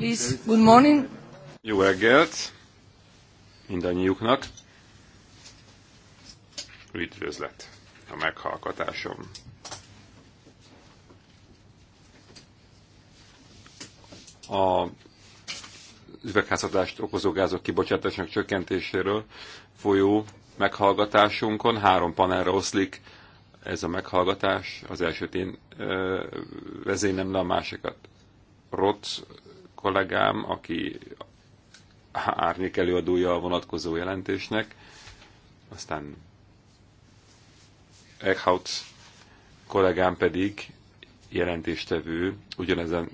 Please, good morning. Jó reggelt mindannyiuknak. Üdvözlet a meghallgatásom. A üvegházhatást okozó gázok kibocsátásának csökkentéséről folyó meghallgatásunkon három panelre oszlik ez a meghallgatás. Az elsőt én vezénem le, a másikat Rott kollégám, aki árnyék előadója a vonatkozó jelentésnek, aztán Eckhout kollégám pedig jelentéstevő ugyanezen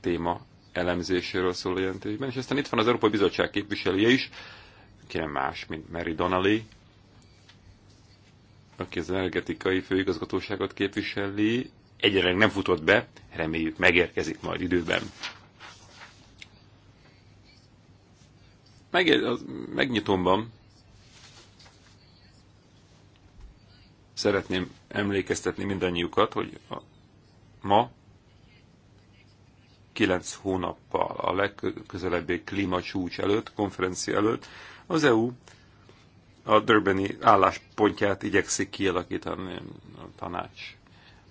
téma elemzéséről szóló jelentésben, és aztán itt van az Európai Bizottság képviselője is, nem más, mint Mary Donnelly, aki az energetikai főigazgatóságot képviseli, egyre nem futott be, reméljük megérkezik majd időben. meg, az megnyitomban szeretném emlékeztetni mindannyiukat, hogy a, ma kilenc hónappal a legközelebbi klímacsúcs előtt, konferencia előtt az EU a Durbani álláspontját igyekszik kialakítani a tanács.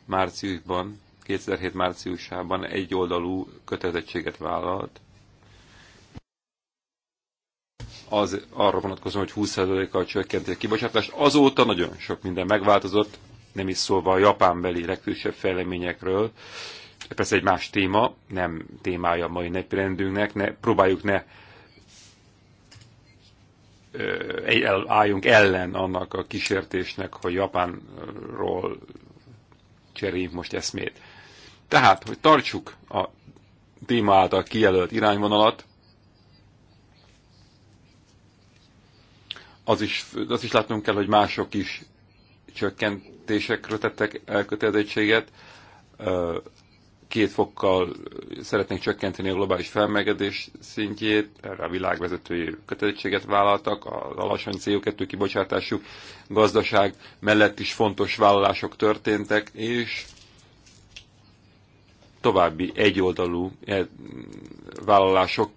Márciusban, 2007 márciusában egy oldalú kötelezettséget vállalt, az arra vonatkozóan, hogy 20%-kal csökkenti a kibocsátást. Azóta nagyon sok minden megváltozott, nem is szólva a japánbeli legfősebb fejleményekről. Persze egy más téma, nem témája a mai napirendünknek, ne, próbáljuk ne álljunk ellen annak a kísértésnek, hogy Japánról cseréljünk most eszmét. Tehát, hogy tartsuk a téma által kijelölt irányvonalat, az is, az is látnunk kell, hogy mások is csökkentésekről tettek elkötelezettséget. Két fokkal szeretnénk csökkenteni a globális felmelegedés szintjét, erre a világvezetői kötelezettséget vállaltak, az alacsony CO2 kibocsátású gazdaság mellett is fontos vállalások történtek, és további egyoldalú eh, vállalásokat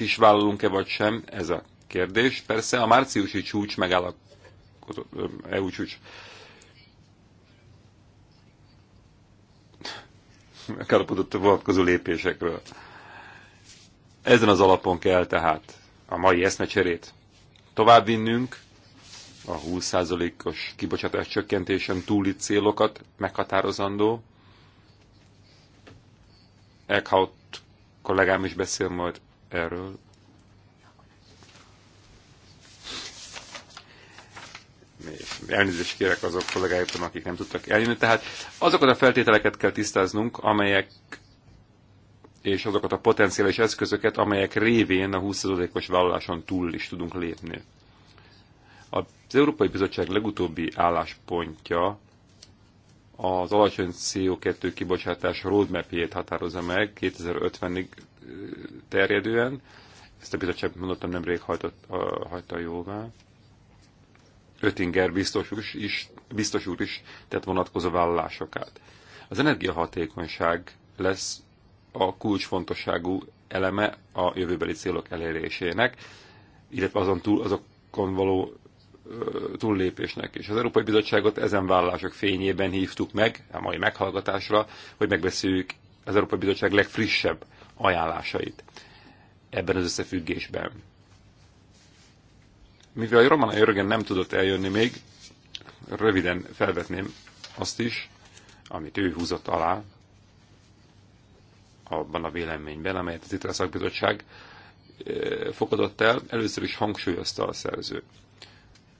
is vállalunk-e vagy sem, ez a kérdés. Persze a márciusi csúcs megállapodott, EU csúcs megállapodott vonatkozó lépésekről. Ezen az alapon kell tehát a mai eszmecserét tovább vinnünk, a 20%-os kibocsátás csökkentésen túli célokat meghatározandó. Eckhout kollégám is beszél majd erről, elnézést kérek azok kollégáitól, akik nem tudtak eljönni. Tehát azokat a feltételeket kell tisztáznunk, amelyek és azokat a potenciális eszközöket, amelyek révén a 20%-os vállaláson túl is tudunk lépni. Az Európai Bizottság legutóbbi álláspontja az alacsony CO2 kibocsátás roadmapjét határozza meg 2050-ig terjedően. Ezt a bizottság mondottam nemrég hajtott, hagyta jóvá. Ötinger biztos úr is, biztos úr is tett vonatkozó vállalásokat. Az energiahatékonyság lesz a kulcsfontosságú eleme a jövőbeli célok elérésének, illetve azon túl, azokon való túllépésnek is. Az Európai Bizottságot ezen vállalások fényében hívtuk meg a mai meghallgatásra, hogy megbeszéljük az Európai Bizottság legfrissebb ajánlásait ebben az összefüggésben. Mivel Romana Jörgen nem tudott eljönni még, röviden felvetném azt is, amit ő húzott alá abban a véleményben, amelyet az ITRA szakbizottság fogadott el. Először is hangsúlyozta a szerző,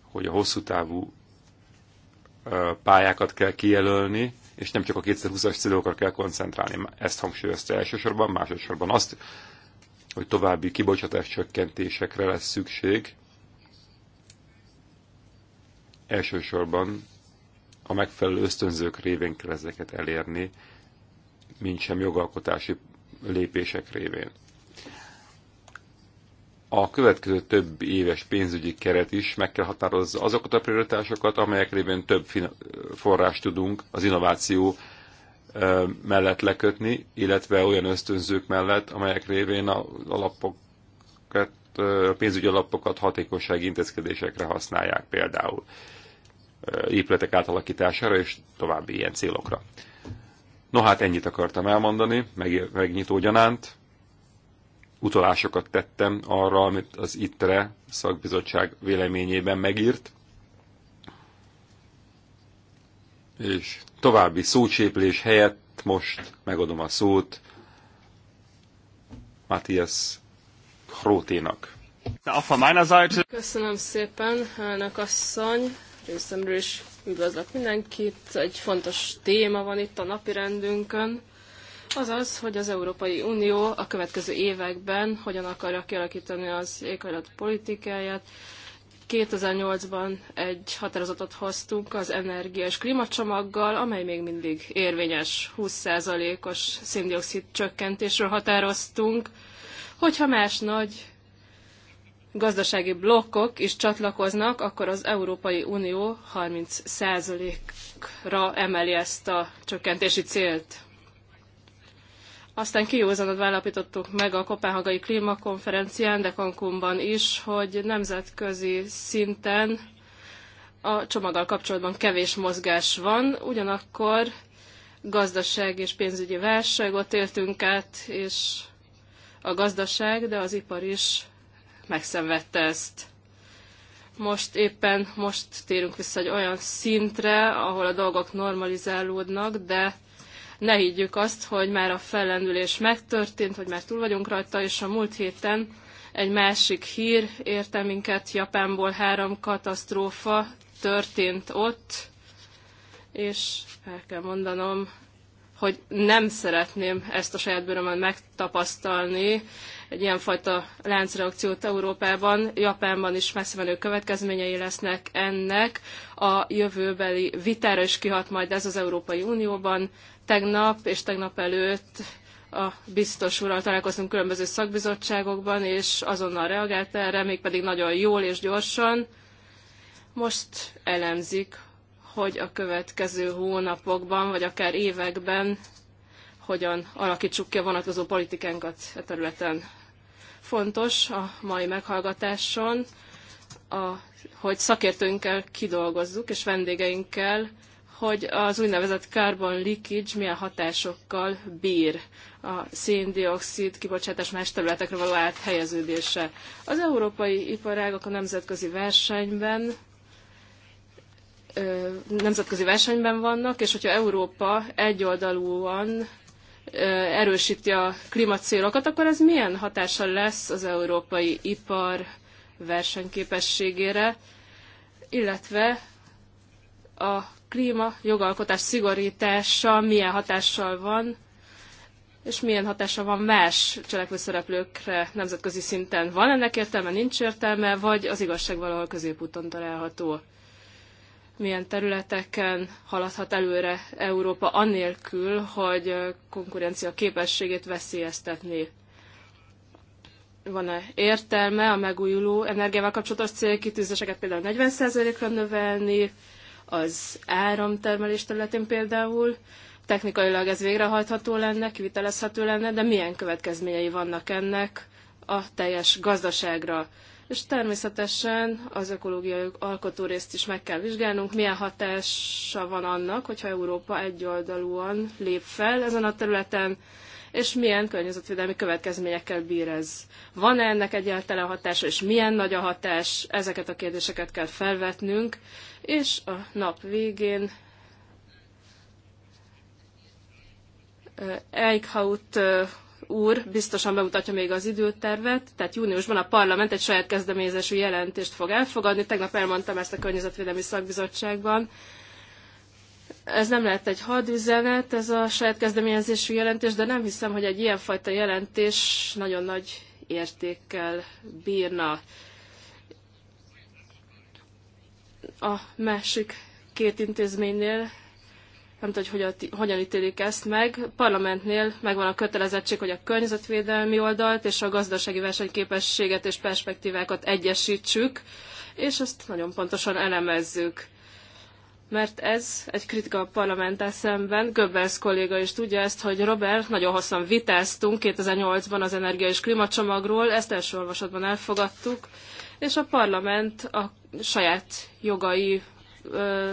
hogy a hosszú távú pályákat kell kijelölni, és nem csak a 2020-as célokra kell koncentrálni. Ezt hangsúlyozta elsősorban, másodszorban azt, hogy további kibocsátás csökkentésekre lesz szükség, Elsősorban a megfelelő ösztönzők révén kell ezeket elérni, mint sem jogalkotási lépések révén. A következő több éves pénzügyi keret is meg kell határozza azokat a prioritásokat, amelyek révén több forrást tudunk az innováció mellett lekötni, illetve olyan ösztönzők mellett, amelyek révén a alapokat, a pénzügyi alapokat hatékonysági intézkedésekre használják például épületek átalakítására és további ilyen célokra. No hát ennyit akartam elmondani, meg, megnyitó gyanánt. Utolásokat tettem arra, amit az ITRE szakbizottság véleményében megírt. És további szócséplés helyett most megadom a szót Matthias Hróténak. Köszönöm szépen, elnök asszony részemről is üdvözlök mindenkit. Egy fontos téma van itt a napi rendünkön. Az az, hogy az Európai Unió a következő években hogyan akarja kialakítani az éghajlat politikáját. 2008-ban egy határozatot hoztunk az energia és klímacsomaggal, amely még mindig érvényes 20%-os széndiokszid csökkentésről határoztunk, hogyha más nagy gazdasági blokkok is csatlakoznak, akkor az Európai Unió 30%-ra emeli ezt a csökkentési célt. Aztán kijózanodva állapítottuk meg a Kopenhagai Klímakonferencián, de Cancúnban is, hogy nemzetközi szinten a csomaggal kapcsolatban kevés mozgás van, ugyanakkor gazdaság és pénzügyi válságot éltünk át, és a gazdaság, de az ipar is megszenvedte ezt. Most éppen most térünk vissza egy olyan szintre, ahol a dolgok normalizálódnak, de ne higgyük azt, hogy már a fellendülés megtörtént, hogy már túl vagyunk rajta, és a múlt héten egy másik hír érte minket, Japánból három katasztrófa történt ott, és el kell mondanom, hogy nem szeretném ezt a saját bőrömön megtapasztalni egy ilyenfajta láncreakciót Európában, Japánban is messze menő következményei lesznek ennek. A jövőbeli vitára is kihat majd ez az Európai Unióban. Tegnap és tegnap előtt a biztos úrral találkoztunk különböző szakbizottságokban, és azonnal reagált erre, mégpedig nagyon jól és gyorsan. Most elemzik, hogy a következő hónapokban, vagy akár években hogyan alakítsuk ki a vonatkozó politikánkat e területen. Fontos a mai meghallgatáson, a, hogy szakértőinkkel kidolgozzuk, és vendégeinkkel, hogy az úgynevezett carbon leakage milyen hatásokkal bír a széndiokszid kibocsátás más területekre való áthelyeződése. Az európai iparágok a nemzetközi versenyben nemzetközi versenyben vannak, és hogyha Európa egyoldalúan erősíti a klímacélokat, akkor ez milyen hatása lesz az európai ipar versenyképességére, illetve a klíma jogalkotás szigorítása milyen hatással van, és milyen hatása van más cselekvőszereplőkre nemzetközi szinten. Van ennek értelme, nincs értelme, vagy az igazság valahol középúton található? milyen területeken haladhat előre Európa anélkül, hogy konkurencia képességét veszélyeztetné. Van-e értelme a megújuló energiával kapcsolatos célkitűzéseket például 40%-ra növelni, az áramtermelés területén például, technikailag ez végrehajtható lenne, kivitelezhető lenne, de milyen következményei vannak ennek a teljes gazdaságra? és természetesen az ökológiai alkotórészt is meg kell vizsgálnunk, milyen hatása van annak, hogyha Európa egyoldalúan lép fel ezen a területen, és milyen környezetvédelmi következményekkel bír ez. Van-e ennek egyáltalán hatása, és milyen nagy a hatás, ezeket a kérdéseket kell felvetnünk, és a nap végén eh, Eichhaut eh, úr biztosan bemutatja még az időtervet, tehát júniusban a parlament egy saját kezdeményezésű jelentést fog elfogadni. Tegnap elmondtam ezt a Környezetvédelmi Szakbizottságban. Ez nem lehet egy hadüzenet, ez a saját kezdeményezésű jelentés, de nem hiszem, hogy egy ilyenfajta jelentés nagyon nagy értékkel bírna. A másik két intézménynél nem tudom, hogy hogyan, hogyan ítélik ezt meg. Parlamentnél megvan a kötelezettség, hogy a környezetvédelmi oldalt és a gazdasági versenyképességet és perspektívákat egyesítsük, és ezt nagyon pontosan elemezzük. Mert ez egy kritika a parlamenttel szemben. Göbbels kolléga is tudja ezt, hogy Robert, nagyon hosszan vitáztunk 2008-ban az energia és klímacsomagról, ezt első olvasatban elfogadtuk, és a parlament a saját jogai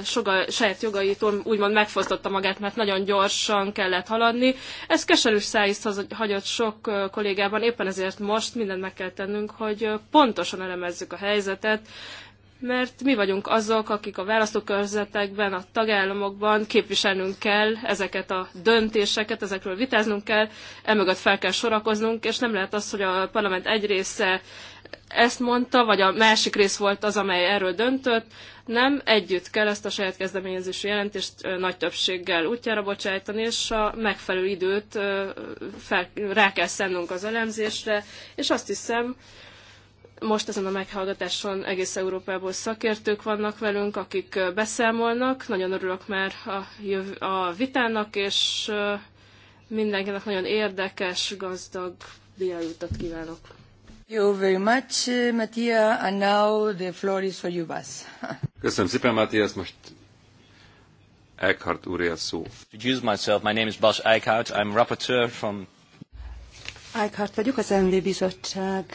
soga, saját jogaitól úgymond megfosztotta magát, mert nagyon gyorsan kellett haladni. Ez keserű szájízt hagyott sok kollégában, éppen ezért most mindent meg kell tennünk, hogy pontosan elemezzük a helyzetet, mert mi vagyunk azok, akik a választókörzetekben, a tagállamokban képviselnünk kell ezeket a döntéseket, ezekről vitáznunk kell, emögött fel kell sorakoznunk, és nem lehet az, hogy a parlament egy része ezt mondta, vagy a másik rész volt az, amely erről döntött. Nem, együtt kell ezt a saját kezdeményezésű jelentést nagy többséggel útjára bocsájtani, és a megfelelő időt fel, rá kell szennünk az elemzésre, és azt hiszem, most ezen a meghallgatáson egész Európából szakértők vannak velünk, akik beszámolnak. Nagyon örülök már a, jöv- a vitának, és mindenkinek nagyon érdekes, gazdag délutat kívánok you very much, uh, Mattia, and now the floor is for you, Bas. Köszönöm szépen, Matthias, most Eckhart úr a szó. Introduce myself. My name is Bas Eckhart. I'm rapporteur from Eichhardt vagyok, az MV Bizottság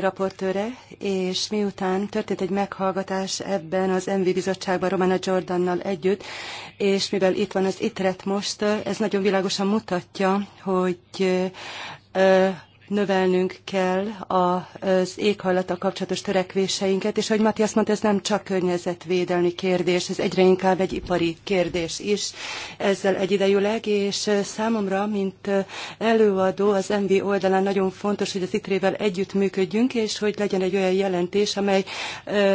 raportőre, és miután történt egy meghallgatás ebben az MV Bizottságban Romana Jordannal együtt, és mivel itt van az ITRET most, ez nagyon világosan mutatja, hogy növelnünk kell az éghajlata kapcsolatos törekvéseinket, és ahogy Matias mondta, ez nem csak környezetvédelmi kérdés, ez egyre inkább egy ipari kérdés is ezzel egyidejűleg, és számomra, mint előadó, az MV oldalán nagyon fontos, hogy az itre vel együttműködjünk, és hogy legyen egy olyan jelentés, amely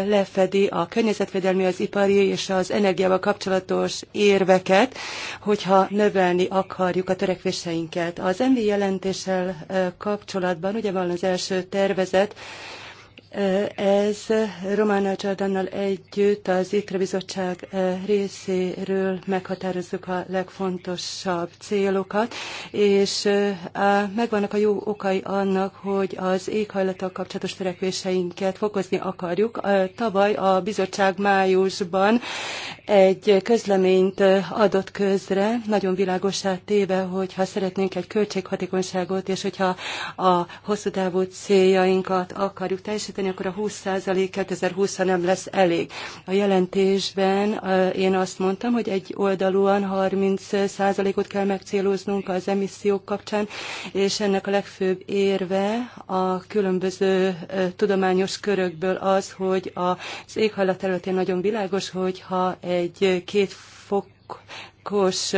lefedi a környezetvédelmi, az ipari és az energiával kapcsolatos érveket, hogyha növelni akarjuk a törekvéseinket. Az MV jelentéssel kapcsolatban kapcsolatban. Ugye van az első tervezet, ez Román Csardannal együtt az ITRE bizottság eh, részéről meghatározzuk a legfontosabb célokat, és eh, megvannak a jó okai annak, hogy az éghajlattal kapcsolatos törekvéseinket fokozni akarjuk. Eh, tavaly a bizottság májusban egy közleményt adott közre, nagyon világosá téve, hogyha szeretnénk egy költséghatékonyságot, és hogyha a hosszú távú céljainkat akarjuk teljesíteni, teljesíteni, akkor a 20% 2020-ra nem lesz elég. A jelentésben én azt mondtam, hogy egy oldalúan 30%-ot kell megcéloznunk az emissziók kapcsán, és ennek a legfőbb érve a különböző tudományos körökből az, hogy az éghajlat területén nagyon világos, hogyha egy két fok kos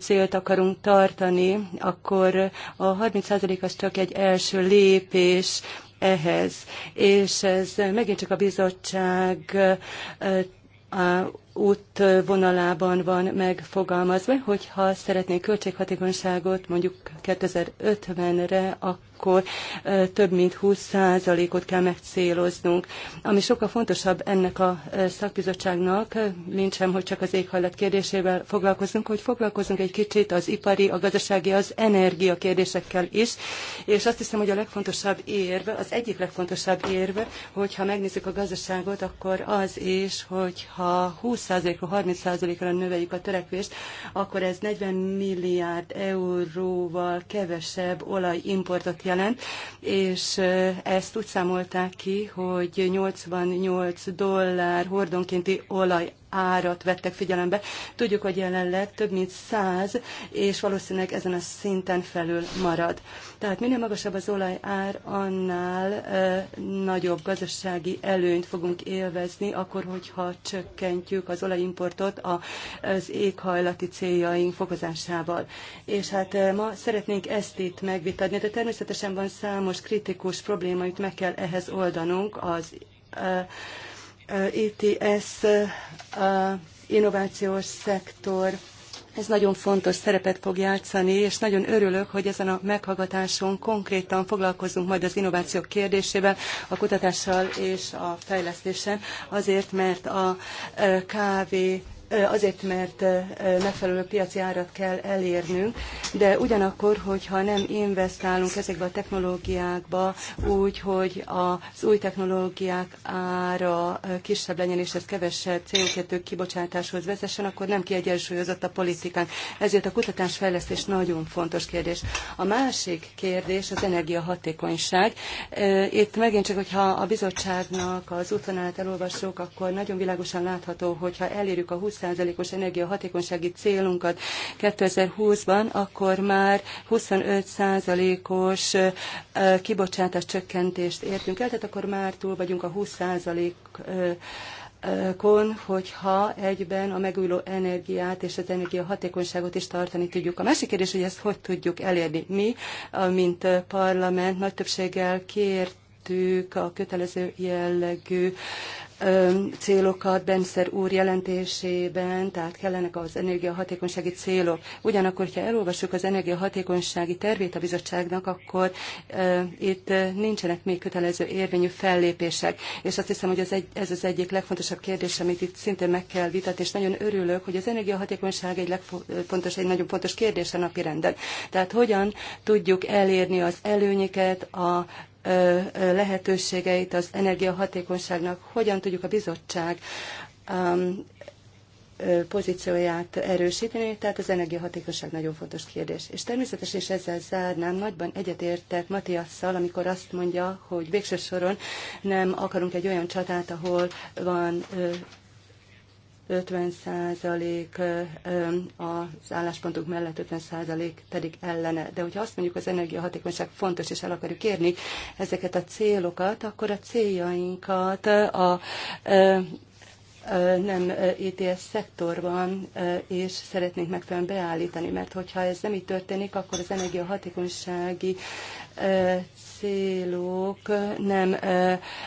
célt akarunk tartani, akkor a 30%-az csak egy első lépés ehhez, és ez megint csak a bizottság a útvonalában van megfogalmazva, hogyha szeretnénk költséghatékonyságot mondjuk 2050-re, akkor akkor több mint 20%-ot kell megcéloznunk. Ami sokkal fontosabb ennek a szakbizottságnak, mint sem, hogy csak az éghajlat kérdésével foglalkozunk, hogy foglalkozunk egy kicsit az ipari, a gazdasági, az energia kérdésekkel is, és azt hiszem, hogy a legfontosabb érve, az egyik legfontosabb érve, hogyha megnézzük a gazdaságot, akkor az is, hogyha 20%-ra, 30%-ra növeljük a törekvést, akkor ez 40 milliárd euróval kevesebb olajimportot jelent, és ezt úgy számolták ki, hogy 88 dollár hordonkénti olaj árat vettek figyelembe. Tudjuk, hogy jelenleg több mint 100, és valószínűleg ezen a szinten felül marad. Tehát minél magasabb az olaj ár, annál e, nagyobb gazdasági előnyt fogunk élvezni, akkor, hogyha csökkentjük az olajimportot az éghajlati céljaink fokozásával. És hát e, ma szeretnénk ezt itt megvitatni, de természetesen van számos kritikus probléma, amit meg kell ehhez oldanunk az e, ETS, a e, innovációs szektor, ez nagyon fontos szerepet fog játszani, és nagyon örülök, hogy ezen a meghallgatáson konkrétan foglalkozunk majd az innovációk kérdésével, a kutatással és a fejlesztéssel, azért mert a e, kávé azért, mert megfelelő piaci árat kell elérnünk, de ugyanakkor, hogyha nem investálunk ezekbe a technológiákba úgy, hogy az új technológiák ára kisebb legyen, és ez kevesebb CO2 kibocsátáshoz vezessen, akkor nem kiegyensúlyozott a politikánk. Ezért a kutatásfejlesztés nagyon fontos kérdés. A másik kérdés az energiahatékonyság. Itt megint csak, hogyha a bizottságnak az útvonalát elolvassuk, akkor nagyon világosan látható, hogyha elérjük a 20 10%-os energiahatékonysági célunkat 2020-ban, akkor már 25%-os kibocsátás csökkentést értünk el, tehát akkor már túl vagyunk a 20% kon, hogyha egyben a megújuló energiát és az energiahatékonyságot is tartani tudjuk. A másik kérdés, hogy ezt hogy tudjuk elérni. Mi, mint parlament, nagy többséggel kért a kötelező jellegű célokat Benszer úr jelentésében, tehát kellenek az energiahatékonysági célok. Ugyanakkor, ha elolvassuk az energiahatékonysági tervét a bizottságnak, akkor itt nincsenek még kötelező érvényű fellépések. És azt hiszem, hogy ez, egy, ez az egyik legfontosabb kérdés, amit itt szintén meg kell vitatni, és nagyon örülök, hogy az energiahatékonyság egy, legfontos, egy nagyon fontos kérdés a renden. Tehát hogyan tudjuk elérni az előnyeket, a lehetőségeit az energiahatékonyságnak, hogyan tudjuk a bizottság um, pozícióját erősíteni, tehát az energiahatékosság nagyon fontos kérdés. És természetesen is ezzel zárnám, nagyban egyetértek Matiasszal, amikor azt mondja, hogy végső soron nem akarunk egy olyan csatát, ahol van 50% az álláspontunk mellett, 50% pedig ellene. De hogyha azt mondjuk, az energiahatékonyság fontos, és el akarjuk érni ezeket a célokat, akkor a céljainkat a nem ETS szektorban, és szeretnénk megfelelően beállítani, mert hogyha ez nem így történik, akkor az energiahatékonysági célok nem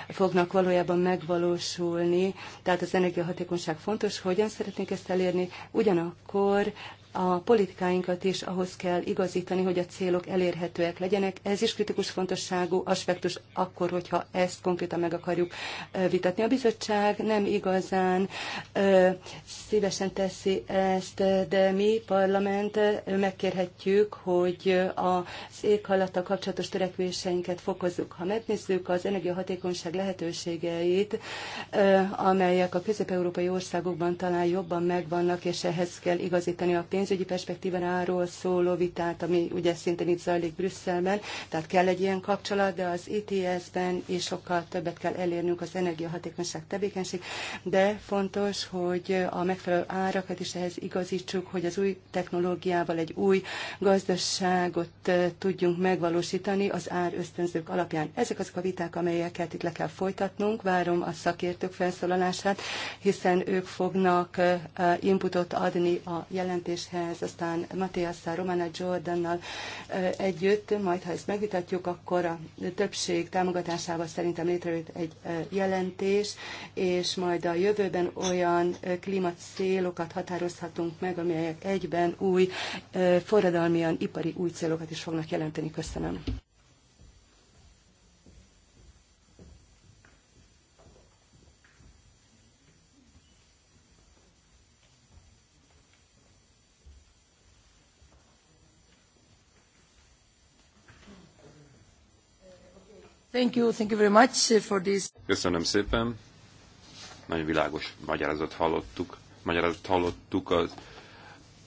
fognak valójában megvalósulni, tehát az energiahatékonyság fontos, hogyan szeretnénk ezt elérni, ugyanakkor a politikáinkat is ahhoz kell igazítani, hogy a célok elérhetőek legyenek. Ez is kritikus fontosságú aspektus akkor, hogyha ezt konkrétan meg akarjuk vitatni. A bizottság nem igazán szívesen teszi ezt, de mi parlament megkérhetjük, hogy az éghajlattal kapcsolatos törekvéseinket fokozzuk. Ha megnézzük az energiahatékonyság lehetőségeit, amelyek a közép-európai országokban talán jobban megvannak, és ehhez kell igazítani a pénzt, pénzügyi perspektíváról szóló vitát, ami ugye szintén itt zajlik Brüsszelben, tehát kell egy ilyen kapcsolat, de az ETS-ben is sokkal többet kell elérnünk az energiahatékonyság tevékenység, de fontos, hogy a megfelelő árakat is ehhez igazítsuk, hogy az új technológiával egy új gazdaságot tudjunk megvalósítani az ár ösztönzők alapján. Ezek azok a viták, amelyeket itt le kell folytatnunk, várom a szakértők felszólalását, hiszen ők fognak inputot adni a jelentés jelentéshez, aztán Matthiasszal, Romana Jordannal együtt, majd ha ezt megvitatjuk, akkor a többség támogatásával szerintem létrejött egy jelentés, és majd a jövőben olyan klímacélokat határozhatunk meg, amelyek egyben új, forradalmian ipari új célokat is fognak jelenteni. Köszönöm. Uh, Köszönöm szépen. Nagyon világos magyarázat hallottuk. Magyarázat hallottuk az,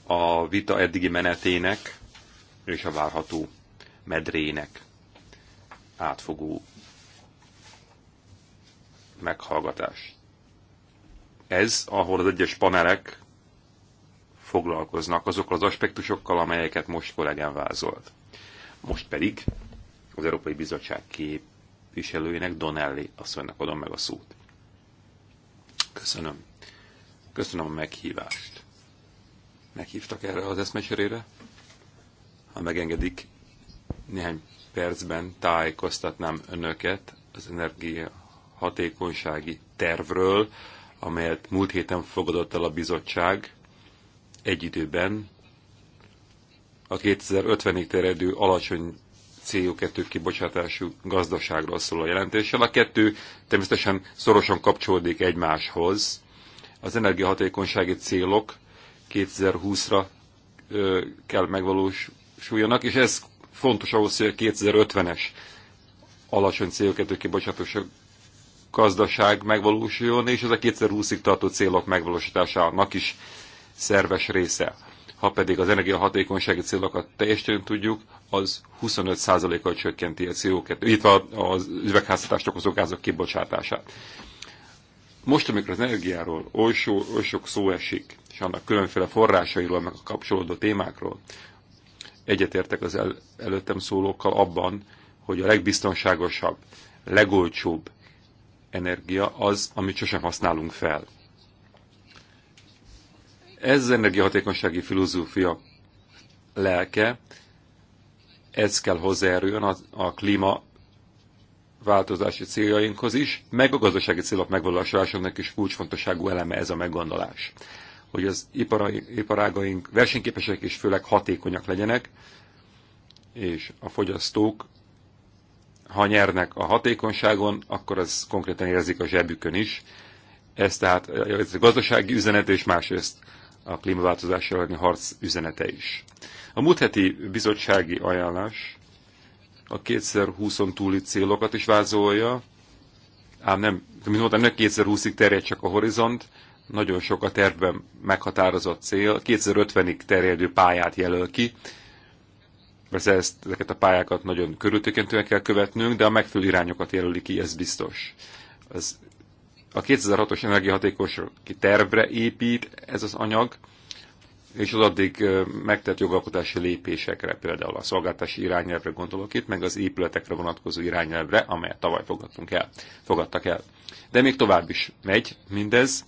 a vita eddigi menetének és a várható medrének átfogó meghallgatás. Ez, ahol az egyes panelek foglalkoznak azokkal az aspektusokkal, amelyeket most kollégám vázolt. Most pedig az Európai Bizottság kép viselőjének, Donelli asszonynak adom meg a szót. Köszönöm. Köszönöm a meghívást. Meghívtak erre az eszmecserére? Ha megengedik, néhány percben tájékoztatnám önöket az energia hatékonysági tervről, amelyet múlt héten fogadott el a bizottság egy időben a 2050-ig terjedő alacsony CO2 kibocsátású gazdaságról szóló jelentéssel. A kettő természetesen szorosan kapcsolódik egymáshoz. Az energiahatékonysági célok 2020-ra kell megvalósuljanak, és ez fontos ahhoz, hogy a 2050-es alacsony CO2 kibocsátású gazdaság megvalósuljon, és ez a 2020-ig tartó célok megvalósításának is szerves része ha pedig az energiahatékonysági célokat teljesen tudjuk, az 25%-kal csökkenti a CO2, illetve az üvegházhatást okozó gázok kibocsátását. Most, amikor az energiáról oly, so, oly sok szó esik, és annak különféle forrásairól, meg a kapcsolódó témákról, egyetértek az el, előttem szólókkal abban, hogy a legbiztonságosabb, legolcsóbb energia az, amit sosem használunk fel. Ez energiahatékonysági filozófia lelke, ez kell hozzájáruljon a, a klíma változási céljainkhoz is, meg a gazdasági célok megvalósulásának is kulcsfontosságú eleme ez a meggondolás. Hogy az iparai, iparágaink versenyképesek és főleg hatékonyak legyenek, és a fogyasztók, ha nyernek a hatékonyságon, akkor ez konkrétan érzik a zsebükön is. Ez tehát ez a gazdasági üzenet, és másrészt a klímaváltozással elleni harc üzenete is. A múlt heti bizottsági ajánlás a 2020-on túli célokat is vázolja, ám nem, mint mondtam, nem 2020-ig terjed csak a horizont, nagyon sok a tervben meghatározott cél, 2050-ig terjedő pályát jelöl ki, persze ezt, ezeket a pályákat nagyon körültökentően kell követnünk, de a megfelelő irányokat jelöli ki, ez biztos. Az a 2006-os energiahatékosági tervre épít ez az anyag, és az addig megtett jogalkotási lépésekre, például a szolgáltási irányelvre gondolok itt, meg az épületekre vonatkozó irányelvre, amelyet tavaly fogadtunk el, fogadtak el. De még tovább is megy mindez.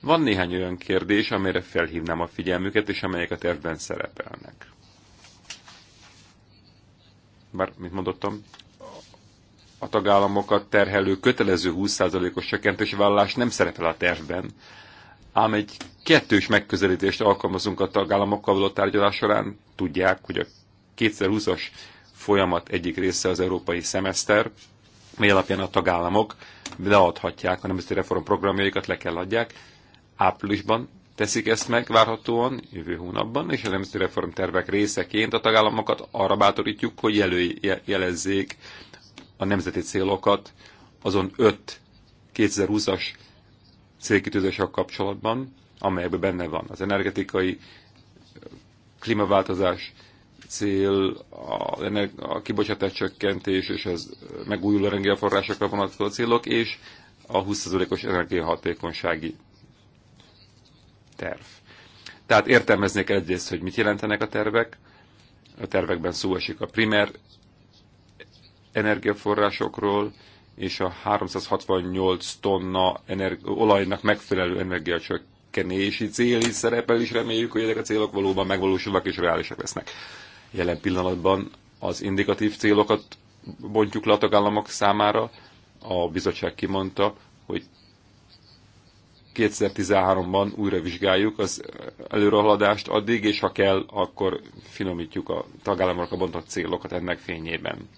Van néhány olyan kérdés, amire felhívnám a figyelmüket, és amelyek a tervben szerepelnek. Bár, mint mondottam, a tagállamokat terhelő kötelező 20%-os csökkentési vállalás nem szerepel a tervben, ám egy kettős megközelítést alkalmazunk a tagállamokkal való tárgyalás során. Tudják, hogy a 2020-as folyamat egyik része az európai szemeszter, mely alapján a tagállamok leadhatják a nemzeti reformprogramjaikat, le kell adják. Áprilisban teszik ezt meg várhatóan, jövő hónapban, és a nemzeti reformtervek részeként a tagállamokat arra bátorítjuk, hogy jelő, jelezzék a nemzeti célokat azon öt 2020-as célkitűzések kapcsolatban, amelyekben benne van az energetikai, klímaváltozás cél, a, a kibocsátás csökkentés és az megújuló energiaforrásokra vonatkozó célok, és a 20%-os energiahatékonysági terv. Tehát értelmeznék egyrészt, hogy mit jelentenek a tervek. A tervekben szó esik a primer energiaforrásokról és a 368 tonna olajnak megfelelő energiacsökkenési cél is szerepel, és reméljük, hogy ezek a célok valóban megvalósulnak és reálisak lesznek. Jelen pillanatban az indikatív célokat bontjuk le a tagállamok számára. A bizottság kimondta, hogy 2013-ban újra vizsgáljuk az előrehaladást addig, és ha kell, akkor finomítjuk a tagállamokra bontott célokat ennek fényében.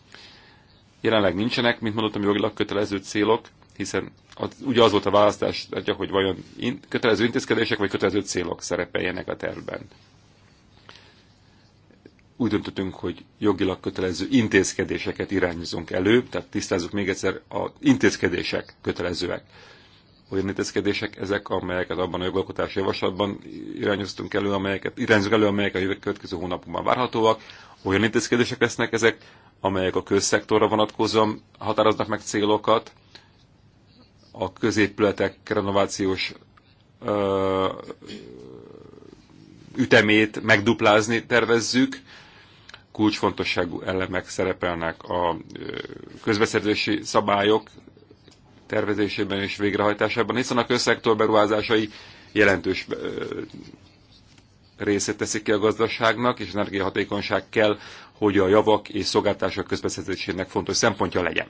Jelenleg nincsenek, mint mondottam, jogilag kötelező célok, hiszen az, ugye az volt a választás, hogy vajon in, kötelező intézkedések vagy kötelező célok szerepeljenek a tervben. Úgy döntöttünk, hogy jogilag kötelező intézkedéseket irányozunk elő, tehát tisztázzuk még egyszer, az intézkedések kötelezőek olyan intézkedések ezek, amelyeket abban a jogalkotási javaslatban irányoztunk elő, amelyeket, irányozunk elő, amelyek a jövő következő hónapokban várhatóak, olyan intézkedések lesznek ezek, amelyek a közszektorra vonatkozóan határoznak meg célokat, a középületek renovációs ö, ütemét megduplázni tervezzük, kulcsfontosságú elemek szerepelnek a közbeszerzési szabályok tervezésében és végrehajtásában, hiszen a közszektor beruházásai jelentős részét teszik ki a gazdaságnak, és energiahatékonyság kell, hogy a javak és szolgáltások közbeszerzésének fontos szempontja legyen.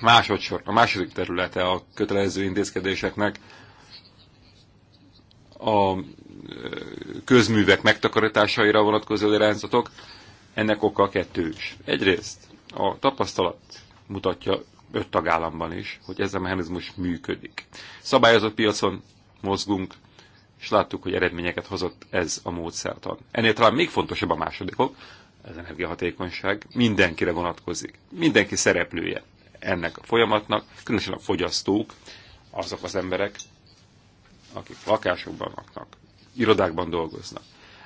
Másodszor, a második területe a kötelező intézkedéseknek a közművek megtakarításaira vonatkozó irányzatok, ennek oka kettős. Egyrészt a tapasztalat mutatja öt tagállamban is, hogy ez a mechanizmus működik. Szabályozott piacon mozgunk, és láttuk, hogy eredményeket hozott ez a módszertan. Ennél talán még fontosabb a másodikok, az energiahatékonyság mindenkire vonatkozik. Mindenki szereplője ennek a folyamatnak, különösen a fogyasztók, azok az emberek, akik lakásokban laknak, irodákban dolgoznak.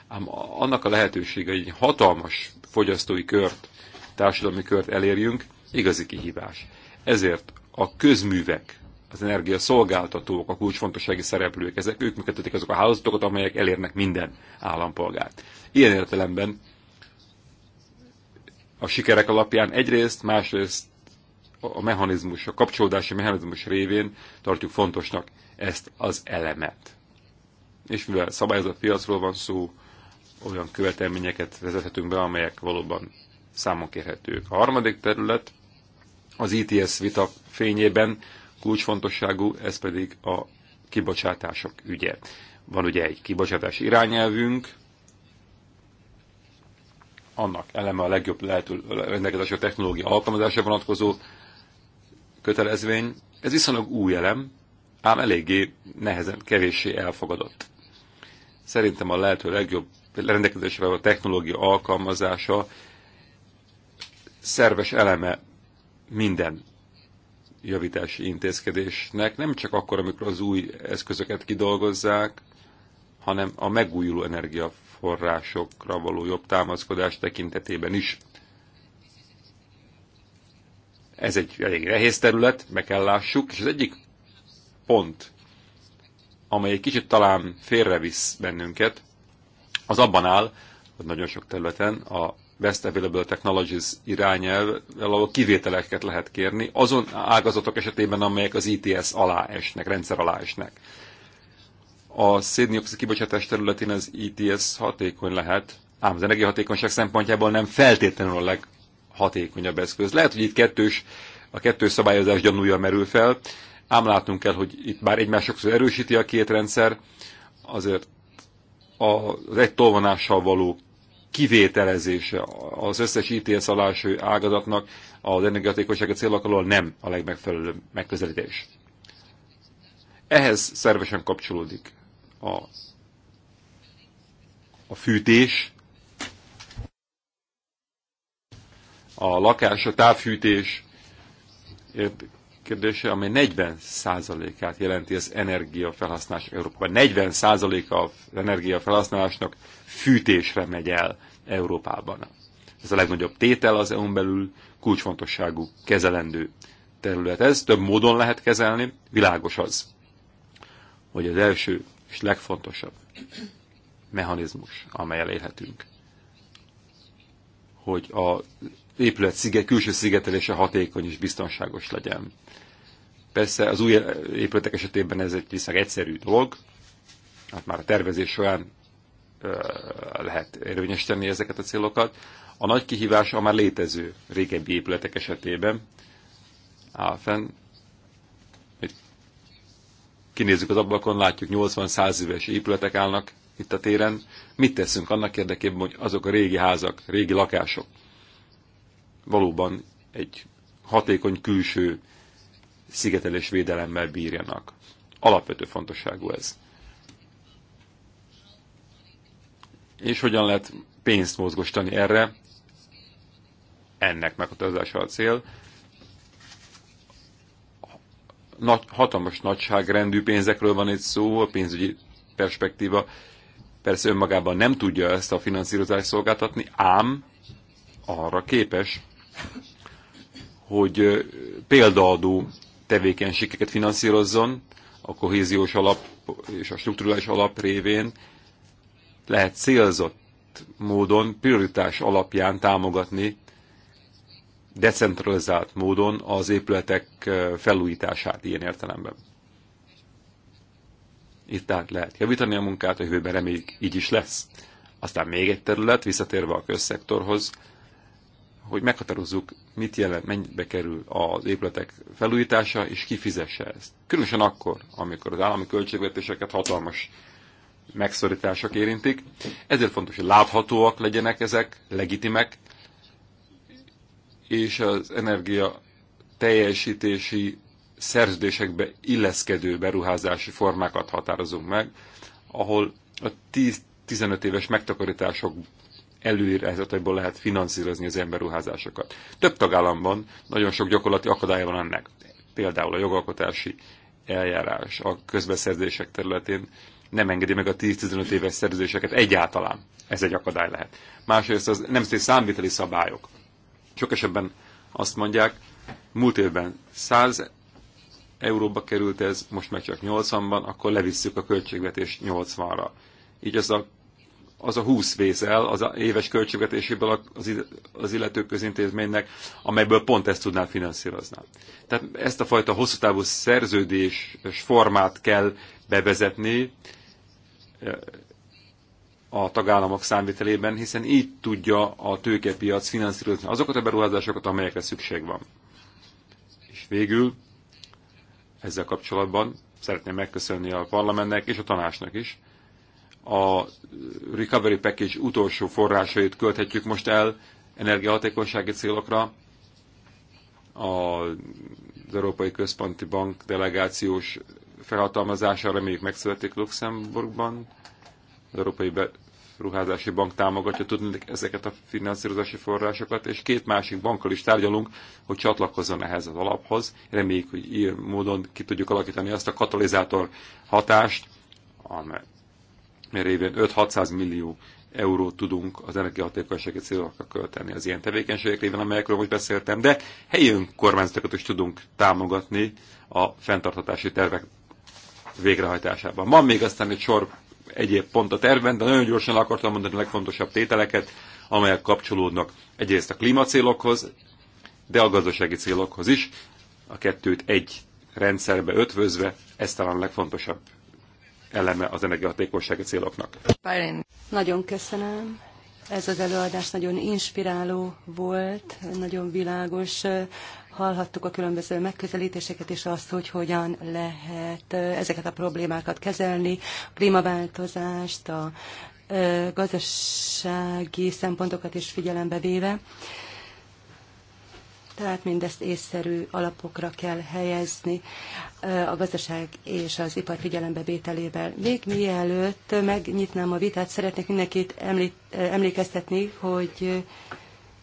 Ám annak a lehetősége, hogy egy hatalmas fogyasztói kört, társadalmi kört elérjünk, igazi kihívás. Ezért a közművek, az energia szolgáltatók, a kulcsfontossági szereplők, ezek ők működtetik azok a hálózatokat, amelyek elérnek minden állampolgárt. Ilyen értelemben a sikerek alapján egyrészt, másrészt a mechanizmus, a kapcsolódási mechanizmus révén tartjuk fontosnak ezt az elemet. És mivel szabályozott piacról van szó, olyan követelményeket vezethetünk be, amelyek valóban számon kérhetők. A harmadik terület az ITS e vita fényében kulcsfontosságú, ez pedig a kibocsátások ügye. Van ugye egy kibocsátás irányelvünk, annak eleme a legjobb lehető rendelkezésre technológia alkalmazása vonatkozó kötelezvény. Ez viszonylag új elem, ám eléggé nehezen, kevéssé elfogadott. Szerintem a lehető legjobb rendelkezésre a technológia alkalmazása szerves eleme minden javítási intézkedésnek, nem csak akkor, amikor az új eszközöket kidolgozzák, hanem a megújuló energiaforrásokra való jobb támaszkodás tekintetében is. Ez egy elég nehéz terület, meg kell lássuk, és az egyik pont, amely egy kicsit talán félrevisz bennünket, az abban áll, hogy nagyon sok területen a Best Available Technologies irányelv, ahol kivételeket lehet kérni, azon ágazatok esetében, amelyek az ITS e alá esnek, rendszer alá esnek. A széndiokszid kibocsátás területén az ITS e hatékony lehet, ám az energiahatékonyság szempontjából nem feltétlenül a leghatékonyabb eszköz. Lehet, hogy itt kettős, a kettős szabályozás gyanúja merül fel, ám látnunk kell, hogy itt bár egymás sokszor erősíti a két rendszer, azért az egy tolvonással való kivételezése az összes ITS alá ágazatnak az energiatékonysági célok alól nem a legmegfelelőbb megközelítés. Ehhez szervesen kapcsolódik a, a fűtés, a lakás, a távfűtés kérdése, amely 40%-át jelenti az energiafelhasználás Európában. 40%-a az energiafelhasználásnak fűtésre megy el Európában. Ez a legnagyobb tétel az EU-n belül kulcsfontosságú kezelendő terület. Ez több módon lehet kezelni, világos az, hogy az első és legfontosabb mechanizmus, amely elérhetünk, hogy a épület sziget, külső szigetelése hatékony és biztonságos legyen. Persze az új épületek esetében ez egy viszonylag egyszerű dolog, hát már a tervezés során lehet tenni ezeket a célokat. A nagy kihívás a már létező régebbi épületek esetében áll fenn. Hogy kinézzük az ablakon, látjuk 80-100 éves épületek állnak itt a téren. Mit teszünk annak érdekében, hogy azok a régi házak, régi lakások valóban egy hatékony külső szigetelés védelemmel bírjanak. Alapvető fontosságú ez. És hogyan lehet pénzt mozgostani erre? Ennek meghatározása a cél. Nagy, hatalmas nagyságrendű pénzekről van itt szó, a pénzügyi perspektíva persze önmagában nem tudja ezt a finanszírozást szolgáltatni, ám arra képes, hogy példaadó tevékenységeket finanszírozzon a kohéziós alap és a struktúrális alap révén, lehet célzott módon, prioritás alapján támogatni decentralizált módon az épületek felújítását ilyen értelemben. Itt tehát lehet javítani a munkát, a jövőben reméljük így is lesz. Aztán még egy terület, visszatérve a közszektorhoz, hogy meghatározzuk, mit jelent, mennyibe kerül az épületek felújítása, és kifizesse ezt. Különösen akkor, amikor az állami költségvetéseket hatalmas megszorítások érintik. Ezért fontos, hogy láthatóak legyenek ezek, legitimek, és az energia teljesítési szerződésekbe illeszkedő beruházási formákat határozunk meg, ahol a 10-15 éves megtakarítások előirányzatokból lehet finanszírozni az emberruházásokat. Több tagállamban nagyon sok gyakorlati akadálya van ennek. Például a jogalkotási eljárás a közbeszerzések területén nem engedi meg a 10-15 éves szerződéseket egyáltalán. Ez egy akadály lehet. Másrészt az nemzeti számviteli szabályok. Sok esetben azt mondják, múlt évben 100 euróba került ez, most meg csak 80-ban, akkor levisszük a költségvetés 80-ra. Így az a az a 20 vészel az éves költségvetéséből az, az illető közintézménynek, amelyből pont ezt tudná finanszírozni. Tehát ezt a fajta hosszú távú szerződés formát kell bevezetni eh, a tagállamok számvételében, hiszen így tudja a tőkepiac finanszírozni azokat a beruházásokat, amelyekre szükség van. És végül ezzel kapcsolatban szeretném megköszönni a parlamentnek és a tanácsnak is, a Recovery Package utolsó forrásait költhetjük most el energiahatékonysági célokra. Az Európai Központi Bank delegációs felhatalmazása reméljük megszületik Luxemburgban. Az Európai Ruházási Bank támogatja tudni ezeket a finanszírozási forrásokat, és két másik bankkal is tárgyalunk, hogy csatlakozzon ehhez az alaphoz. Reméljük, hogy ilyen módon ki tudjuk alakítani azt a katalizátor hatást, amely mert évén 5-600 millió eurót tudunk az energiahatékonysági célokra költeni az ilyen tevékenységek révén, amelyekről most beszéltem, de helyi önkormányzatokat is tudunk támogatni a fenntartatási tervek végrehajtásában. Van még aztán egy sor egyéb pont a tervben, de nagyon gyorsan akartam mondani a legfontosabb tételeket, amelyek kapcsolódnak egyrészt a klímacélokhoz, de a gazdasági célokhoz is, a kettőt egy rendszerbe ötvözve, ez talán a legfontosabb eleme az energiahatékonysági céloknak. Bálint. Nagyon köszönöm. Ez az előadás nagyon inspiráló volt, nagyon világos. Hallhattuk a különböző megközelítéseket és azt, hogy hogyan lehet ezeket a problémákat kezelni, a klímaváltozást, a gazdasági szempontokat is figyelembe véve tehát mindezt észszerű alapokra kell helyezni a gazdaság és az ipar figyelembevételével. Még mielőtt megnyitnám a vitát, szeretnék mindenkit említ, emlékeztetni, hogy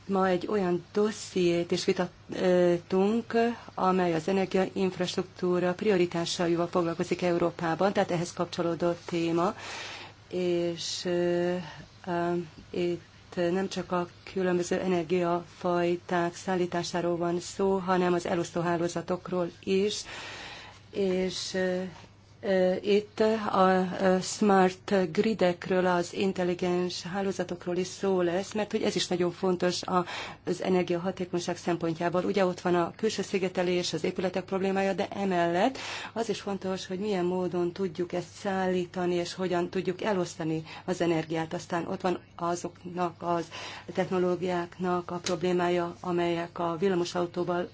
ma egy olyan dossziét is vitattunk, amely az energiainfrastruktúra prioritásaival foglalkozik Európában, tehát ehhez kapcsolódó téma, és uh, itt nem csak a különböző energiafajták szállításáról van szó, hanem az elosztóhálózatokról is, és itt a smart gridekről, az intelligens hálózatokról is szó lesz, mert hogy ez is nagyon fontos az energiahatékonyság szempontjából. Ugye ott van a külső szigetelés, az épületek problémája, de emellett az is fontos, hogy milyen módon tudjuk ezt szállítani, és hogyan tudjuk elosztani az energiát. Aztán ott van azoknak az technológiáknak a problémája, amelyek a villamosautóval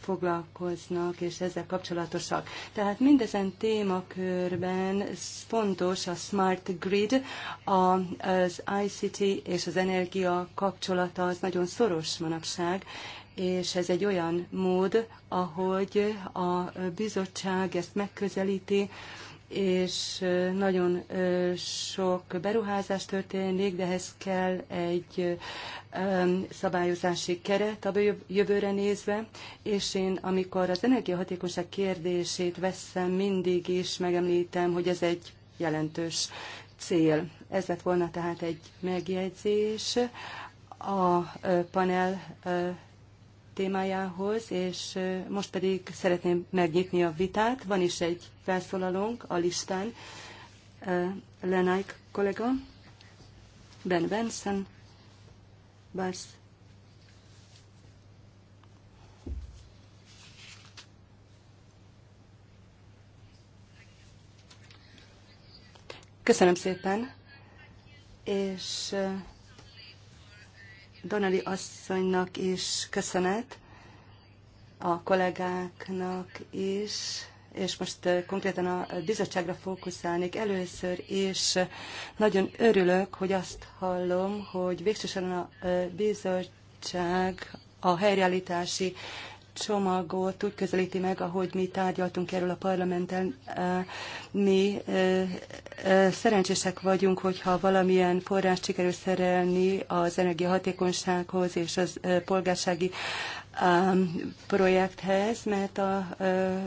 foglalkoznak, és ezzel kapcsolatosak. Tehát mindezen témakörben fontos a smart grid, az ICT és az energia kapcsolata az nagyon szoros manapság, és ez egy olyan mód, ahogy a bizottság ezt megközelíti, és nagyon sok beruházás történik, de ehhez kell egy szabályozási keret a jövőre nézve, és én amikor az energiahatékonyság kérdését veszem, mindig is megemlítem, hogy ez egy jelentős cél. Ez lett volna tehát egy megjegyzés a panel témájához, és most pedig szeretném megnyitni a vitát. Van is egy felszólalónk a listán, Lenaik kollega, Ben Benson, Bars. Köszönöm szépen, és Donali asszonynak is köszönet, a kollégáknak is, és most eh, konkrétan a bizottságra fókuszálnék. Először és nagyon örülök, hogy azt hallom, hogy végsősorban a eh, bizottság a helyreállítási csomagot úgy közelíti meg, ahogy mi tárgyaltunk erről a parlamenten. Mi szerencsések vagyunk, hogyha valamilyen forrást sikerül szerelni az energiahatékonysághoz és az polgársági a projekthez, mert a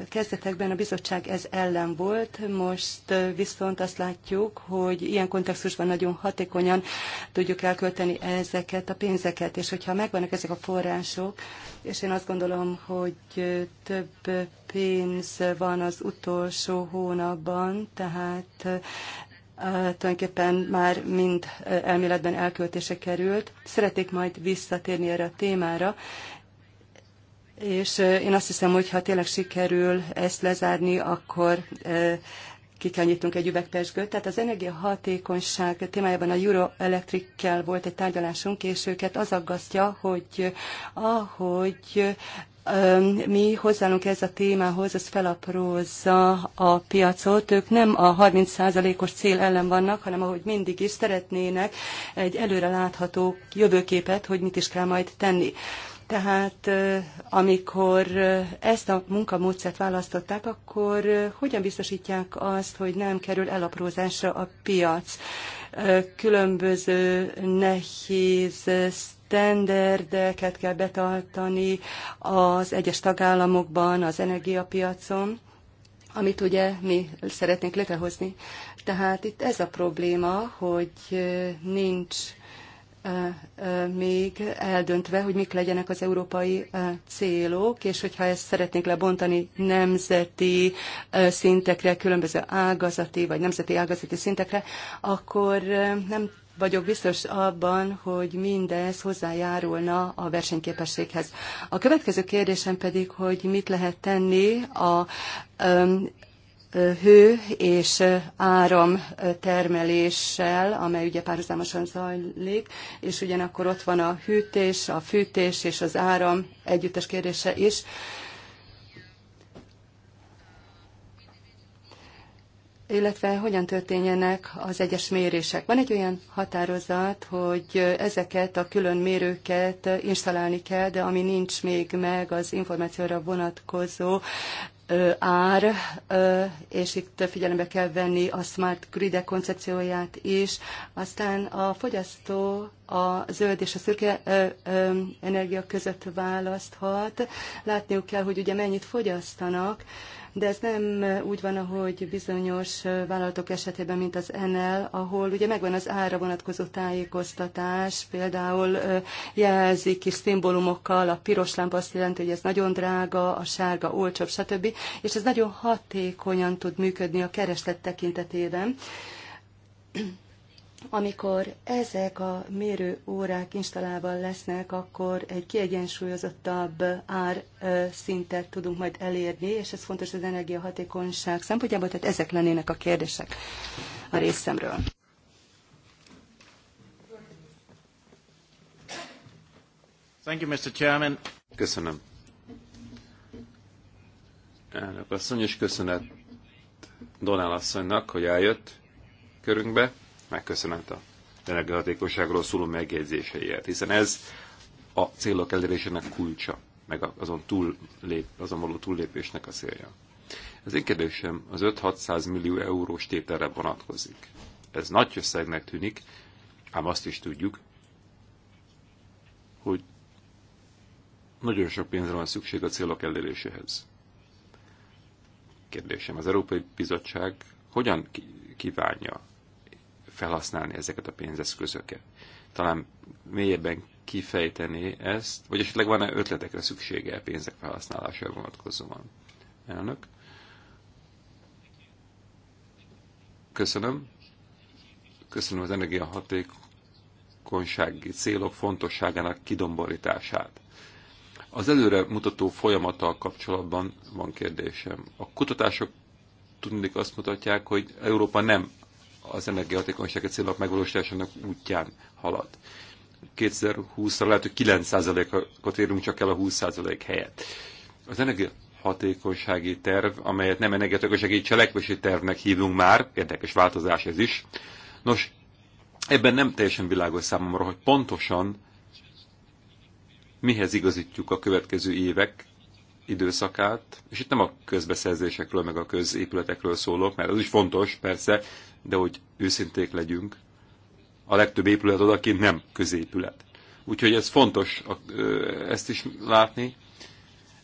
kezdetekben a bizottság ez ellen volt, most viszont azt látjuk, hogy ilyen kontextusban nagyon hatékonyan tudjuk elkölteni ezeket a pénzeket, és hogyha megvannak ezek a források, és én azt gondolom, hogy több pénz van az utolsó hónapban, tehát tulajdonképpen már mind elméletben elköltése került. Szeretnék majd visszatérni erre a témára, és én azt hiszem, hogy ha tényleg sikerül ezt lezárni, akkor ki kell nyitnunk egy üvegpesgőt. Tehát az energiahatékonyság témájában a Euroelectric-kel volt egy tárgyalásunk, és őket az aggasztja, hogy ahogy mi hozzáállunk ez a témához, ez felaprózza a piacot. Ők nem a 30%-os cél ellen vannak, hanem ahogy mindig is szeretnének egy előre látható jövőképet, hogy mit is kell majd tenni. Tehát amikor ezt a munkamódszert választották, akkor hogyan biztosítják azt, hogy nem kerül elaprózásra a piac? Különböző nehéz sztenderdeket kell betartani az egyes tagállamokban, az energiapiacon, amit ugye mi szeretnénk létrehozni. Tehát itt ez a probléma, hogy nincs még eldöntve, hogy mik legyenek az európai célok, és hogyha ezt szeretnénk lebontani nemzeti szintekre, különböző ágazati vagy nemzeti ágazati szintekre, akkor nem vagyok biztos abban, hogy mindez hozzájárulna a versenyképességhez. A következő kérdésem pedig, hogy mit lehet tenni a hő és áram termeléssel, amely ugye párhuzamosan zajlik, és ugyanakkor ott van a hűtés, a fűtés és az áram együttes kérdése is. illetve hogyan történjenek az egyes mérések. Van egy olyan határozat, hogy ezeket a külön mérőket installálni kell, de ami nincs még meg az információra vonatkozó ár, és itt figyelembe kell venni a smart grid koncepcióját is. Aztán a fogyasztó a zöld és a szürke energia között választhat. Látniuk kell, hogy ugye mennyit fogyasztanak, de ez nem úgy van, ahogy bizonyos vállalatok esetében, mint az NL, ahol ugye megvan az ára vonatkozó tájékoztatás, például jelzik kis szimbólumokkal, a piros lámpa azt jelenti, hogy ez nagyon drága, a sárga olcsóbb, stb. És ez nagyon hatékonyan tud működni a kereslet tekintetében amikor ezek a mérőórák installálva lesznek, akkor egy kiegyensúlyozottabb ár szintet tudunk majd elérni, és ez fontos az energiahatékonyság szempontjából, tehát ezek lennének a kérdések a részemről. Thank you, Mr. Chairman. Köszönöm. Elnök asszony, és köszönet Donál asszonynak, hogy eljött körünkbe megköszönet a energiahatékosságról szóló megjegyzéseiért, hiszen ez a célok elérésének kulcsa, meg azon, lép, azon való túllépésnek a célja. Az én kérdésem az 5-600 millió eurós tételre vonatkozik. Ez nagy összegnek tűnik, ám azt is tudjuk, hogy nagyon sok pénzre van szükség a célok eléréséhez. Kérdésem, az Európai Bizottság hogyan kívánja felhasználni ezeket a pénzeszközöket. Talán mélyebben kifejteni ezt, vagy esetleg van-e ötletekre szüksége a pénzek felhasználására vonatkozóan? Elnök? Köszönöm. Köszönöm az energiahatékonysági célok fontosságának kidomborítását. Az előre mutató folyamattal kapcsolatban van kérdésem. A kutatások tudnék azt mutatják, hogy Európa nem az energiahatékonysági célok megvalósításának útján halad. 2020-ra lehet, hogy 9%-ot érünk csak el a 20% helyett. Az energiahatékonysági terv, amelyet nem energiahatékonysági cselekvési tervnek hívunk már, érdekes változás ez is. Nos, ebben nem teljesen világos számomra, hogy pontosan mihez igazítjuk a következő évek időszakát, és itt nem a közbeszerzésekről, meg a középületekről szólok, mert az is fontos, persze, de hogy őszinték legyünk, a legtöbb épület odakint nem középület. Úgyhogy ez fontos ezt is látni.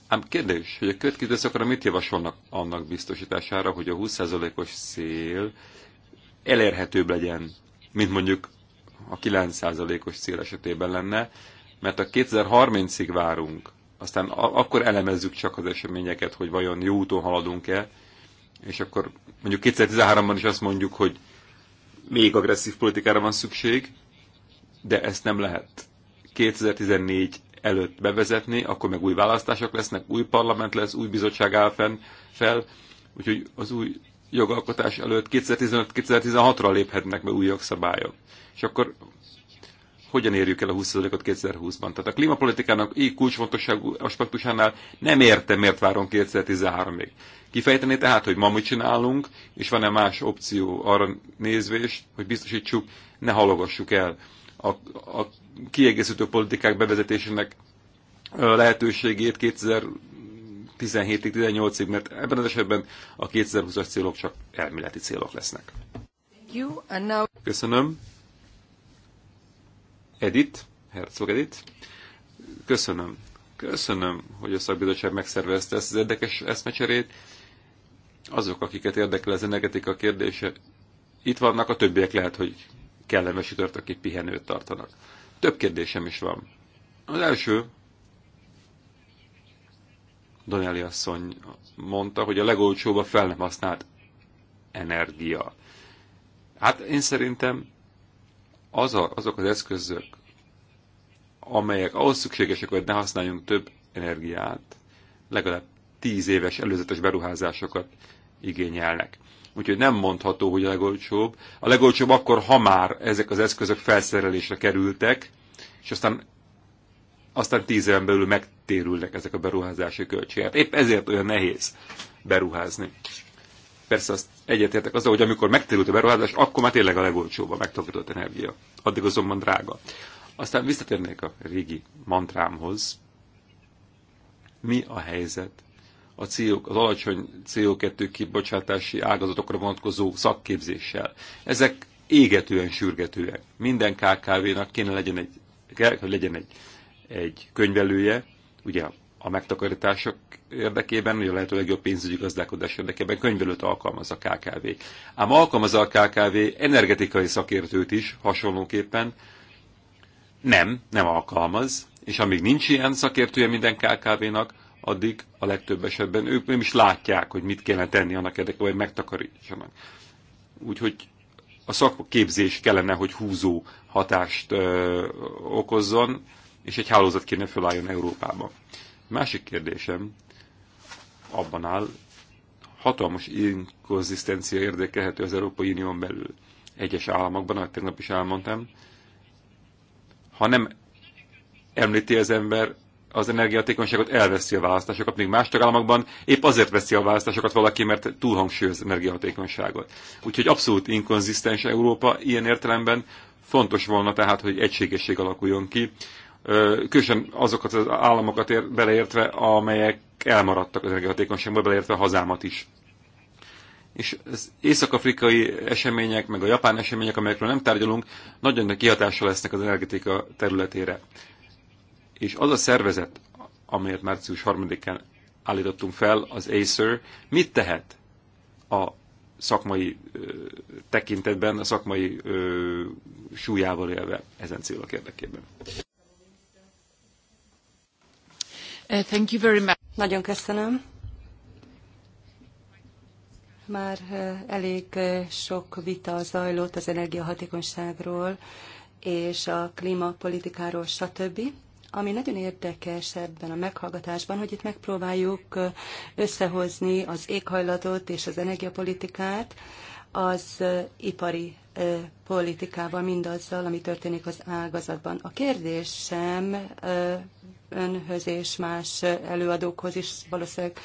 Ám kérdés, hogy a következő időszakra mit javasolnak annak biztosítására, hogy a 20%-os szél elérhetőbb legyen, mint mondjuk a 9%-os cél esetében lenne, mert a 2030-ig várunk, aztán akkor elemezzük csak az eseményeket, hogy vajon jó úton haladunk-e, és akkor mondjuk 2013-ban is azt mondjuk, hogy még agresszív politikára van szükség, de ezt nem lehet 2014 előtt bevezetni, akkor meg új választások lesznek, új parlament lesz, új bizottság áll fenn, fel, úgyhogy az új jogalkotás előtt 2015-2016-ra léphetnek be új jogszabályok. És akkor hogyan érjük el a 20%-ot 2020-ban. Tehát a klímapolitikának így kulcsfontosságú aspektusánál nem értem, miért várom 2013-ig. Kifejteni tehát, hogy ma mit csinálunk, és van-e más opció arra nézvést, hogy biztosítsuk, ne halogassuk el a, a kiegészítő politikák bevezetésének lehetőségét 2017-ig, 18-ig, mert ebben az esetben a 2020-as célok csak elméleti célok lesznek. Köszönöm. Edit, Herzog Edit. Köszönöm. Köszönöm, hogy a szakbizottság megszervezte ezt az érdekes eszmecserét. Azok, akiket érdekel az energetika kérdése, itt vannak, a többiek lehet, hogy kellemes akik pihenőt tartanak. Több kérdésem is van. Az első, Donnelly asszony mondta, hogy a legolcsóbb a fel nem használt energia. Hát én szerintem az a, azok az eszközök, amelyek ahhoz szükségesek, hogy ne használjunk több energiát, legalább tíz éves előzetes beruházásokat igényelnek. Úgyhogy nem mondható, hogy a legolcsóbb. A legolcsóbb akkor, ha már ezek az eszközök felszerelésre kerültek, és aztán, aztán tíz éven belül megtérülnek ezek a beruházási költségek. Épp ezért olyan nehéz beruházni. Persze azt egyetértek azzal, hogy amikor megterült a beruházás, akkor már tényleg a legolcsóbb a megtakarított energia. Addig azonban drága. Aztán visszatérnék a régi mantrámhoz. Mi a helyzet a CO, az alacsony CO2 kibocsátási ágazatokra vonatkozó szakképzéssel? Ezek égetően sürgetőek. Minden KKV-nak kéne legyen egy, hogy legyen egy, egy könyvelője, ugye a megtakarítások érdekében, hogy a lehető legjobb pénzügyi gazdálkodás érdekében könyvelőt alkalmaz a KKV. Ám alkalmaz a KKV energetikai szakértőt is hasonlóképpen, nem, nem alkalmaz, és amíg nincs ilyen szakértője minden KKV-nak, addig a legtöbb esetben ők nem is látják, hogy mit kellene tenni annak érdekében, hogy megtakarítsanak. Úgyhogy a szakképzés kellene, hogy húzó hatást ö, okozzon, és egy hálózat kéne fölálljon Európában. Másik kérdésem abban áll, hatalmas inkonzisztencia érdekelhető az Európai Unión belül. Egyes államokban, ahogy tegnap is elmondtam, ha nem említi az ember az energiatékonyságot, elveszi a választásokat, még más tagállamokban épp azért veszi a választásokat valaki, mert túlhangsúlyoz energiahatékonyságot. Úgyhogy abszolút inkonzisztens Európa ilyen értelemben. Fontos volna tehát, hogy egységesség alakuljon ki különösen azokat az államokat ér, beleértve, amelyek elmaradtak az energiahatékonyságban, beleértve hazámat is. És az észak-afrikai események, meg a japán események, amelyekről nem tárgyalunk, nagyon nagy kihatása lesznek az energetika területére. És az a szervezet, amelyet március 3-án állítottunk fel, az ACER, mit tehet a szakmai ö, tekintetben, a szakmai ö, súlyával élve ezen célok érdekében. Eh, thank you very much. Nagyon köszönöm. Már eh, elég eh, sok vita zajlott az energiahatékonyságról és a klímapolitikáról, stb. Ami nagyon érdekes ebben a meghallgatásban, hogy itt megpróbáljuk összehozni az éghajlatot és az energiapolitikát, az ipari politikával, mindazzal, ami történik az ágazatban. A kérdésem önhöz és más előadókhoz is valószínűleg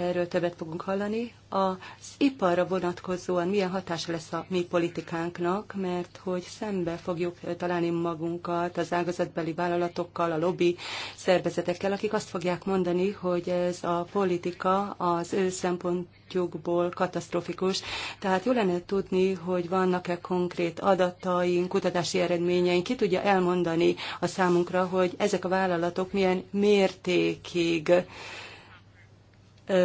erről többet fogunk hallani. Az iparra vonatkozóan milyen hatása lesz a mi politikánknak, mert hogy szembe fogjuk találni magunkat az ágazatbeli vállalatokkal, a lobby szervezetekkel, akik azt fogják mondani, hogy ez a politika az ő szempontjukból katasztrofikus. Tehát jó lenne tudni, hogy vannak-e konkrét adataink, kutatási eredményeink, ki tudja elmondani a számunkra, hogy ezek a vállalatok milyen mértékig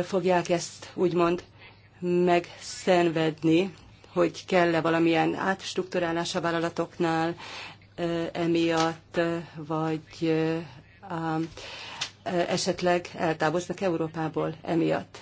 fogják ezt úgymond megszenvedni, hogy kell-e valamilyen átstruktúrálás a vállalatoknál emiatt, vagy esetleg eltávoznak Európából emiatt.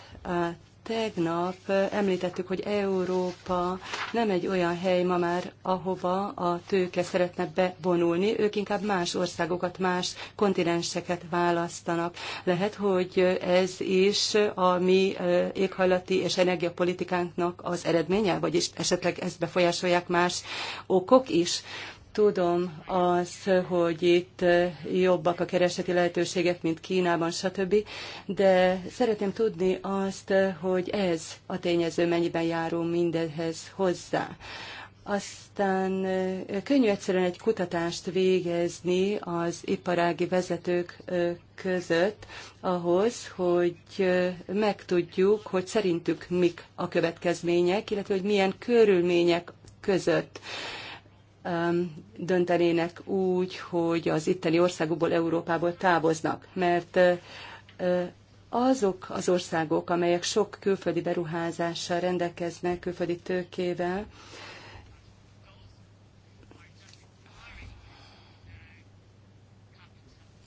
Tegnap említettük, hogy Európa nem egy olyan hely ma már, ahova a tőke szeretne bevonulni, ők inkább más országokat, más kontinenseket választanak. Lehet, hogy ez is a mi éghajlati és energiapolitikánknak az eredménye, vagyis esetleg ezt befolyásolják más okok is. Tudom az, hogy itt jobbak a kereseti lehetőségek, mint Kínában, stb., de szeretném tudni azt, hogy ez a tényező mennyiben járul mindenhez hozzá. Aztán könnyű egyszerűen egy kutatást végezni az iparági vezetők között ahhoz, hogy megtudjuk, hogy szerintük mik a következmények, illetve hogy milyen körülmények között döntenének úgy, hogy az itteni országokból, Európából távoznak, mert azok az országok, amelyek sok külföldi beruházással rendelkeznek, külföldi tőkével,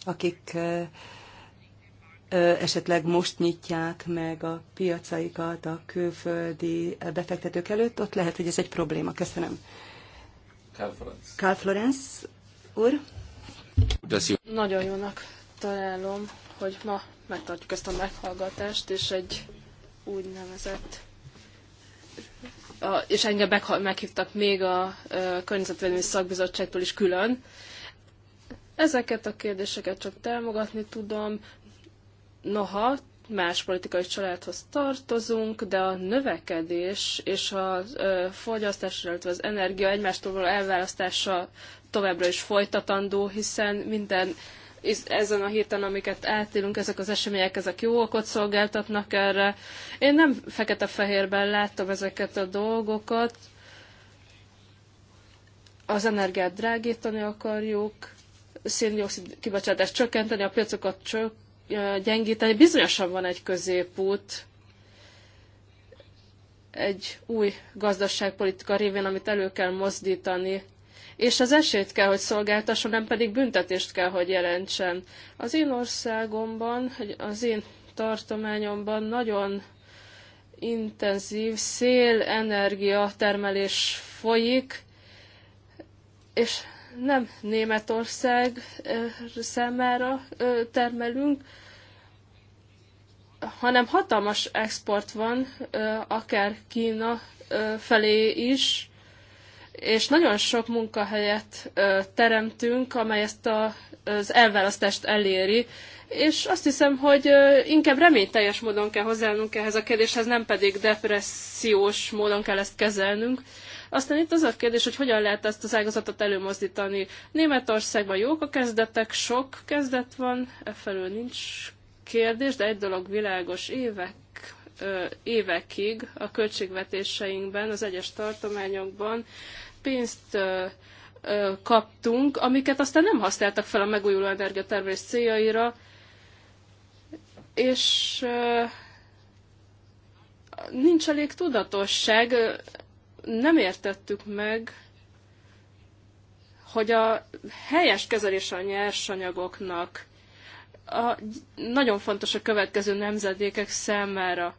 akik esetleg most nyitják meg a piacaikat a külföldi befektetők előtt, ott lehet, hogy ez egy probléma. Köszönöm. Carl Florence úr. Nagyon jónak találom, hogy ma megtartjuk ezt a meghallgatást, és egy úgynevezett a, és engem meghívtak még a, a Környezetvédelmi Szakbizottságtól is külön. Ezeket a kérdéseket csak támogatni tudom. Noha más politikai családhoz tartozunk, de a növekedés és a fogyasztás, illetve az energia egymástól való elválasztása továbbra is folytatandó, hiszen minden ezen a héten, amiket átélünk, ezek az események, ezek jó okot szolgáltatnak erre. Én nem fekete-fehérben láttam ezeket a dolgokat. Az energiát drágítani akarjuk, széndiokszid kibocsátást csökkenteni, a piacokat csök, gyengíteni. Bizonyosan van egy középút, egy új gazdaságpolitika révén, amit elő kell mozdítani, és az esélyt kell, hogy szolgáltasson, nem pedig büntetést kell, hogy jelentsen. Az én országomban, az én tartományomban nagyon intenzív szélenergia termelés folyik, és nem Németország számára termelünk, hanem hatalmas export van, akár Kína felé is, és nagyon sok munkahelyet teremtünk, amely ezt az elválasztást eléri, és azt hiszem, hogy inkább reményteljes módon kell hozzáállnunk ehhez a kérdéshez, nem pedig depressziós módon kell ezt kezelnünk. Aztán itt az a kérdés, hogy hogyan lehet ezt az ágazatot előmozdítani. Németországban jók a kezdetek, sok kezdet van, e felől nincs kérdés, de egy dolog világos évek évekig a költségvetéseinkben, az egyes tartományokban pénzt kaptunk, amiket aztán nem használtak fel a megújuló energiatermelés céljaira, és nincs elég tudatosság nem értettük meg, hogy a helyes kezelés a nyersanyagoknak a, nagyon fontos a következő nemzedékek számára.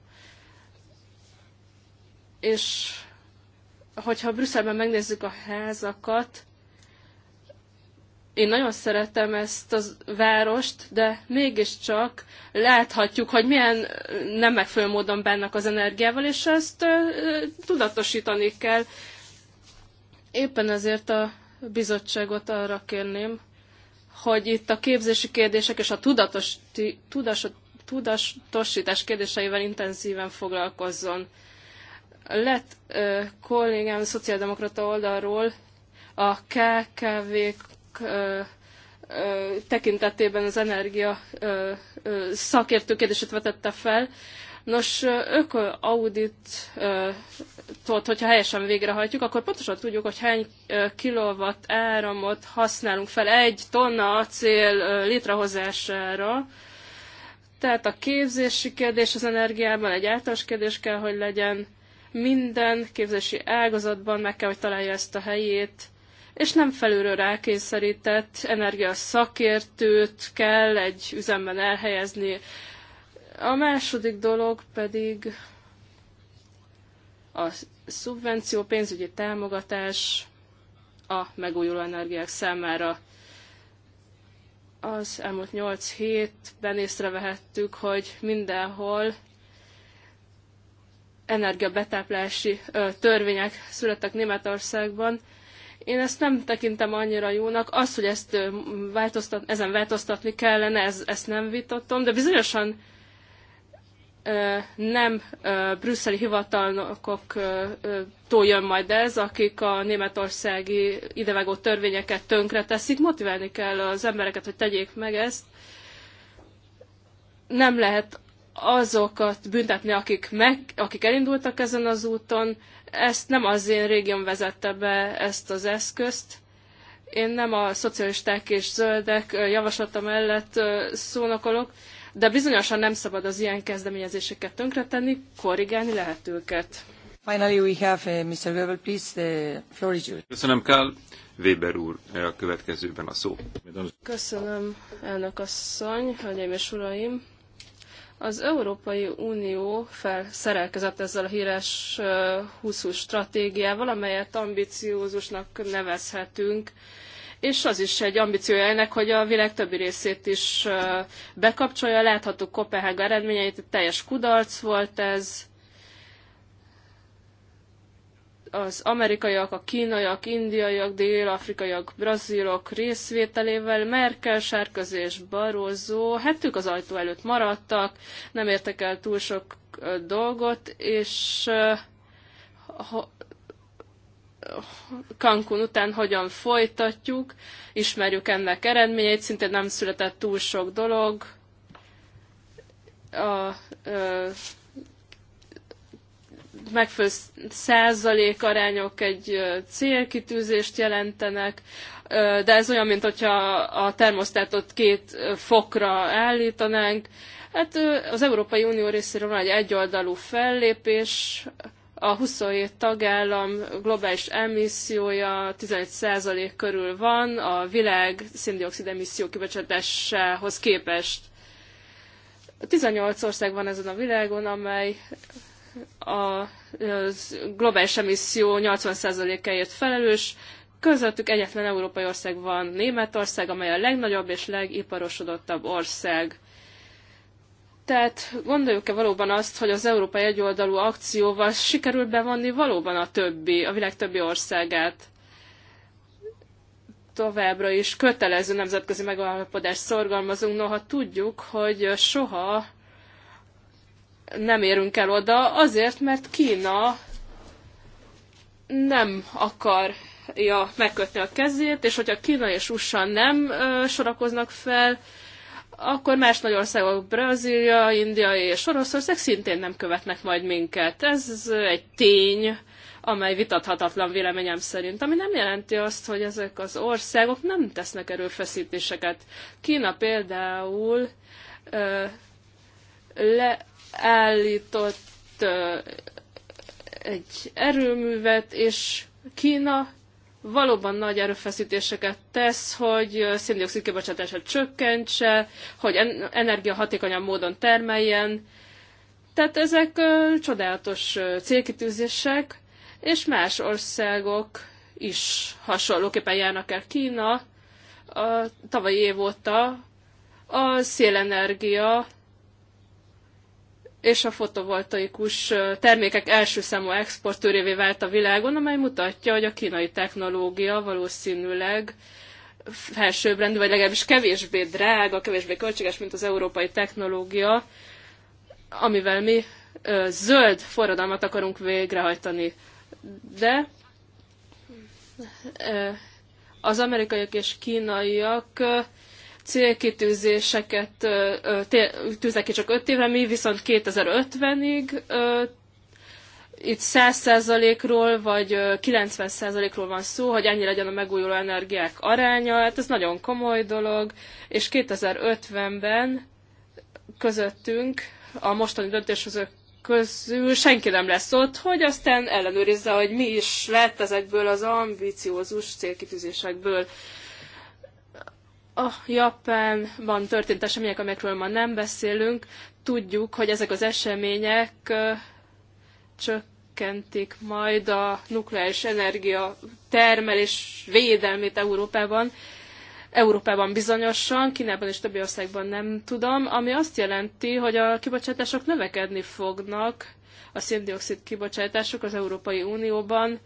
És hogyha Brüsszelben megnézzük a házakat, én nagyon szeretem ezt a várost, de mégiscsak láthatjuk, hogy milyen nem megfelelő módon bánnak az energiával, és ezt ö, ö, tudatosítani kell. Éppen ezért a bizottságot arra kérném, hogy itt a képzési kérdések és a tudatos, tudas, tudatosítás kérdéseivel intenzíven foglalkozzon. Lett ö, kollégám szociáldemokrata oldalról a KKV tekintetében az energia szakértő kérdését vetette fel. Nos, öko auditot, hogyha helyesen végrehajtjuk, akkor pontosan tudjuk, hogy hány kilowatt áramot használunk fel egy tonna acél létrehozására. Tehát a képzési kérdés az energiában egy általános kérdés kell, hogy legyen. Minden képzési ágazatban meg kell, hogy találja ezt a helyét és nem felülről rákényszerített energiaszakértőt kell egy üzemben elhelyezni. A második dolog pedig a szubvenció, pénzügyi támogatás a megújuló energiák számára. Az elmúlt 8 hétben észrevehettük, hogy mindenhol energiabetáplási törvények születtek Németországban, én ezt nem tekintem annyira jónak. Az, hogy ezt változtat, ezen változtatni kellene, ez, ezt nem vitatom, de bizonyosan nem brüsszeli hivatalnokoktól jön majd ez, akik a németországi idevágó törvényeket tönkre teszik. Motiválni kell az embereket, hogy tegyék meg ezt. Nem lehet azokat büntetni, akik, meg, akik elindultak ezen az úton, ezt nem az én régióm vezette be ezt az eszközt. Én nem a szocialisták és zöldek javaslata mellett szónokolok, de bizonyosan nem szabad az ilyen kezdeményezéseket tönkretenni, korrigálni lehet őket. Finally we have uh, Mr. Weber, please, the floor is yours. Köszönöm, Kál. Weber úr, a következőben a szó. Köszönöm, elnök asszony, hölgyeim és uraim. Az Európai Unió felszerelkezett ezzel a híres 20 stratégiával, amelyet ambiciózusnak nevezhetünk, és az is egy ambíciója ennek, hogy a világ többi részét is bekapcsolja. Látható Kopenhága eredményeit, teljes kudarc volt ez, az amerikaiak, a kínaiak, indiaiak, dél-afrikaiak, brazilok részvételével Merkel, Sárközi és Barroso, hát ők az ajtó előtt maradtak, nem értek el túl sok dolgot, és ha, Cancun után hogyan folytatjuk, ismerjük ennek eredményeit, szinte nem született túl sok dolog, a, a megfelelő százalék arányok egy célkitűzést jelentenek, de ez olyan, mint hogyha a termosztátot két fokra állítanánk. Hát az Európai Unió részéről van egy egyoldalú fellépés, a 27 tagállam globális emissziója 11% körül van a világ széndiokszid emisszió kibocsátásához képest. 18 ország van ezen a világon, amely a globális emisszió 80%-áért felelős, közöttük egyetlen európai ország van, Németország, amely a legnagyobb és legiparosodottabb ország. Tehát gondoljuk-e valóban azt, hogy az európai egyoldalú akcióval sikerül bevonni valóban a többi, a világ többi országát? Továbbra is kötelező nemzetközi megállapodást szorgalmazunk, noha tudjuk, hogy soha nem érünk el oda, azért, mert Kína nem akarja megkötni a kezét, és hogyha Kína és USA nem ö, sorakoznak fel, akkor más nagy országok, Brazília, India és Oroszország szintén nem követnek majd minket. Ez egy tény, amely vitathatatlan véleményem szerint, ami nem jelenti azt, hogy ezek az országok nem tesznek erőfeszítéseket. Kína például ö, le állított egy erőművet, és Kína valóban nagy erőfeszítéseket tesz, hogy széndiokszid kibocsátását csökkentse, hogy energiahatékonyabb módon termeljen. Tehát ezek csodálatos célkitűzések, és más országok is hasonlóképpen járnak el. Kína a tavalyi év óta a szélenergia és a fotovoltaikus termékek első számú exportőrévé vált a világon, amely mutatja, hogy a kínai technológia valószínűleg felsőbbrendű, vagy legalábbis kevésbé drága, kevésbé költséges, mint az európai technológia, amivel mi zöld forradalmat akarunk végrehajtani. De az amerikaiak és kínaiak célkitűzéseket tűzek ki csak 5 évre, mi viszont 2050-ig itt 100%-ról vagy 90%-ról van szó, hogy ennyi legyen a megújuló energiák aránya, hát ez nagyon komoly dolog, és 2050-ben közöttünk a mostani döntéshozók közül senki nem lesz ott, hogy aztán ellenőrizze, hogy mi is lett ezekből az ambiciózus célkitűzésekből a Japánban történt események, amelyekről ma nem beszélünk, tudjuk, hogy ezek az események csökkentik majd a nukleáris energia termelés védelmét Európában. Európában bizonyosan, Kínában és többi országban nem tudom, ami azt jelenti, hogy a kibocsátások növekedni fognak, a széndiokszid kibocsátások az Európai Unióban,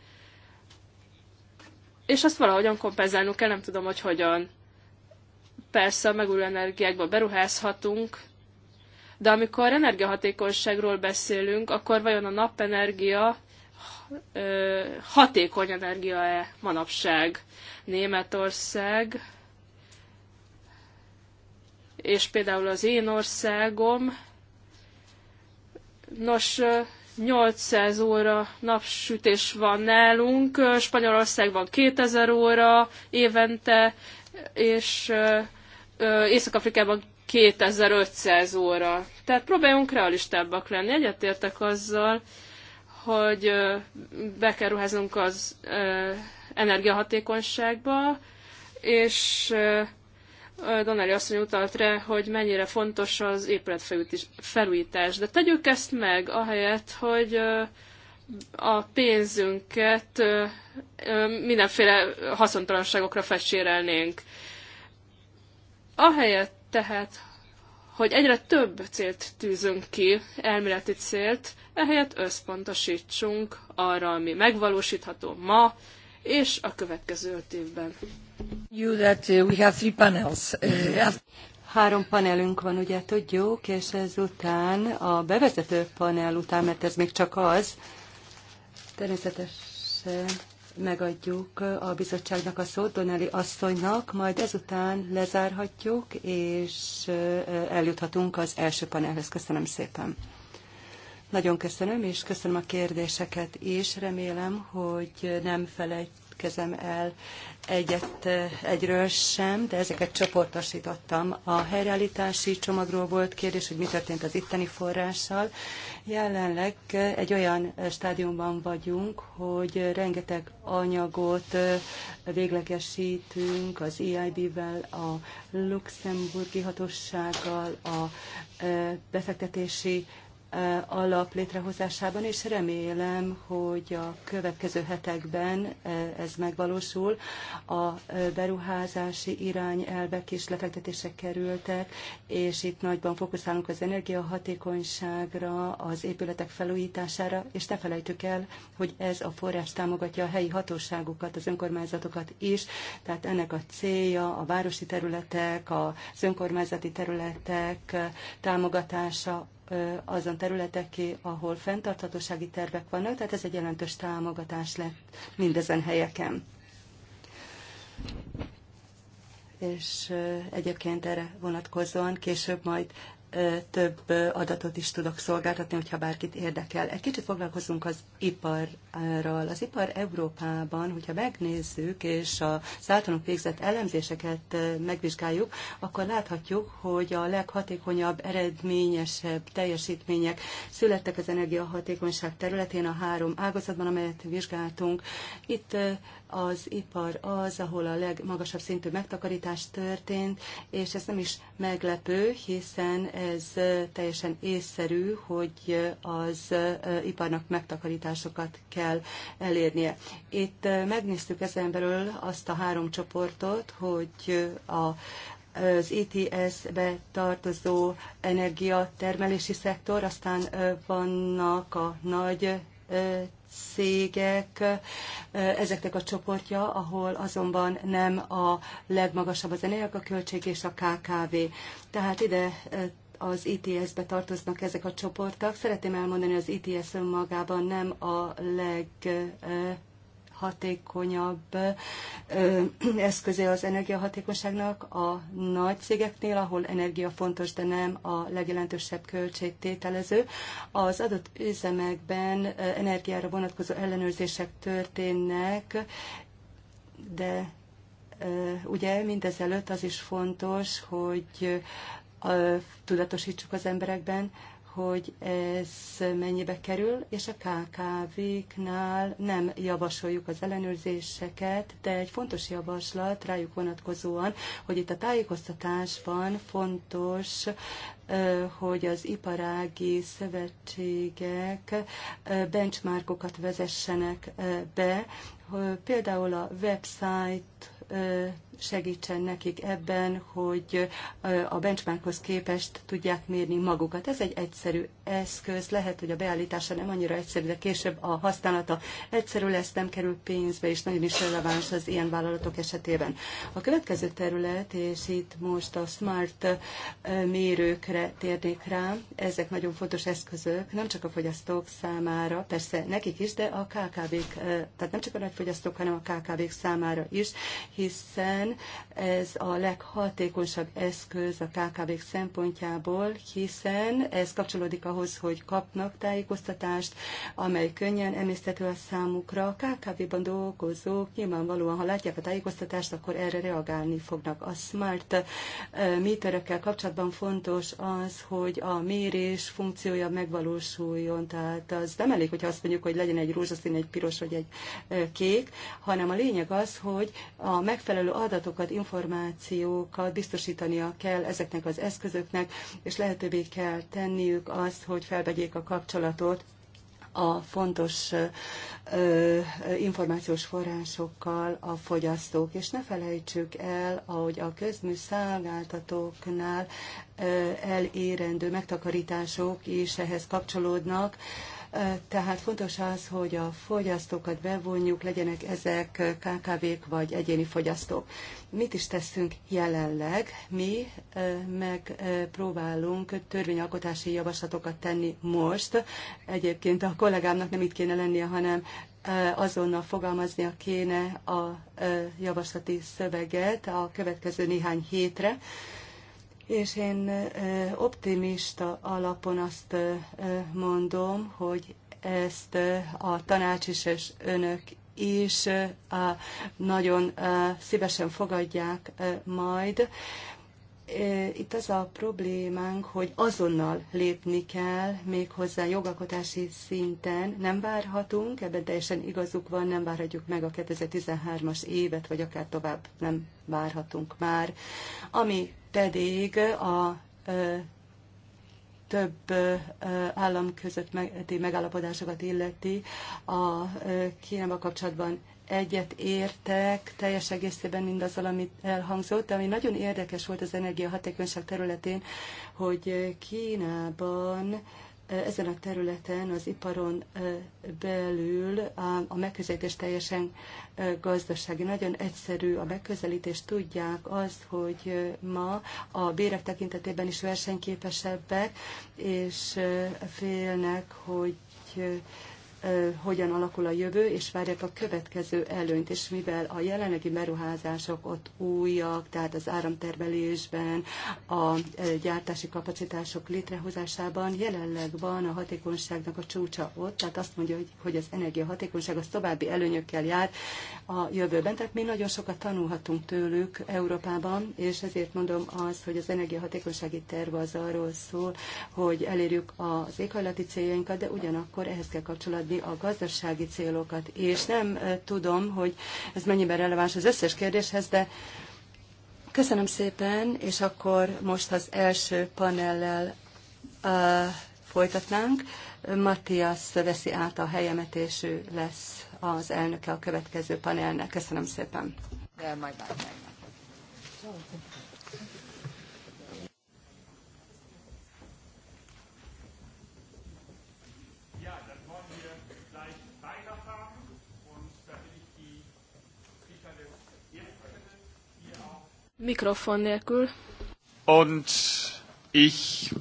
és azt valahogyan kompenzálnunk kell, nem tudom, hogy hogyan. Persze a megújuló energiákba beruházhatunk, de amikor energiahatékonyságról beszélünk, akkor vajon a napenergia hatékony energia-e manapság Németország, és például az én országom, nos, 800 óra napsütés van nálunk, Spanyolországban 2000 óra évente, és Észak-Afrikában 2500 óra. Tehát próbáljunk realistábbak lenni. Egyetértek azzal, hogy be kell ruháznunk az energiahatékonyságba, és Donnelly asszony utalt rá, hogy mennyire fontos az épületfelújítás. De tegyük ezt meg, ahelyett, hogy a pénzünket mindenféle haszontalanságokra fecsérelnénk. Ahelyett tehát, hogy egyre több célt tűzünk ki, elméleti célt, ehelyett összpontosítsunk arra, ami megvalósítható ma és a következő öt évben. You that uh, we have three panels. Uh, Három panelünk van, ugye tudjuk, és ezután a bevezető panel után, mert ez még csak az, természetesen megadjuk a bizottságnak a szót, Doneli asszonynak, majd ezután lezárhatjuk, és eljuthatunk az első panelhez. Köszönöm szépen. Nagyon köszönöm, és köszönöm a kérdéseket is. Remélem, hogy nem felejt feledkezem el egyet, egyről sem, de ezeket csoportosítottam. A helyreállítási csomagról volt kérdés, hogy mi történt az itteni forrással. Jelenleg egy olyan stádiumban vagyunk, hogy rengeteg anyagot véglegesítünk az EIB-vel, a luxemburgi hatósággal, a befektetési Eh, alap létrehozásában, és remélem, hogy a következő hetekben eh, ez megvalósul. A eh, beruházási irányelvek is lefektetések kerültek, és itt nagyban fókuszálunk az energiahatékonyságra, az épületek felújítására, és ne felejtjük el, hogy ez a forrás támogatja a helyi hatóságokat, az önkormányzatokat is, tehát ennek a célja a városi területek, az önkormányzati területek támogatása azon területeké, ahol fenntarthatósági tervek vannak, tehát ez egy jelentős támogatás lett mindezen helyeken. És egyébként erre vonatkozóan később majd több adatot is tudok szolgáltatni, hogyha bárkit érdekel. Egy kicsit foglalkozunk az iparral. Az ipar Európában, hogyha megnézzük, és az általunk végzett elemzéseket megvizsgáljuk, akkor láthatjuk, hogy a leghatékonyabb, eredményesebb teljesítmények születtek az energiahatékonyság területén a három ágazatban, amelyet vizsgáltunk. Itt az ipar az, ahol a legmagasabb szintű megtakarítás történt, és ez nem is meglepő, hiszen ez teljesen észszerű, hogy az iparnak megtakarításokat kell elérnie. Itt megnéztük ezen belül azt a három csoportot, hogy a az ETS-be tartozó energiatermelési szektor, aztán vannak a nagy cégek, ezeknek a csoportja, ahol azonban nem a legmagasabb az energiaköltség és a KKV. Tehát ide az its be tartoznak ezek a csoportok. Szeretném elmondani, az ITS önmagában nem a leg leghatékonyabb eszköze az energiahatékonyságnak a nagy cégeknél, ahol energia fontos, de nem a legjelentősebb költségtételező. Az adott üzemekben energiára vonatkozó ellenőrzések történnek, de ugye mindezelőtt az is fontos, hogy tudatosítsuk az emberekben, hogy ez mennyibe kerül, és a KKV-knál nem javasoljuk az ellenőrzéseket, de egy fontos javaslat rájuk vonatkozóan, hogy itt a tájékoztatásban fontos, hogy az iparági szövetségek benchmarkokat vezessenek be, például a website segítsen nekik ebben, hogy a benchmarkhoz képest tudják mérni magukat. Ez egy egyszerű eszköz, lehet, hogy a beállítása nem annyira egyszerű, de később a használata egyszerű lesz, nem kerül pénzbe, és nagyon is releváns az ilyen vállalatok esetében. A következő terület, és itt most a smart mérőkre térnék rá, ezek nagyon fontos eszközök, nem csak a fogyasztók számára, persze nekik is, de a KKV-k, tehát nem csak a nagyfogyasztók, hanem a KKV-k számára is, hiszen igen, ez a leghatékonyabb eszköz a kkv szempontjából, hiszen ez kapcsolódik ahhoz, hogy kapnak tájékoztatást, amely könnyen emészthető a számukra. A KKV-ban dolgozók nyilvánvalóan, ha látják a tájékoztatást, akkor erre reagálni fognak. A smart méterekkel kapcsolatban fontos az, hogy a mérés funkciója megvalósuljon, tehát az nem elég, hogyha azt mondjuk, hogy legyen egy rózsaszín, egy piros vagy egy kék, hanem a lényeg az, hogy a megfelelő adat adatokat, információkat biztosítania kell ezeknek az eszközöknek, és lehetővé kell tenniük azt, hogy felvegyék a kapcsolatot a fontos ö, információs forrásokkal a fogyasztók. És ne felejtsük el, ahogy a közmű szolgáltatóknál elérendő megtakarítások is ehhez kapcsolódnak, ö, tehát fontos az, hogy a fogyasztókat bevonjuk, legyenek ezek KKV-k vagy egyéni fogyasztók. Mit is teszünk jelenleg? Mi megpróbálunk törvényalkotási javaslatokat tenni most. Egyébként a kollégámnak nem itt kéne lennie, hanem azonnal fogalmaznia kéne a javaslati szöveget a következő néhány hétre és én optimista alapon azt mondom, hogy ezt a tanács is és önök is nagyon szívesen fogadják majd. Itt az a problémánk, hogy azonnal lépni kell, méghozzá jogalkotási szinten nem várhatunk, ebben teljesen igazuk van, nem várhatjuk meg a 2013-as évet, vagy akár tovább nem várhatunk már. Ami pedig a több állam közötti megállapodásokat illeti a Kínával kapcsolatban egyet értek teljes egészében mindazzal, amit elhangzott, de ami nagyon érdekes volt az energiahatékonyság területén, hogy Kínában ezen a területen, az iparon belül a megközelítés teljesen gazdasági. Nagyon egyszerű a megközelítés, tudják azt, hogy ma a bérek tekintetében is versenyképesebbek, és félnek, hogy hogyan alakul a jövő, és várják a következő előnyt, és mivel a jelenlegi beruházások ott újak, tehát az áramtermelésben, a gyártási kapacitások létrehozásában jelenleg van a hatékonyságnak a csúcsa ott, tehát azt mondja, hogy, hogy az energiahatékonyság az további előnyökkel jár a jövőben. Tehát mi nagyon sokat tanulhatunk tőlük Európában, és ezért mondom az hogy az energiahatékonysági terv az arról szól, hogy elérjük az éghajlati céljainkat, de ugyanakkor ehhez kell kapcsolatban további a gazdasági célokat. És nem tudom, hogy ez mennyiben releváns az összes kérdéshez, de köszönöm szépen, és akkor most az első panellel uh, folytatnánk. Matthias veszi át a helyemet, és ő lesz az elnöke a következő panelnek. Köszönöm szépen. Yeah, my bad, my bad. Mikrofon nélkül. Und ich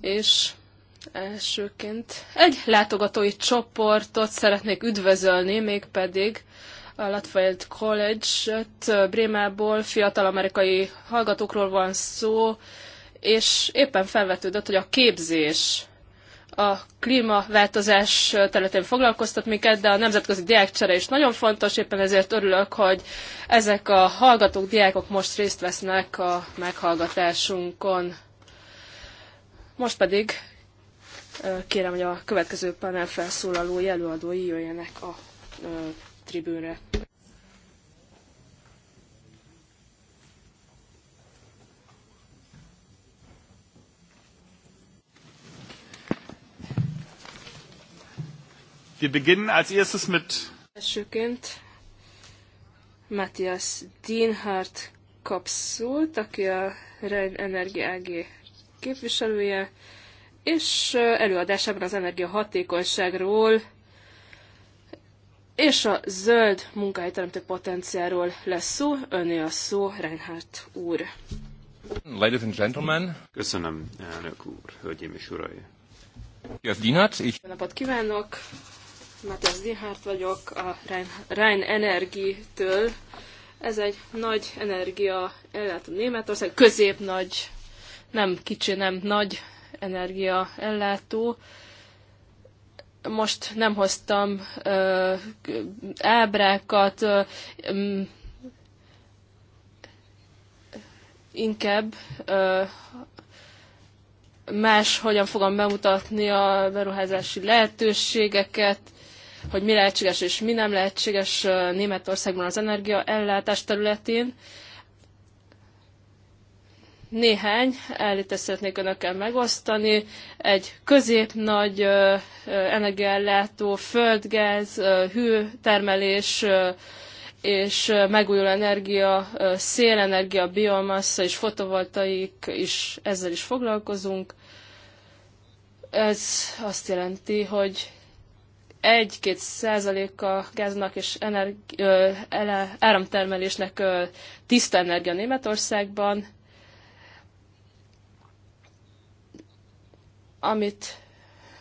És elsőként egy látogatói csoportot szeretnék üdvözölni, mégpedig a Latveld college t Brémából fiatal amerikai hallgatókról van szó, és éppen felvetődött, hogy a képzés a klímaváltozás területén foglalkoztat minket, de a nemzetközi diákcsere is nagyon fontos, éppen ezért örülök, hogy ezek a hallgatók, diákok most részt vesznek a meghallgatásunkon. Most pedig kérem, hogy a következő panel felszólalói előadói jöjjenek a tribűnre. Wir beginnen als erstes mit... Elsőként Matthias Dienhardt kap aki a Rhein Energie AG képviselője, és előadásában az energiahatékonyságról és a zöld munkahelyteremtő potenciáról lesz szó. Öné a szó, Reinhardt úr. Ladies and gentlemen. Köszönöm, elnök úr, hölgyeim és uraim. Jó napot kívánok! Matthias Dihárt vagyok a Rhein, energy-től Ez egy nagy energia ellátó Németország, közép-nagy, nem kicsi, nem nagy energia ellátó. Most nem hoztam ö, ábrákat, ö, inkább ö, más, hogyan fogom bemutatni a beruházási lehetőségeket, hogy mi lehetséges és mi nem lehetséges Németországban az energiaellátás területén. Néhány elítet szeretnék önökkel megosztani. Egy középnagy energiaellátó, földgáz, hőtermelés, és megújuló energia, szélenergia, biomassa és fotovoltaik is ezzel is foglalkozunk. Ez azt jelenti, hogy 1-2 százalék a gáznak és áramtermelésnek tiszta energia Németországban, amit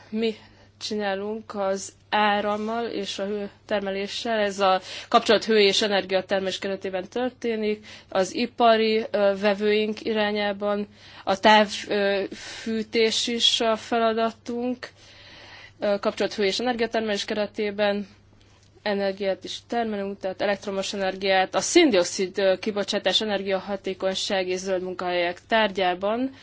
mi csinálunk az árammal és a hőtermeléssel, ez a kapcsolat hő és energiatermés keretében történik, az ipari vevőink irányában, a távfűtés is a feladatunk, kapcsolat hő és energiatermelés keretében energiát is termelünk, tehát elektromos energiát, a széndiokszid kibocsátás, energiahatékonyság és zöld munkahelyek tárgyában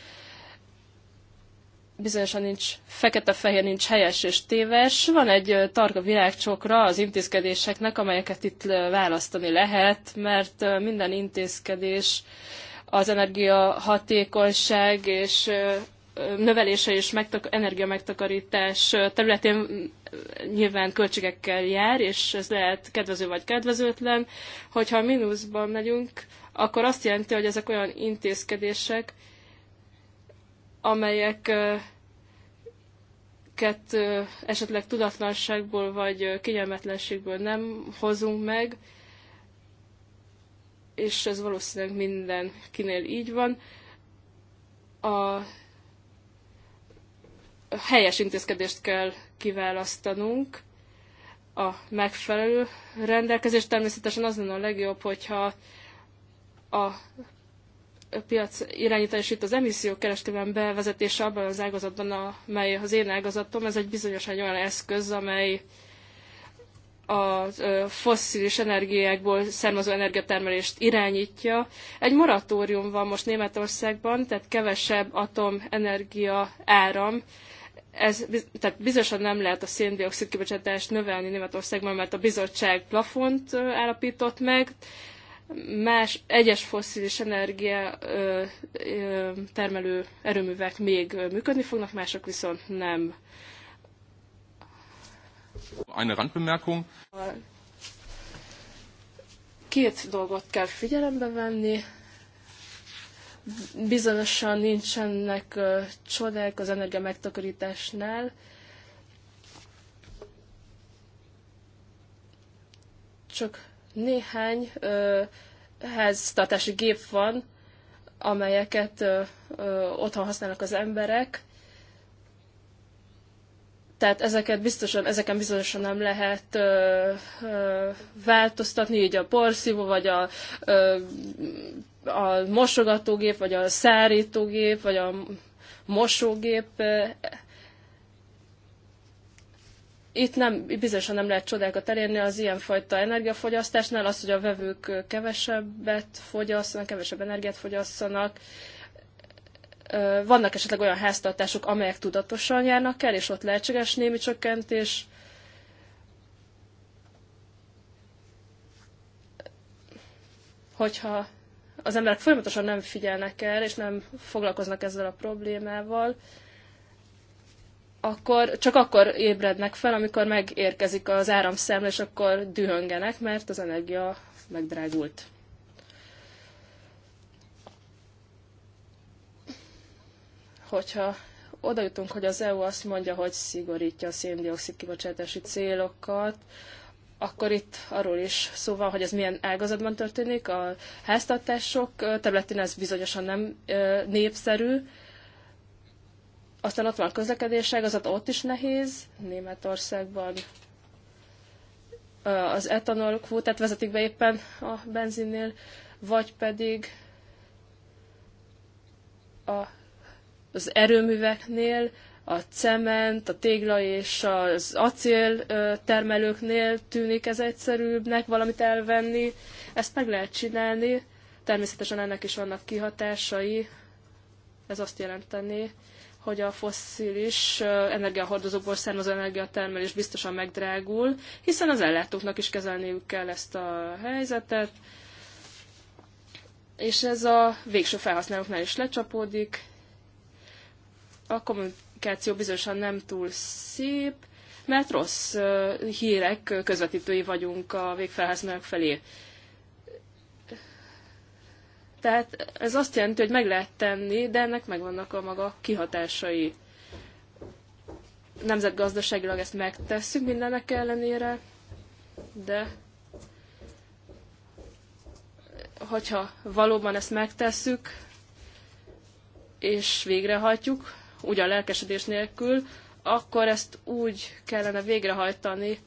bizonyosan nincs fekete-fehér, nincs helyes és téves. Van egy targa világcsokra az intézkedéseknek, amelyeket itt választani lehet, mert minden intézkedés az energiahatékonyság és növelése és megtak- energiamegtakarítás területén nyilván költségekkel jár, és ez lehet kedvező vagy kedvezőtlen. Hogyha mínuszban megyünk, akkor azt jelenti, hogy ezek olyan intézkedések, amelyek esetleg tudatlanságból vagy kényelmetlenségből nem hozunk meg, és ez valószínűleg mindenkinél így van. A helyes intézkedést kell kiválasztanunk, a megfelelő rendelkezés. Természetesen az lenne a legjobb, hogyha a piac irányítás itt az emissziók keresztében bevezetése abban az ágazatban, amely az én ágazatom, ez egy bizonyosan olyan eszköz, amely a fosszilis energiákból származó energiatermelést irányítja. Egy moratórium van most Németországban, tehát kevesebb atomenergia áram, ez, tehát biztosan nem lehet a széndiokszid kibocsátást növelni Németországban, mert a bizottság plafont állapított meg, más egyes fosszilis energia ö, ö, termelő erőművek még működni fognak, mások viszont nem. Eine Randbemerkung. Két dolgot kell figyelembe venni bizonyosan nincsenek csodák az energia megtakarításnál. Csak néhány uh, háztartási gép van, amelyeket uh, uh, otthon használnak az emberek, tehát ezeket biztosan, ezeken bizonyosan nem lehet ö, ö, változtatni, így a porszívó, vagy a, ö, a mosogatógép, vagy a szárítógép, vagy a mosógép. Itt nem, bizonyosan nem lehet csodákat elérni az ilyenfajta energiafogyasztásnál, az, hogy a vevők kevesebbet fogyasszanak, kevesebb energiát fogyasszanak, ö, vannak esetleg olyan háztartások, amelyek tudatosan járnak el, és ott lehetséges némi csökkentés. Hogyha az emberek folyamatosan nem figyelnek el, és nem foglalkoznak ezzel a problémával, akkor csak akkor ébrednek fel, amikor megérkezik az áramszámla, és akkor dühöngenek, mert az energia megdrágult. hogyha oda jutunk, hogy az EU azt mondja, hogy szigorítja a széndiokszid kibocsátási célokat, akkor itt arról is szó van, hogy ez milyen ágazatban történik. A háztartások területén ez bizonyosan nem népszerű. Aztán ott van a közlekedés ágazat, ott is nehéz. Németországban az etanol kvótát vezetik be éppen a benzinnél, vagy pedig a az erőműveknél, a cement, a tégla és az acél termelőknél tűnik ez egyszerűbbnek valamit elvenni. Ezt meg lehet csinálni. Természetesen ennek is vannak kihatásai. Ez azt jelenteni, hogy a fosszilis energiahordozókból származó energiatermelés biztosan megdrágul, hiszen az ellátóknak is kezelniük kell ezt a helyzetet, és ez a végső felhasználóknál is lecsapódik, a kommunikáció bizonyosan nem túl szép, mert rossz hírek közvetítői vagyunk a végfelhasználók felé. Tehát ez azt jelenti, hogy meg lehet tenni, de ennek megvannak a maga kihatásai. Nemzetgazdaságilag ezt megtesszük mindennek ellenére, de hogyha valóban ezt megtesszük, és végrehajtjuk, úgy a lelkesedés nélkül, akkor ezt úgy kellene végrehajtani,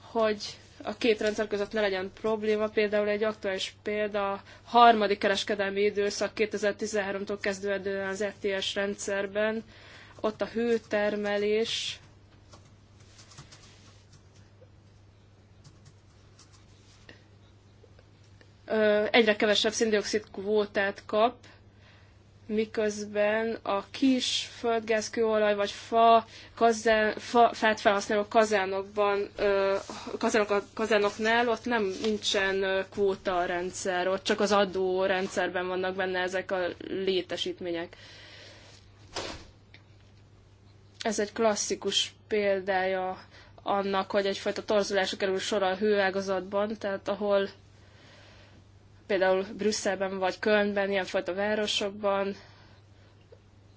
hogy a két rendszer között ne legyen probléma. Például egy aktuális példa, a harmadik kereskedelmi időszak 2013-tól kezdődően az RTS rendszerben, ott a hőtermelés egyre kevesebb szindioxid kvótát kap, miközben a kis földgázkőolaj vagy fa, kazen, fa fát felhasználó kazánokban, kazánok, kazánoknál ott nem nincsen kvóta rendszer, ott csak az adó rendszerben vannak benne ezek a létesítmények. Ez egy klasszikus példája annak, hogy egyfajta torzulásra kerül sor a hőágazatban, tehát ahol például Brüsszelben vagy Kölnben, ilyenfajta városokban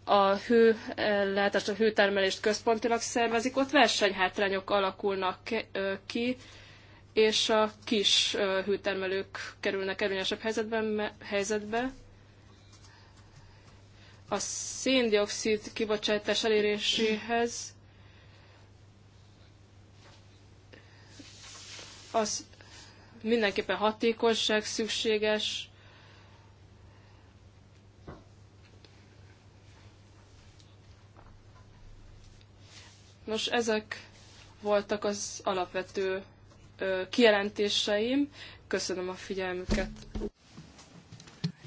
a hőellátást, eh, a hőtermelést központilag szervezik, ott versenyhátrányok alakulnak ki, és a kis hőtermelők kerülnek erőnyesebb helyzetben, helyzetbe. A széndiokszid kibocsátás eléréséhez az mindenképpen hatékonyság szükséges, Nos, ezek voltak az alapvető kijelentéseim. Köszönöm a figyelmüket.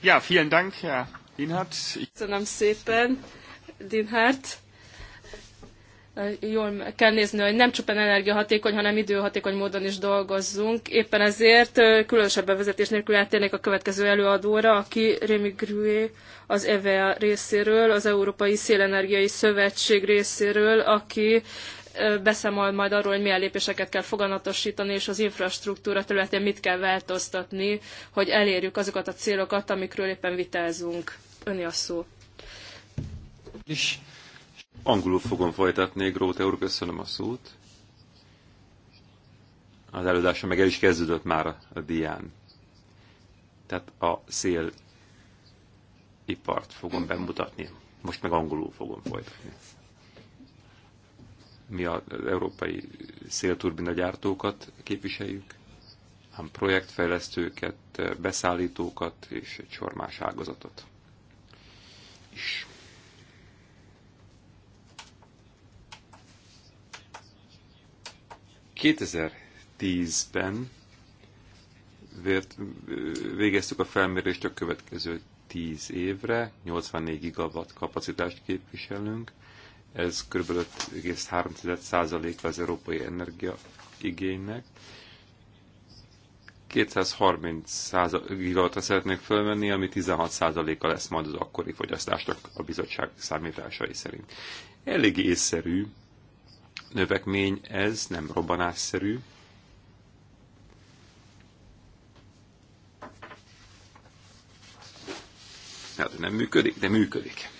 Ja, vielen Dank, Herr Dinhardt. Köszönöm szépen, Dinhardt jól kell nézni, hogy nem csupán energiahatékony, hanem időhatékony módon is dolgozzunk. Éppen ezért különösebb bevezetés nélkül áttérnék a következő előadóra, aki Rémi Grué az EVA részéről, az Európai Szélenergiai Szövetség részéről, aki beszámol majd arról, hogy milyen lépéseket kell foganatosítani, és az infrastruktúra területén mit kell változtatni, hogy elérjük azokat a célokat, amikről éppen vitázunk. Öni a szó. És Angolul fogom folytatni, Gróte úr, köszönöm a szót. Az előadása meg el is kezdődött már a dián. Tehát a szél ipart fogom bemutatni. Most meg angolul fogom folytatni. Mi az európai szélturbina gyártókat képviseljük, hanem projektfejlesztőket, beszállítókat és egy sor más ágazatot is. 2010-ben végeztük a felmérést a következő 10 évre, 84 gigawatt kapacitást képviselünk, ez kb. 5,3% az európai energia igénynek. 230 gigawattra szeretnék fölmenni, ami 16%-a lesz majd az akkori fogyasztásnak a bizottság számításai szerint. Elég észszerű növekmény ez, nem robbanásszerű. Hát nem működik, de működik.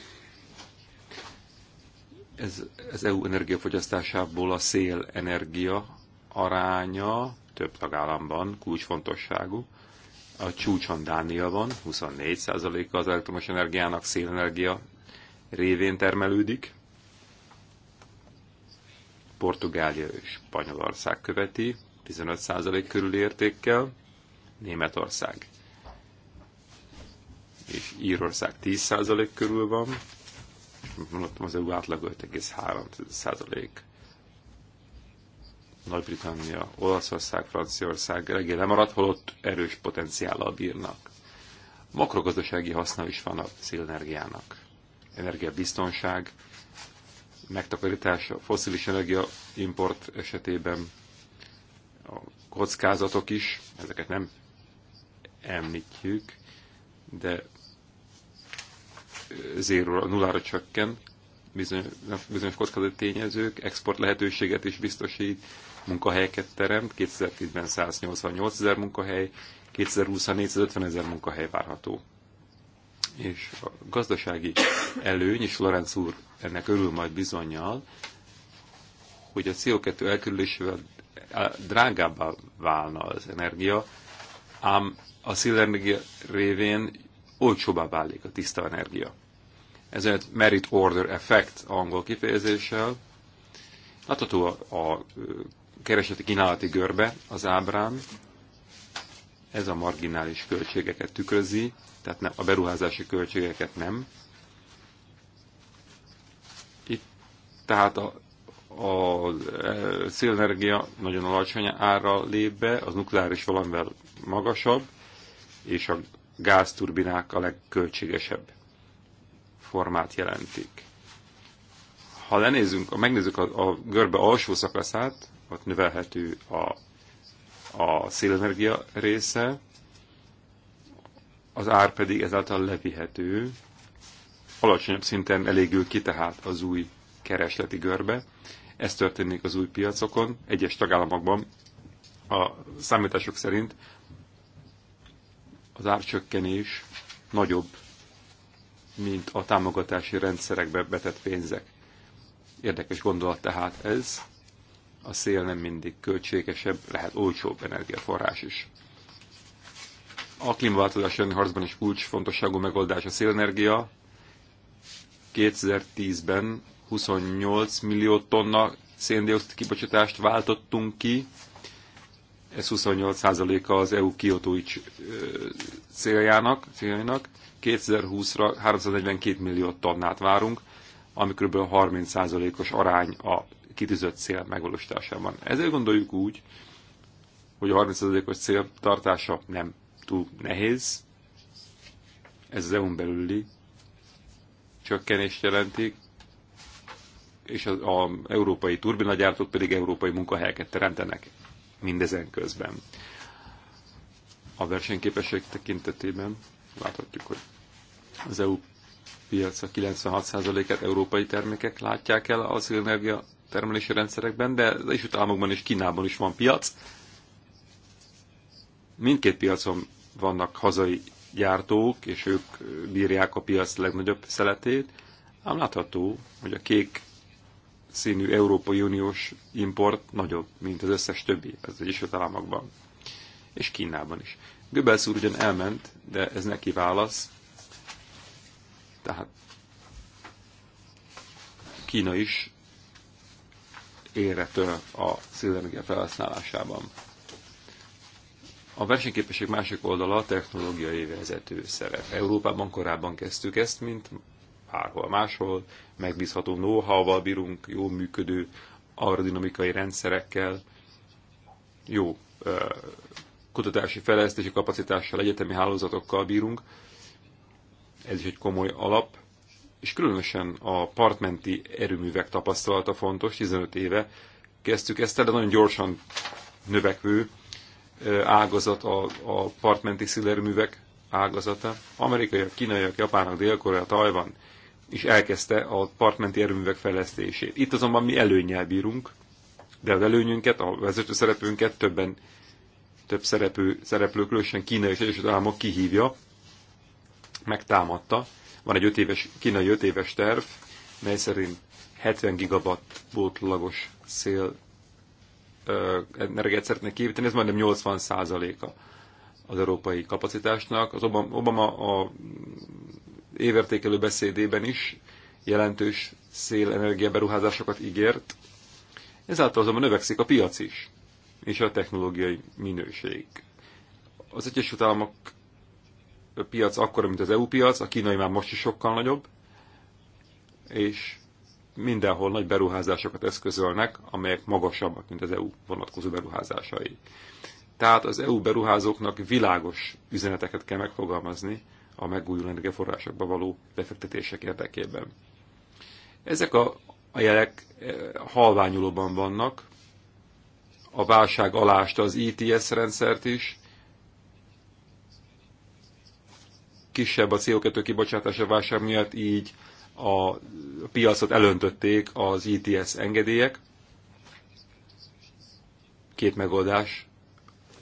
Ez, az EU energiafogyasztásából a szélenergia aránya több tagállamban kulcsfontosságú. A csúcson Dánia van, 24%-a az elektromos energiának szélenergia révén termelődik. Portugália és Spanyolország követi, 15% körül értékkel, Németország és Írország 10% körül van, és mondottam az EU átlag 5,3%. Nagy-Britannia, Olaszország, Franciaország reggel lemaradt, holott erős potenciállal bírnak. Makrogazdasági haszna is van a szélenergiának. Energiabiztonság, megtakarítása, foszilis energia import esetében a kockázatok is, ezeket nem említjük, de zéróra, nullára csökken bizonyos, bizonyos kockázati tényezők, export lehetőséget is biztosít, munkahelyeket teremt, 2010-ben 188 ezer munkahely, 2020-ra 450 ezer munkahely várható. És a gazdasági előny, és Lorenz úr ennek örül majd bizonyal, hogy a CO2 elkerülésével drágábbá válna az energia, ám a szélenergia révén olcsóbbá válik a tiszta energia. Ez egy merit order effect angol kifejezéssel. Látható a, a kereseti kínálati görbe az ábrán. Ez a marginális költségeket tükrözi, tehát a beruházási költségeket nem. Tehát a, a e, szélenergia nagyon alacsony ára lép be, az nukleáris valamivel magasabb, és a gázturbinák a legköltségesebb formát jelentik. Ha lenézünk, ha megnézzük a, a görbe alsó szakaszát, ott növelhető a, a szélenergia része, az ár pedig ezáltal levihető, alacsonyabb szinten elégül ki tehát az új keresleti görbe. Ez történik az új piacokon. Egyes tagállamokban a számítások szerint az árcsökkenés nagyobb, mint a támogatási rendszerekbe betett pénzek. Érdekes gondolat tehát ez. A szél nem mindig költségesebb, lehet olcsóbb energiaforrás is. A klímaváltozás elleni harcban is kulcsfontosságú megoldás a szélenergia. 2010-ben 28 millió tonna széndiokszid kibocsátást váltottunk ki, ez 28%-a az EU kiotói céljának, céljának. 2020-ra 342 millió tonnát várunk, ami kb. 30%-os arány a kitűzött cél megvalósításában. Ezért gondoljuk úgy, hogy a 30%-os cél tartása nem túl nehéz. Ez az EU-n belüli csökkenést jelenti és az a európai turbinagyártók pedig európai munkahelyeket teremtenek mindezen közben. A versenyképesség tekintetében láthatjuk, hogy az EU piaca 96%-át európai termékek látják el az energia termelési rendszerekben, de az Egyesült Államokban és Kínában is van piac. Mindkét piacon vannak hazai gyártók, és ők bírják a piac legnagyobb szeletét, ám látható, hogy a kék színű Európai Uniós import nagyobb, mint az összes többi az Egyesült Államokban, és Kínában is. Göbbels úr ugyan elment, de ez neki válasz. Tehát Kína is érretől a szélenergia felhasználásában. A versenyképesség másik oldala a technológiai vezető szerep. Európában korábban kezdtük ezt, mint bárhol máshol, megbízható know-how-val bírunk, jó működő aerodinamikai rendszerekkel, jó kutatási fejlesztési kapacitással, egyetemi hálózatokkal bírunk. Ez is egy komoly alap, és különösen a partmenti erőművek tapasztalata fontos, 15 éve kezdtük ezt, de nagyon gyorsan növekvő ágazat a, a partmenti szélerőművek ágazata. Amerikaiak, kínaiak, japánok, dél-korea, Tajvan, és elkezdte a partmenti erőművek fejlesztését. Itt azonban mi előnyel bírunk, de az előnyünket, a vezető szerepünket többen, több szereplő, szereplő különösen Kína és Egyesült Államok kihívja, megtámadta. Van egy öt éves, kínai 5 éves terv, mely szerint 70 gigabatt voltlagos szél energiát szeretnek kiépíteni, ez majdnem 80 százaléka az európai kapacitásnak. Az Obama, Obama a évértékelő beszédében is jelentős szélenergia beruházásokat ígért. Ezáltal azonban növekszik a piac is, és a technológiai minőség. Az Egyesült Államok piac akkora, mint az EU piac, a kínai már most is sokkal nagyobb, és mindenhol nagy beruházásokat eszközölnek, amelyek magasabbak, mint az EU vonatkozó beruházásai. Tehát az EU beruházóknak világos üzeneteket kell megfogalmazni, a megújuló energiaforrásokba való befektetések érdekében. Ezek a, a jelek eh, halványulóban vannak, a válság alást az ETS rendszert is, kisebb a CO2 kibocsátása válság miatt, így a piacot elöntötték az ETS engedélyek. Két megoldás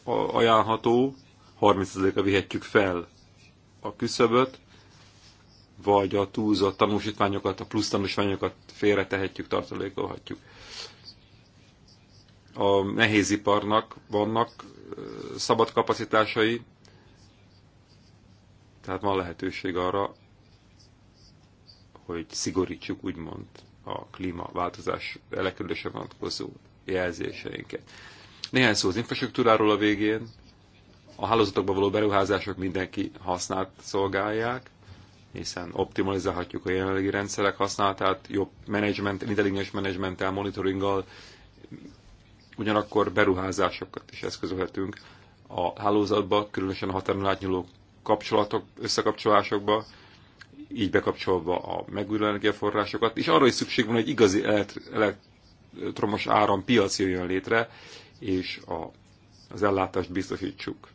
ajánlható, 30%-a vihetjük fel a küszöböt, vagy a túlzott tanúsítványokat, a plusz tanúsítványokat félretehetjük, tartalékolhatjuk. A nehéziparnak vannak szabad kapacitásai, tehát van lehetőség arra, hogy szigorítsuk úgymond a klímaváltozás elekülése vonatkozó jelzéseinket. Néhány szó az infrastruktúráról a végén. A hálózatokba való beruházások mindenki használt szolgálják, hiszen optimalizálhatjuk a jelenlegi rendszerek használatát, jobb menedzsment, intelligens menedzsmenttel, monitoringgal, ugyanakkor beruházásokat is eszközölhetünk a hálózatba, különösen a határon átnyúló kapcsolatok, összekapcsolásokba, így bekapcsolva a megújuló energiaforrásokat, és arra is szükség van, hogy igazi elektromos áram piac jöjjön létre, és a, az ellátást biztosítsuk.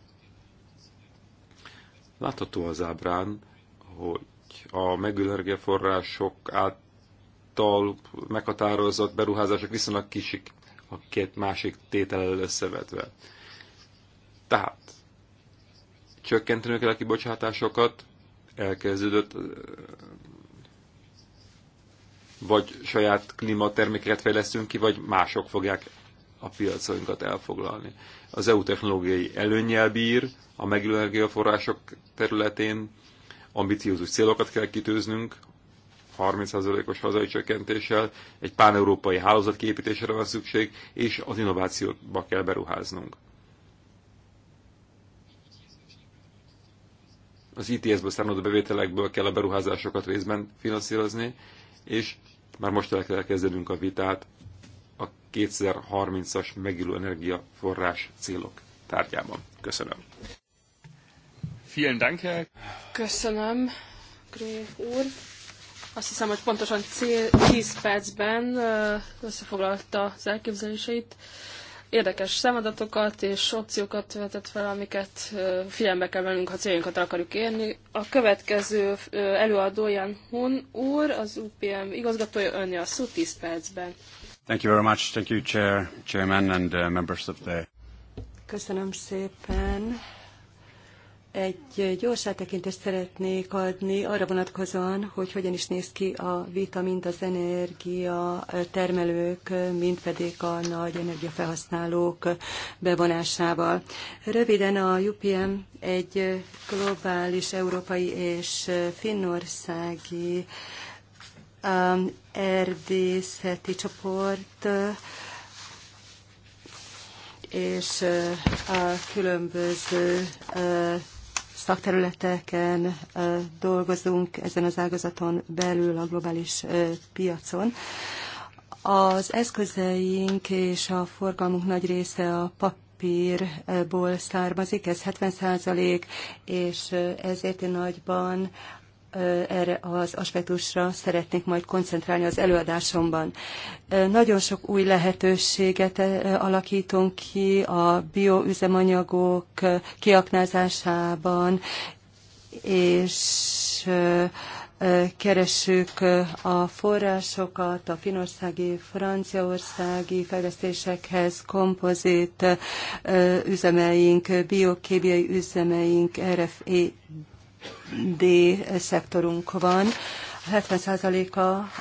Látható az ábrán, hogy a megülő források által meghatározott beruházások viszonylag kisik a két másik tétellel összevetve. Tehát csökkentenünk kell a kibocsátásokat, elkezdődött vagy saját klímatermékeket fejlesztünk ki, vagy mások fogják a piacainkat elfoglalni. Az EU technológiai előnyel bír a megülő energiaforrások területén, ambiciózus célokat kell kitűznünk, 30%-os hazai csökkentéssel, egy európai hálózat képítésére van szükség, és az innovációba kell beruháznunk. Az ITS-ből származó bevételekből kell a beruházásokat részben finanszírozni, és már most el kell kezdenünk a vitát a 2030-as megülő energiaforrás célok tárgyában. Köszönöm. Vielen Dank, Herr. Köszönöm, Gréf úr. Azt hiszem, hogy pontosan 10 percben összefoglalta az elképzeléseit. Érdekes szemadatokat és opciókat vetett fel, amiket figyelembe kell vennünk, ha céljainkat akarjuk érni. A következő előadó Jan Hun úr, az UPM igazgatója önje a szó 10 percben. Thank you very much. Thank you, Chair, Chairman and uh, members of the... Köszönöm szépen. Egy gyors áttekintést szeretnék adni arra vonatkozóan, hogy hogyan is néz ki a vita, mint az energia termelők, mint pedig a nagy energiafelhasználók bevonásával. Röviden a UPM egy globális európai és finnországi Um, erdészeti csoport uh, és uh, a különböző uh, szakterületeken dolgozunk ezen az ágazaton belül a globális piacon. Az eszközeink és a forgalmunk nagy része a papírból származik, ez 70 százalék, és ezért nagyban erre az aspektusra szeretnék majd koncentrálni az előadásomban. Nagyon sok új lehetőséget alakítunk ki a bioüzemanyagok kiaknázásában, és keressük a forrásokat a finországi, franciaországi fejlesztésekhez, kompozit üzemeink, biokébiai üzemeink, RFE D szektorunk van. 70%-a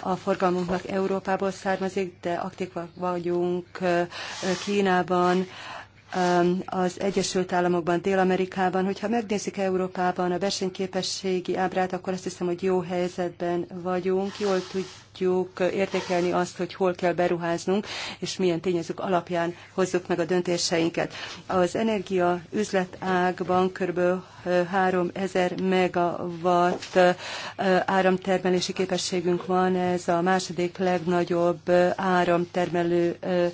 a forgalmunknak Európából származik, de aktívak vagyunk eh, Kínában, Um, az Egyesült Államokban, Dél-Amerikában, hogyha megnézik Európában a versenyképességi ábrát, akkor azt hiszem, hogy jó helyzetben vagyunk, jól tudjuk értékelni azt, hogy hol kell beruháznunk, és milyen tényezők alapján hozzuk meg a döntéseinket. Az energia üzletágban kb. 3000 megawatt uh, áramtermelési képességünk van, ez a második legnagyobb uh, áramtermelő uh,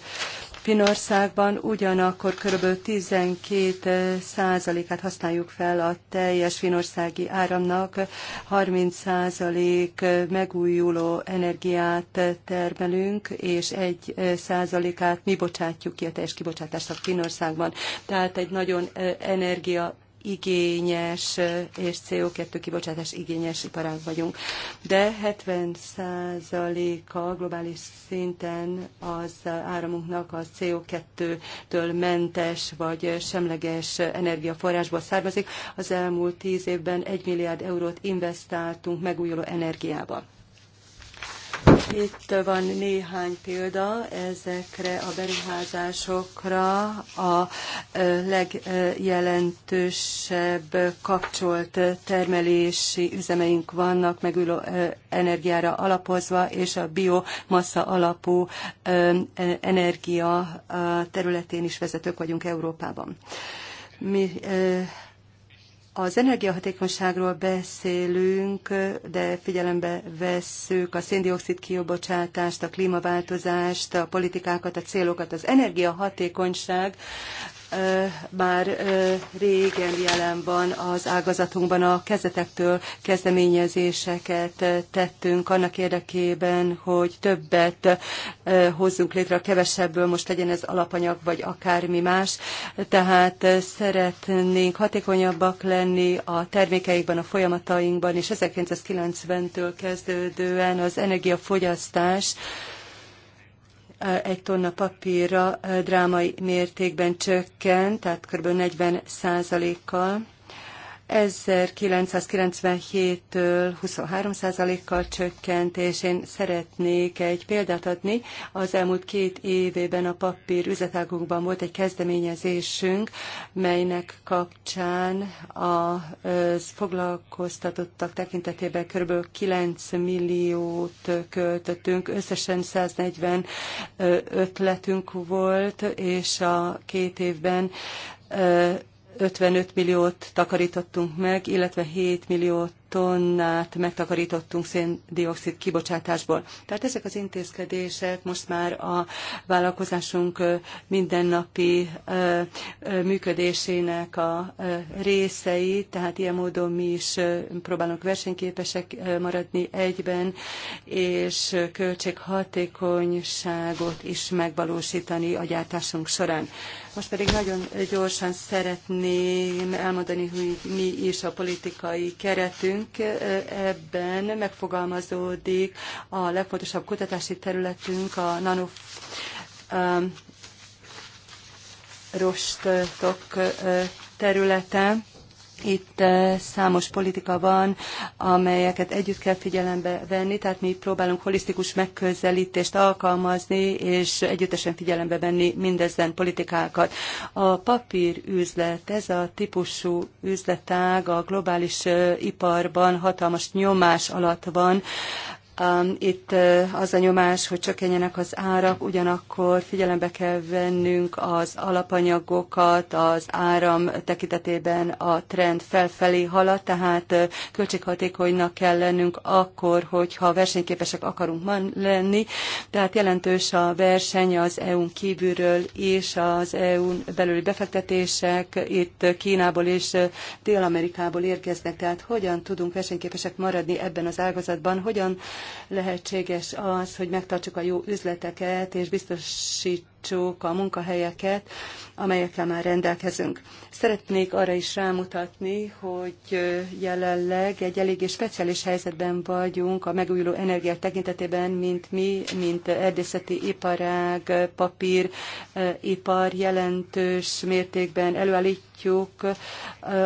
Finországban ugyanakkor kb. 12 eh, százalékát használjuk fel a teljes finországi áramnak, 30 százalék eh, megújuló energiát eh, termelünk, és 1 százalékát mi bocsátjuk ki a teljes kibocsátásnak Finországban. Tehát egy nagyon energia igényes és CO2 kibocsátás igényes iparág vagyunk. De 70%-a globális szinten az áramunknak a CO2-től mentes vagy semleges energiaforrásból származik. Az elmúlt 10 évben 1 milliárd eurót investáltunk megújuló energiába. Itt van néhány példa ezekre a beruházásokra a legjelentősebb kapcsolt termelési üzemeink vannak megülő energiára alapozva, és a biomassa alapú energia területén is vezetők vagyunk Európában. Mi az energiahatékonyságról beszélünk, de figyelembe vesszük a széndiokszid kiobocsátást, a klímaváltozást, a politikákat, a célokat. Az energiahatékonyság már régen jelen van az ágazatunkban, a kezetektől kezdeményezéseket tettünk annak érdekében, hogy többet hozzunk létre a kevesebből, most legyen ez alapanyag vagy akármi más. Tehát szeretnénk hatékonyabbak lenni a termékeikben, a folyamatainkban, és 1990-től kezdődően az energiafogyasztás egy tonna papírra drámai mértékben csökkent, tehát kb. 40 kal 1997-től 23%-kal csökkent, és én szeretnék egy példát adni. Az elmúlt két évében a papír üzletágunkban volt egy kezdeményezésünk, melynek kapcsán a foglalkoztatottak tekintetében kb. 9 milliót költöttünk. Összesen 140 ötletünk volt, és a két évben 55 milliót takarítottunk meg, illetve 7 milliót tonnát megtakarítottunk széndiokszid kibocsátásból. Tehát ezek az intézkedések most már a vállalkozásunk mindennapi működésének a részei, tehát ilyen módon mi is próbálunk versenyképesek maradni egyben, és költséghatékonyságot is megvalósítani a gyártásunk során. Most pedig nagyon gyorsan szeretném elmondani, hogy mi is a politikai keretünk, tervezetünk ebben megfogalmazódik a legfontosabb kutatási területünk a nano rostok területe. Itt számos politika van, amelyeket együtt kell figyelembe venni, tehát mi próbálunk holisztikus megközelítést alkalmazni, és együttesen figyelembe venni mindezen politikákat. A papírüzlet, ez a típusú üzletág a globális iparban hatalmas nyomás alatt van, Um, itt uh, az a nyomás, hogy csökkenjenek az árak, ugyanakkor figyelembe kell vennünk az alapanyagokat, az áram tekintetében a trend felfelé halad, tehát uh, költséghatékonynak kell lennünk akkor, hogyha versenyképesek akarunk lenni, tehát jelentős a verseny az EU-n kívülről és az EU-n belüli befektetések, itt Kínából és uh, Dél-Amerikából érkeznek, tehát hogyan tudunk versenyképesek maradni ebben az ágazatban, hogyan lehetséges az, hogy megtartsuk a jó üzleteket, és biztosít javítsuk a munkahelyeket, amelyekkel már rendelkezünk. Szeretnék arra is rámutatni, hogy jelenleg egy eléggé speciális helyzetben vagyunk a megújuló energiák tekintetében, mint mi, mint erdészeti iparág, papír, ipar jelentős mértékben előállítjuk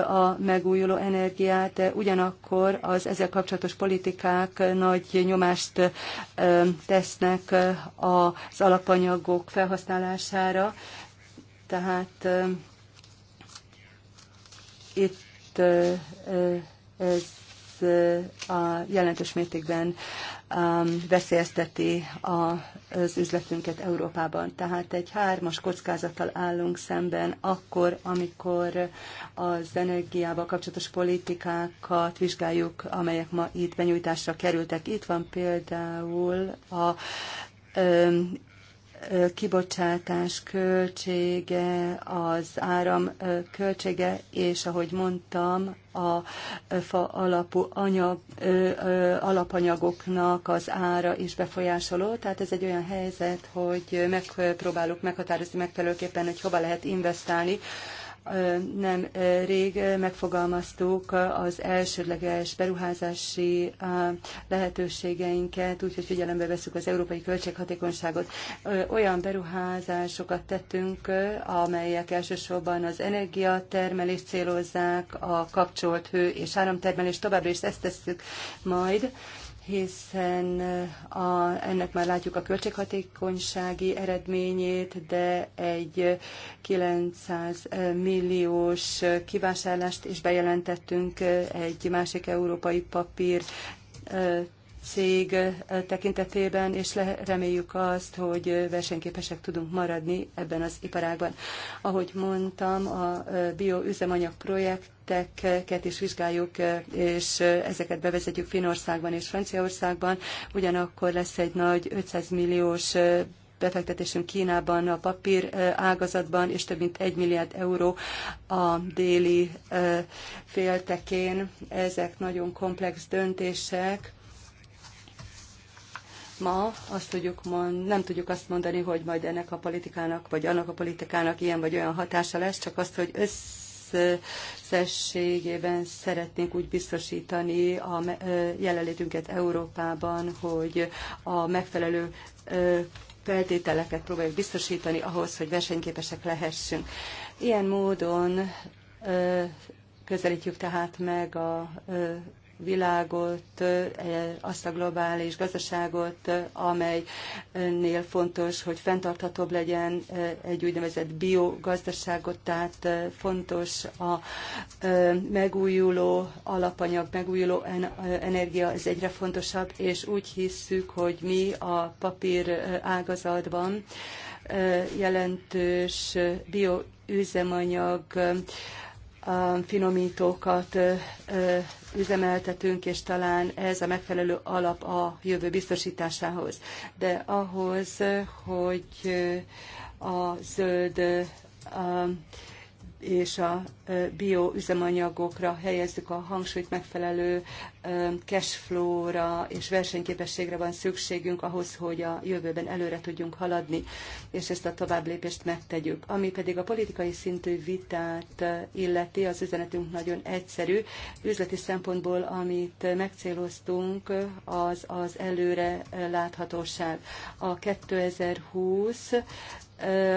a megújuló energiát, de ugyanakkor az ezzel kapcsolatos politikák nagy nyomást tesznek az alapanyagok felhasználására, felhasználására. Tehát itt ez a jelentős mértékben veszélyezteti az üzletünket Európában. Tehát egy hármas kockázattal állunk szemben akkor, amikor az energiával kapcsolatos politikákat vizsgáljuk, amelyek ma itt benyújtásra kerültek. Itt van például a kibocsátás költsége, az áram költsége, és ahogy mondtam, a fa alapú anyag, alapanyagoknak az ára is befolyásoló. Tehát ez egy olyan helyzet, hogy megpróbálunk meghatározni megfelelőképpen, hogy hova lehet investálni nem rég megfogalmaztuk az elsődleges beruházási lehetőségeinket, úgyhogy figyelembe veszük az európai költséghatékonyságot. Olyan beruházásokat tettünk, amelyek elsősorban az energiatermelést célozzák, a kapcsolt hő és áramtermelést, továbbra is ezt tesszük majd hiszen eh, a, ennek már látjuk a költséghatékonysági eredményét, de egy 900 eh, milliós eh, kivásárlást is bejelentettünk egy másik európai papír cég eh, tekintetében, és reméljük azt, hogy eh, versenyképesek tudunk maradni ebben az iparágban. Ahogy mondtam, a eh, bioüzemanyag projekteket is vizsgáljuk, és ezeket bevezetjük Finországban és Franciaországban. Ugyanakkor lesz egy nagy 500 milliós befektetésünk Kínában, a papír ágazatban, és több mint 1 milliárd euró a déli féltekén. Ezek nagyon komplex döntések, Ma azt tudjuk mond, nem tudjuk azt mondani, hogy majd ennek a politikának, vagy annak a politikának ilyen vagy olyan hatása lesz, csak azt, hogy összességében szeretnénk úgy biztosítani a jelenlétünket Európában, hogy a megfelelő feltételeket próbáljuk biztosítani ahhoz, hogy versenyképesek lehessünk. Ilyen módon közelítjük tehát meg a világot, eh, azt a globális gazdaságot, eh, amelynél fontos, hogy fenntarthatóbb legyen eh, egy úgynevezett biogazdaságot, tehát fontos a megújuló alapanyag, megújuló energia, ez egyre fontosabb, és úgy hisszük, hogy mi a papír ágazatban jelentős bioüzemanyag finomítókat üzemeltetünk, és talán ez a megfelelő alap a jövő biztosításához. De ahhoz, hogy a zöld a és a bioüzemanyagokra helyezzük a hangsúlyt megfelelő cash flow-ra és versenyképességre van szükségünk ahhoz, hogy a jövőben előre tudjunk haladni, és ezt a tovább lépést megtegyük. Ami pedig a politikai szintű vitát illeti, az üzenetünk nagyon egyszerű. Üzleti szempontból, amit megcéloztunk, az az előre láthatóság. A 2020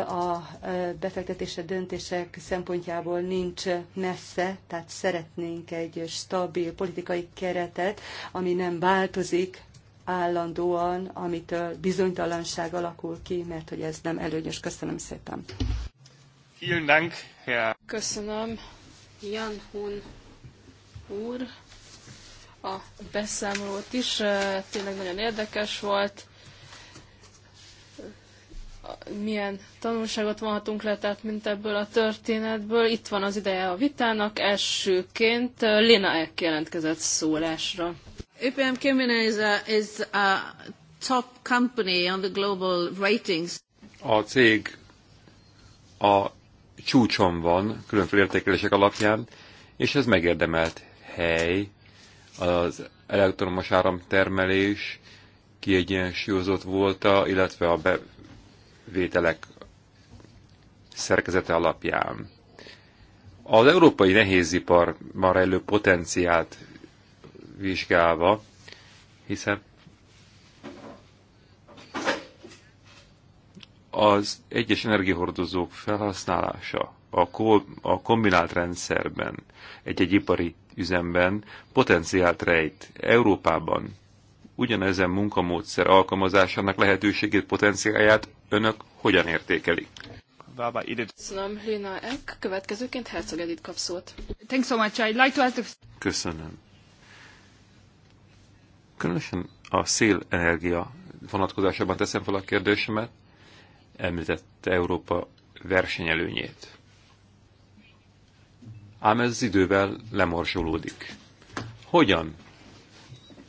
a befektetése döntések szempontjából nincs messze, tehát szeretnénk egy stabil politikai keretet, ami nem változik állandóan, amitől bizonytalanság alakul ki, mert hogy ez nem előnyös. Köszönöm szépen. Köszönöm, Jan Hun úr, a beszámolót is. Tényleg nagyon érdekes volt milyen tanulságot vonhatunk le, tehát mint ebből a történetből. Itt van az ideje a vitának, elsőként eh, Lina Eck jelentkezett szólásra. UPM Kimina is a, is a top company on the global ratings. A cég a csúcson van, különféle értékelések alapján, és ez megérdemelt hely az elektromos áramtermelés kiegyensúlyozott volt, illetve a be, vételek szerkezete alapján. Az európai már rejlő potenciált vizsgálva, hiszen az egyes energiahordozók felhasználása a, ko a kombinált rendszerben, egy-egy ipari üzemben potenciált rejt Európában. Ugyanezen munkamódszer alkalmazásának lehetőségét, potenciáját önök hogyan értékelik? Köszönöm, Következőként Herzog Edith kap szót. Thanks so much. I'd like to ask... Köszönöm. Különösen a szélenergia vonatkozásában teszem fel a kérdésemet. említett Európa versenyelőnyét. Ám ez az idővel lemorzsolódik. Hogyan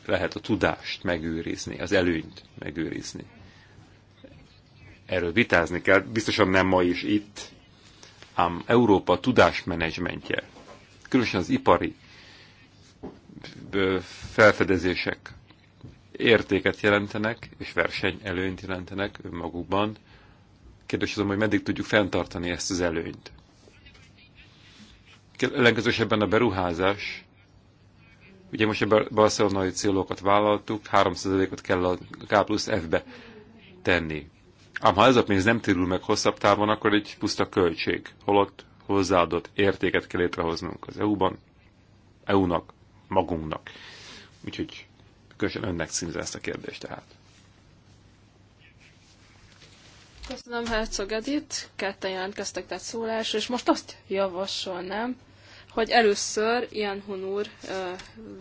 lehet a tudást megőrizni, az előnyt megőrizni? Erről vitázni kell, biztosan nem ma is itt, ám Európa tudásmenedzsmentje, különösen az ipari felfedezések értéket jelentenek, és versenyelőnyt jelentenek önmagukban. Kérdés azon, hogy meddig tudjuk fenntartani ezt az előnyt. Ellenkezősebben a beruházás, ugye most a barcelonai célokat vállaltuk, 3%-ot kell a K plusz F-be tenni. Ám ha ez a pénz nem térül meg hosszabb távon, akkor egy puszta költség, holott hozzáadott értéket kell létrehoznunk az EU-ban, EU-nak, magunknak. Úgyhogy köszönöm önnek címze ezt a kérdést tehát. Köszönöm Herzog Edith. ketten jelentkeztek tehát szólásra, és most azt javasolnám, hogy először Ian Hun úr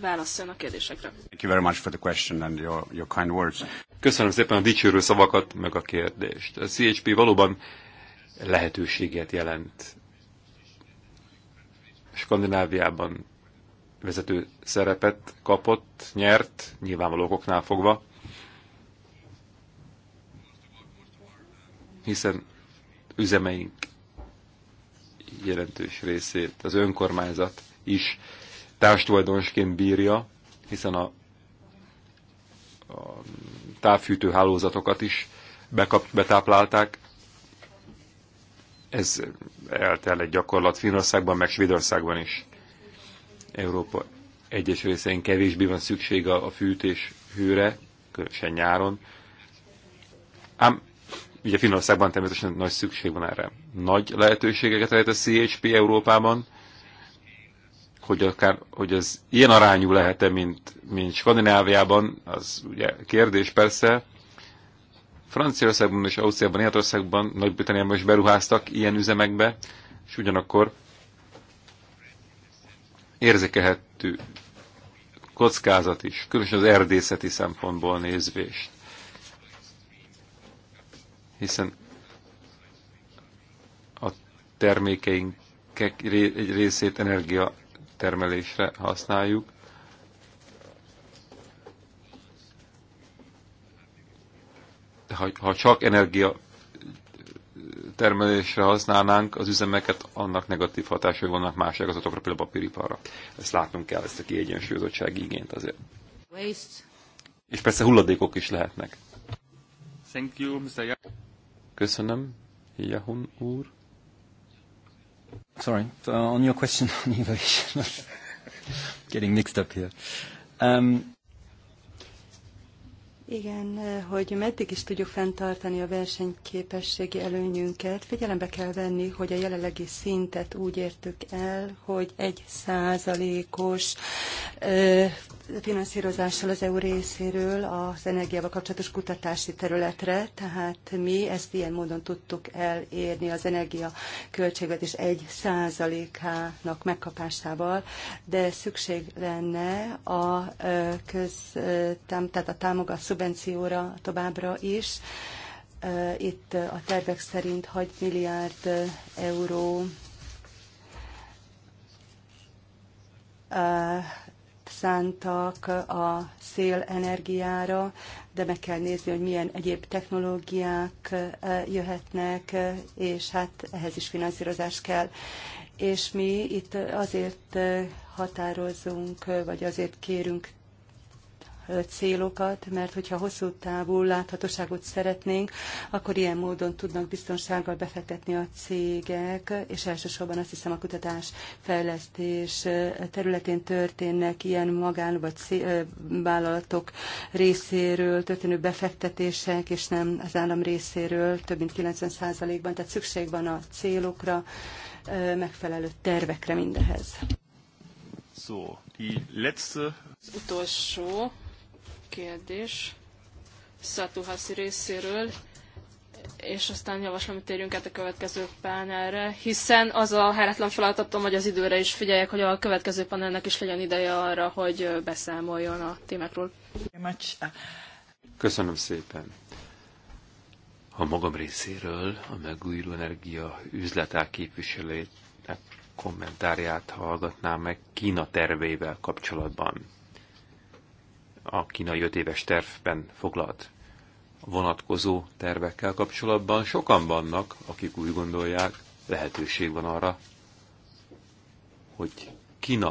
válaszoljon a kérdésekre. Thank you very much for the question and your, your kind words. Köszönöm szépen a dicsőrő szavakat, meg a kérdést. A CHP valóban lehetőséget jelent. Skandináviában vezető szerepet kapott, nyert, nyilvánvaló okoknál fogva, hiszen üzemeink jelentős részét az önkormányzat is társadalmasként bírja, hiszen a, a távfűtő hálózatokat is bekap, betáplálták. Ez eltel egy gyakorlat Finországban, meg Svédországban is. Európa egyes részein kevésbé van szükség a, a fűtés hőre, különösen nyáron. Ám ugye Finnországban természetesen nagy szükség van erre. Nagy lehetőségeket lehet a CHP Európában, hogy, akár, hogy ez ilyen arányú lehet-e, mint, mint Skandináviában, az ugye kérdés persze. Franciaországban és Ausztriában, Németországban, Nagy-Britanniában is beruháztak ilyen üzemekbe, és ugyanakkor érzékelhető kockázat is, különösen az erdészeti szempontból nézvést hiszen a termékeink egy részét energiatermelésre használjuk, ha, ha csak energia termelésre használnánk az üzemeket, annak negatív hatásai vannak más ágazatokra, például a papíriparra. Ezt látnunk kell, ezt a kiegyensúlyozottság igényt azért. Waste. És persze hulladékok is lehetnek. Thank you, Mr. Köszönöm, Jahun úr. Sorry, uh, on your question on evolution. Getting mixed up here. Um, igen, hogy meddig is tudjuk fenntartani a versenyképességi előnyünket, figyelembe kell venni, hogy a jelenlegi szintet úgy értük el, hogy egy százalékos finanszírozással az EU részéről az energiával kapcsolatos kutatási területre, tehát mi ezt ilyen módon tudtuk elérni az energia költségvetés egy százalékának megkapásával, de szükség lenne a köz, tehát a támogatás szubvencióra továbbra is. Itt a tervek szerint 6 milliárd euró szántak a szélenergiára, de meg kell nézni, hogy milyen egyéb technológiák jöhetnek, és hát ehhez is finanszírozás kell. És mi itt azért határozunk, vagy azért kérünk célokat, mert hogyha hosszú távú láthatóságot szeretnénk, akkor ilyen módon tudnak biztonsággal befektetni a cégek, és elsősorban azt hiszem a kutatás fejlesztés területén történnek ilyen magán vagy vállalatok részéről történő befektetések, és nem az állam részéről több mint 90%-ban, tehát szükség van a célokra, megfelelő tervekre mindehez. So, die letzte... Az utolsó kérdés Szatuhaszi részéről, és aztán javaslom, hogy térjünk át a következő panelre, hiszen az a heretlen feladatom, hogy az időre is figyeljek, hogy a következő panelnek is legyen ideje arra, hogy beszámoljon a témákról. Köszönöm szépen. A magam részéről a megújuló energia üzleták képviselőjének kommentárját hallgatnám meg Kína terveivel kapcsolatban a kínai öt éves tervben foglalt vonatkozó tervekkel kapcsolatban. Sokan vannak, akik úgy gondolják, lehetőség van arra, hogy Kína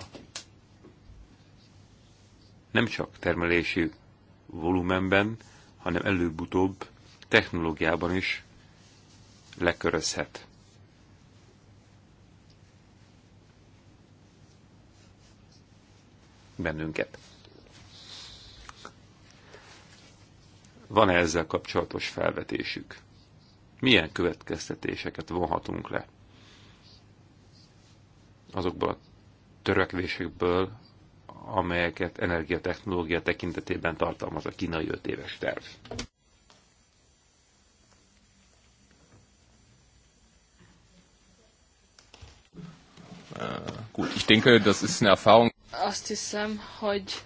nem csak termelési volumenben, hanem előbb-utóbb technológiában is lekörözhet. bennünket. Van-e ezzel kapcsolatos felvetésük? Milyen következtetéseket vonhatunk le azokból a törekvésekből, amelyeket energiatechnológia tekintetében tartalmaz a kínai öt éves terv? Gut, ich denke, das ist eine Erfahrung. Azt hiszem, hogy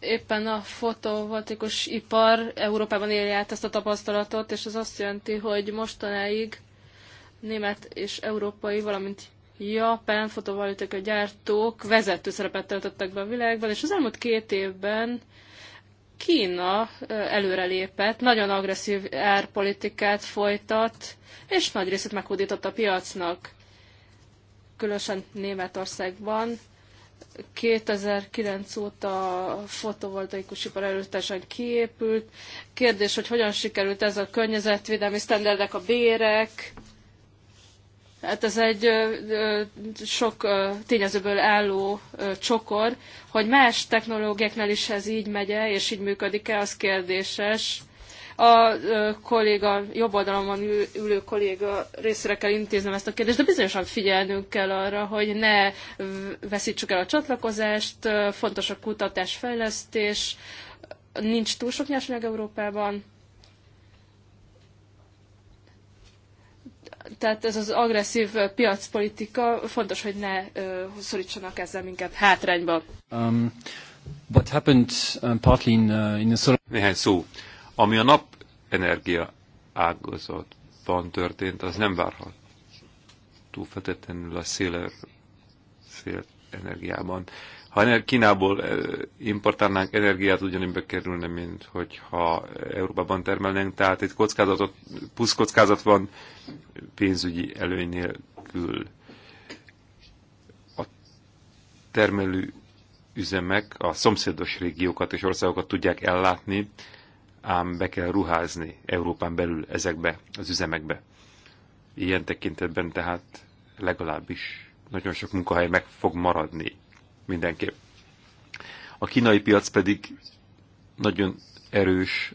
éppen a fotovoltaikus ipar Európában éli át ezt a tapasztalatot, és ez azt jelenti, hogy mostanáig német és európai, valamint japán fotovoltaikai gyártók vezető szerepet töltöttek be a világban, és az elmúlt két évben Kína előrelépett, nagyon agresszív árpolitikát folytat, és nagy részét meghódított a piacnak, különösen Németországban 2009 óta a fotovoltaikus ipar előttesen kiépült. Kérdés, hogy hogyan sikerült ez a környezetvédelmi sztenderdek, a bérek. Hát ez egy ö, ö, sok ö, tényezőből álló ö, csokor. Hogy más technológiáknál is ez így megye, és így működik-e, az kérdéses a kolléga, jobb oldalon van ülő kolléga részére kell intéznem ezt a kérdést, de bizonyosan figyelnünk kell arra, hogy ne veszítsük el a csatlakozást, fontos a kutatás, fejlesztés, nincs túl sok nyersanyag Európában, tehát ez az agresszív piacpolitika, fontos, hogy ne ö, szorítsanak ezzel minket hátrányba. Um, what happened um, partly in, uh, in a... Néhány szó ami a napenergia ágazatban történt, az nem várhat túlfetetlenül a széler, szél energiában. Ha Kínából importálnánk energiát, ugyanígy bekerülne, mint hogyha Európában termelnénk. Tehát itt kockázatot, plusz kockázat van pénzügyi előny nélkül. A termelő üzemek a szomszédos régiókat és országokat tudják ellátni, ám be kell ruházni Európán belül ezekbe az üzemekbe. Ilyen tekintetben tehát legalábbis nagyon sok munkahely meg fog maradni mindenképp. A kínai piac pedig nagyon erős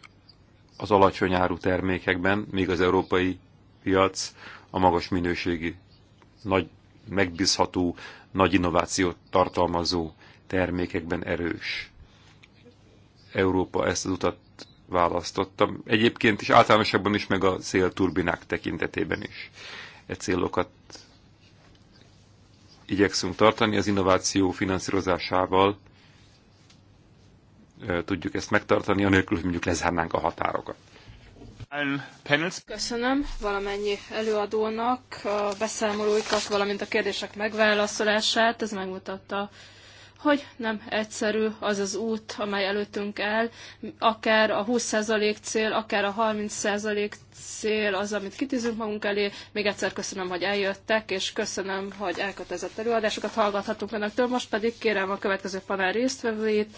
az alacsony áru termékekben, még az európai piac a magas minőségi, nagy, megbízható, nagy innovációt tartalmazó termékekben erős. Európa ezt az utat választottam. Egyébként is általánosabban is, meg a szélturbinák tekintetében is. E célokat igyekszünk tartani, az innováció finanszírozásával e, tudjuk ezt megtartani, anélkül, hogy mondjuk lezárnánk a határokat. Köszönöm valamennyi előadónak a beszámolóikat, valamint a kérdések megválaszolását. Ez megmutatta, hogy nem egyszerű az az út, amely előttünk áll, akár a 20% cél, akár a 30% cél az, amit kitűzünk magunk elé. Még egyszer köszönöm, hogy eljöttek, és köszönöm, hogy elkötelezett előadásokat hallgathatunk önöktől. Most pedig kérem a következő panel résztvevőit,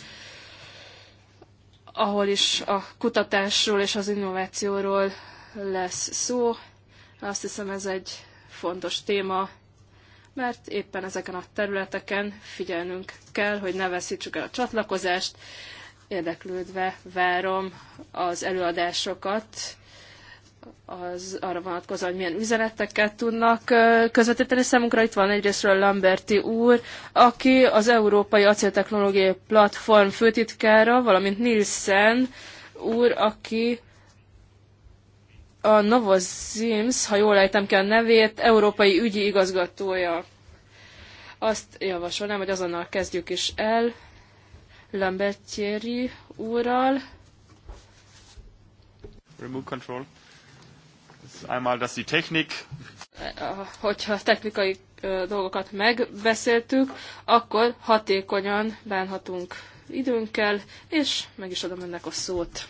ahol is a kutatásról és az innovációról lesz szó. Azt hiszem, ez egy fontos téma mert éppen ezeken a területeken figyelnünk kell, hogy ne veszítsük el a csatlakozást. Érdeklődve várom az előadásokat, az arra vonatkozóan, hogy milyen üzeneteket tudnak közvetíteni számunkra. Itt van egyrésztről Lamberti úr, aki az Európai Acéltechnológiai Platform főtitkára, valamint Nielsen úr, aki a Novozims, ha jól ejtem ki a nevét, európai ügyi igazgatója. Azt javasolnám, hogy azonnal kezdjük is el Lambertieri úrral. Remote control. Einmal, dass die Technik. Eh, hogyha technikai dolgokat megbeszéltük, akkor hatékonyan bánhatunk időnkkel, és meg is adom ennek a szót.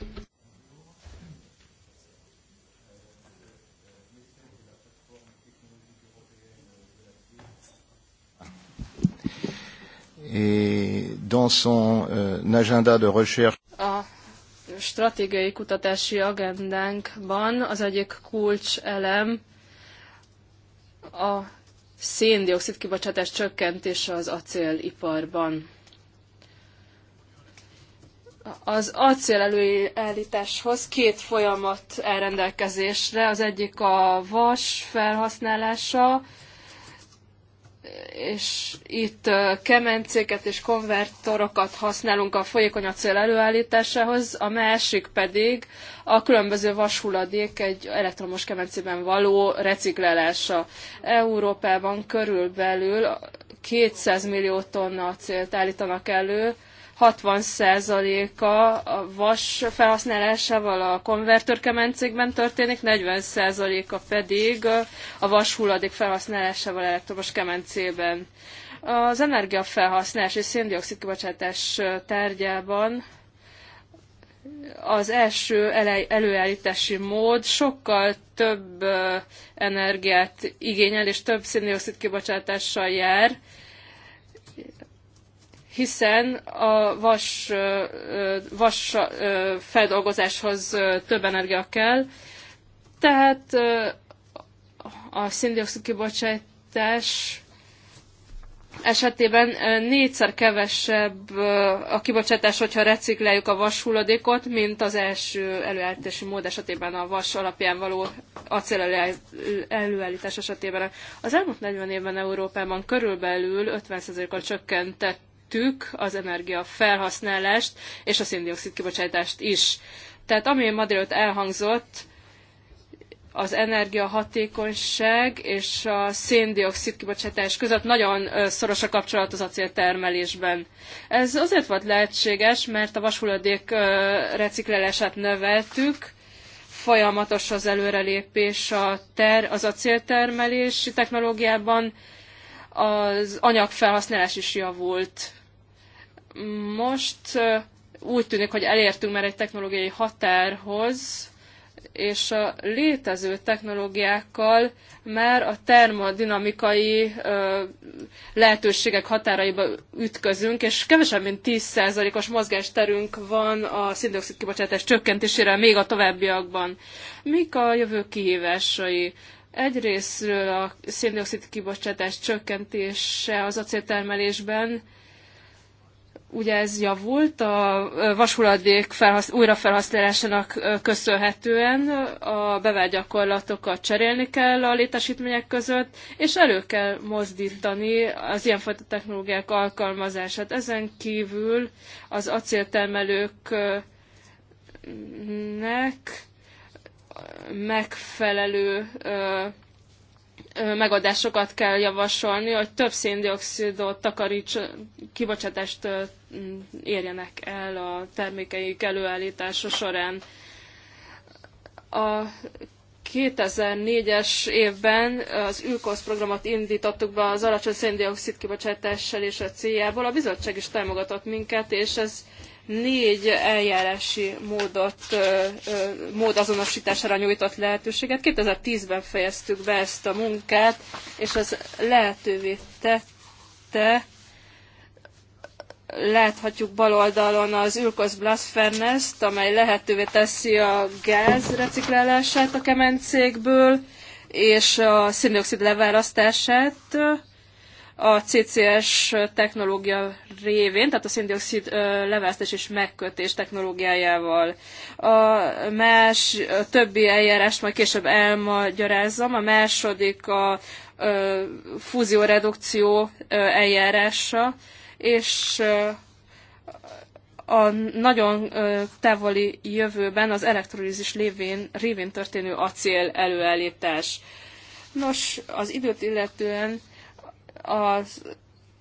et dans son euh, agenda de recherche. A stratégiai kutatási agendánkban az egyik kulcs elem a széndiokszid kibocsátás csökkentése az acéliparban. Az acél előállításhoz két folyamat elrendelkezésre. Az egyik a vas felhasználása, és itt kemencéket és konvertorokat használunk a folyékony acél előállításához, a másik pedig a különböző vashulladék egy elektromos kemencében való reciklálása. Európában körülbelül 200 millió tonna acélt állítanak elő, 60%-a a vas felhasználásával a konvertőrkemencékben történik, 40%-a pedig a vas hulladék felhasználásával elektromos kemencében. Az energiafelhasználás és széndiokszid kibocsátás tárgyában az első előállítási mód sokkal több energiát igényel és több széndiokszid kibocsátással jár, hiszen a vas, vas feldolgozáshoz több energia kell, tehát a széndiokszid kibocsátás esetében négyszer kevesebb a kibocsátás, hogyha recikláljuk a vas hulladékot, mint az első előállítási mód esetében a vas alapján való acél előállítás esetében. Az elmúlt 40 évben Európában körülbelül 50%-kal csökkentett csökkentjük az energia felhasználást és a széndiokszid kibocsátást is. Tehát ami ma délőtt elhangzott, az energiahatékonyság és a széndiokszid kibocsátás között nagyon szoros a kapcsolat az acéltermelésben. Ez azért volt lehetséges, mert a vasfulladék reciklálását növeltük, folyamatos az előrelépés a ter, az acéltermelési technológiában, az anyagfelhasználás is javult. Most úgy tűnik, hogy elértünk már egy technológiai határhoz, és a létező technológiákkal már a termodinamikai ö, lehetőségek határaiba ütközünk, és kevesebb, mint 10%-os mozgásterünk van a szindioxid kibocsátás csökkentésére még a továbbiakban. Mik a jövő kihívásai? Egyrésztről a szindioxid kibocsátás csökkentése az acéltermelésben, ugye ez javult a vasuladék felhasz, újrafelhasználásának köszönhetően, a bevált gyakorlatokat cserélni kell a létesítmények között, és elő kell mozdítani az ilyenfajta technológiák alkalmazását. Ezen kívül az acéltermelőknek megfelelő megadásokat kell javasolni, hogy több széndiokszidot takaríts, kibocsátást érjenek el a termékeik előállítása során. A 2004-es évben az ÜKOSZ programot indítottuk be az alacsony széndiokszid kibocsátással és a céljából. A bizottság is támogatott minket, és ez négy eljárási módot, mód azonosítására nyújtott lehetőséget. 2010-ben fejeztük be ezt a munkát, és ez lehetővé tette, láthatjuk bal oldalon az Ülkos Blasfernest, amely lehetővé teszi a gáz reciklálását a kemencékből, és a széndiokszid leválasztását a CCS technológia révén, tehát a széndiokszid leválasztás és megkötés technológiájával. A más, a többi eljárást majd később elmagyarázom. A második a fúzióredukció eljárása, és a nagyon távoli jövőben az elektrolízis lévén, révén történő acél előállítás. Nos, az időt illetően az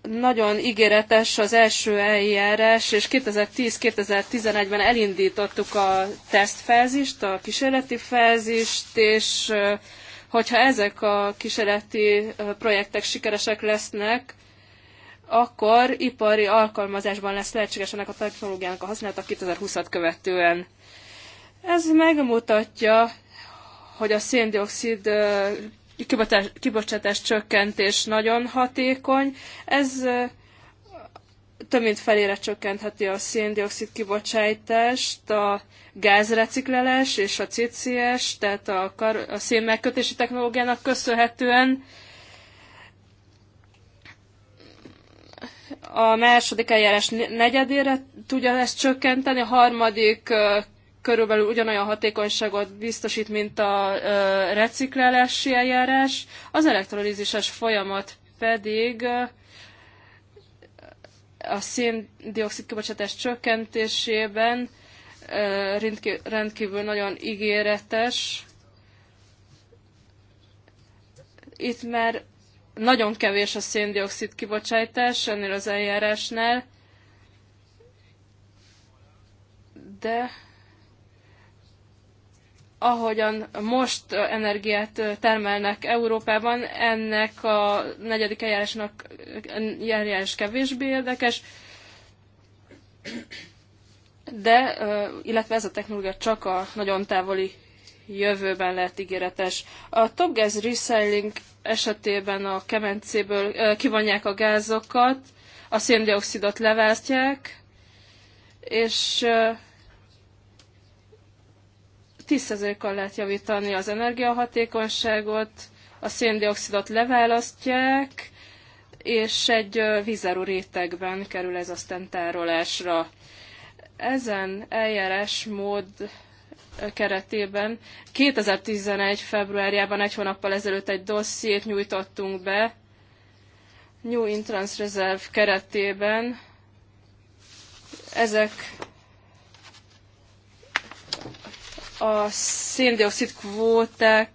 nagyon ígéretes az első eljárás, és 2010-2011-ben elindítottuk a tesztfázist, a kísérleti fázist, és hogyha ezek a kísérleti projektek sikeresek lesznek, akkor ipari alkalmazásban lesz lehetséges ennek a technológiának a használata 2020-at követően. Ez megmutatja, hogy a széndiokszid kibocsátás csökkentés nagyon hatékony. Ez több mint felére csökkentheti a széndiokszid kibocsátást, a gázreciklelés és a CCS, tehát a, kar- a szénmegkötési technológiának köszönhetően a második eljárás negyedére tudja ezt csökkenteni, a harmadik körülbelül ugyanolyan hatékonyságot biztosít, mint a reciklálási eljárás, az elektrolízises folyamat pedig a széndiokszid kibocsátás csökkentésében rendkívül nagyon ígéretes. Itt már nagyon kevés a széndiokszid kibocsátás ennél az eljárásnál, de ahogyan most energiát termelnek Európában, ennek a negyedik eljárásnak eljárás kevésbé érdekes, de, illetve ez a technológia csak a nagyon távoli jövőben lehet ígéretes. A Top Gas Recycling esetében a kemencéből kivonják a gázokat, a széndiokszidot leváltják, és 10%-kal lehet javítani az energiahatékonyságot, a széndiokszidot leválasztják, és egy vízerú rétegben kerül ez aztán tárolásra. Ezen eljárásmód keretében. 2011. februárjában, egy hónappal ezelőtt egy dossziét nyújtottunk be New Entrance Reserve keretében. Ezek a széndiokszid kvóták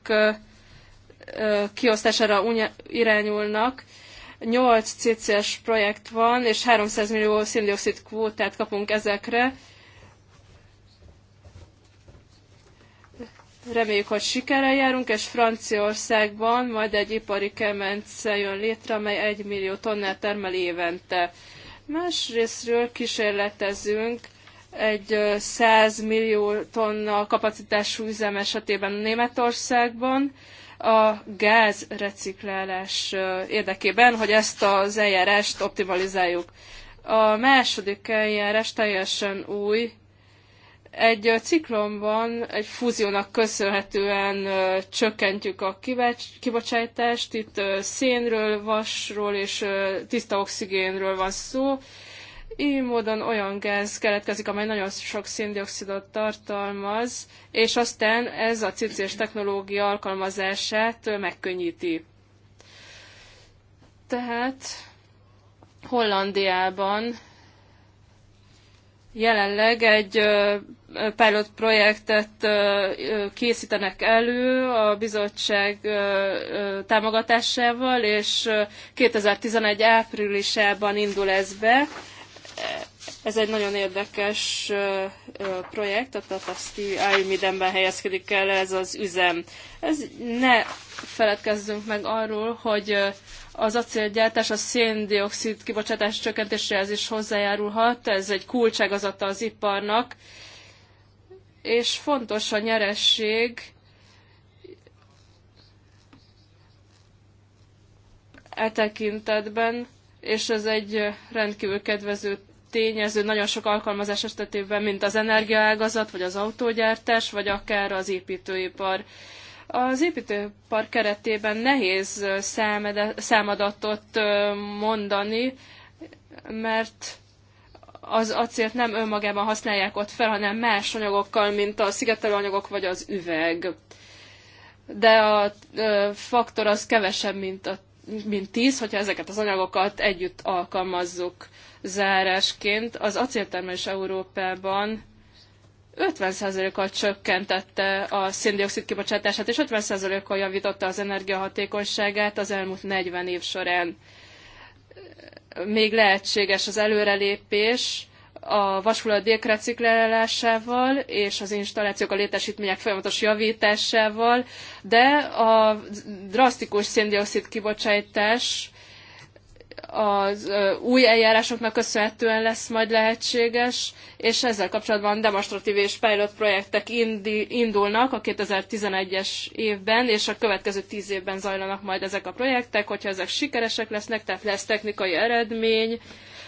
kiosztására irányulnak. 8 CCS projekt van, és 300 millió széndiokszid kvótát kapunk ezekre. Reméljük, hogy sikerrel járunk, és Franciaországban majd egy ipari kemence jön létre, amely 1 millió tonnát termel évente. Másrésztről kísérletezünk egy 100 millió tonna kapacitású üzem esetében Németországban a gáz reciklálás érdekében, hogy ezt az eljárást optimalizáljuk. A második eljárás teljesen új, egy ciklonban, egy fúziónak köszönhetően csökkentjük a kibocsátást. Itt szénről, vasról és tiszta oxigénről van szó. Így módon olyan gáz keletkezik, amely nagyon sok széndiokszidot tartalmaz, és aztán ez a cicés technológia alkalmazását megkönnyíti. Tehát Hollandiában jelenleg egy pilot projektet készítenek elő a bizottság támogatásával, és 2011 áprilisában indul ez be. Ez egy nagyon érdekes projekt, a Tataszti AI mindenben helyezkedik el ez az üzem. Ez ne feledkezzünk meg arról, hogy az acélgyártás a széndiokszid kibocsátás csökkentéséhez is hozzájárulhat, ez egy kulcságazata az iparnak, és fontos a nyeresség, e tekintetben, és ez egy rendkívül kedvező tényező nagyon sok alkalmazás esetében, mint az energiaágazat, vagy az autógyártás, vagy akár az építőipar. Az építőipar keretében nehéz számadatot mondani, mert az acélt nem önmagában használják ott fel, hanem más anyagokkal, mint a szigetelő anyagok vagy az üveg. De a faktor az kevesebb, mint, a, mint 10, hogyha ezeket az anyagokat együtt alkalmazzuk zárásként. Az acéltermelés Európában 50%-kal csökkentette a széndiokszid kibocsátását, és 50%-kal javította az energiahatékonyságát az elmúlt 40 év során még lehetséges az előrelépés a vasulat dékreciklálásával és az installációk a létesítmények folyamatos javításával, de a drasztikus széndiokszid kibocsátás az új eljárásoknak köszönhetően lesz majd lehetséges, és ezzel kapcsolatban demonstratív és pilot projektek indi, indulnak a 2011-es évben, és a következő tíz évben zajlanak majd ezek a projektek, hogyha ezek sikeresek lesznek, tehát lesz technikai eredmény,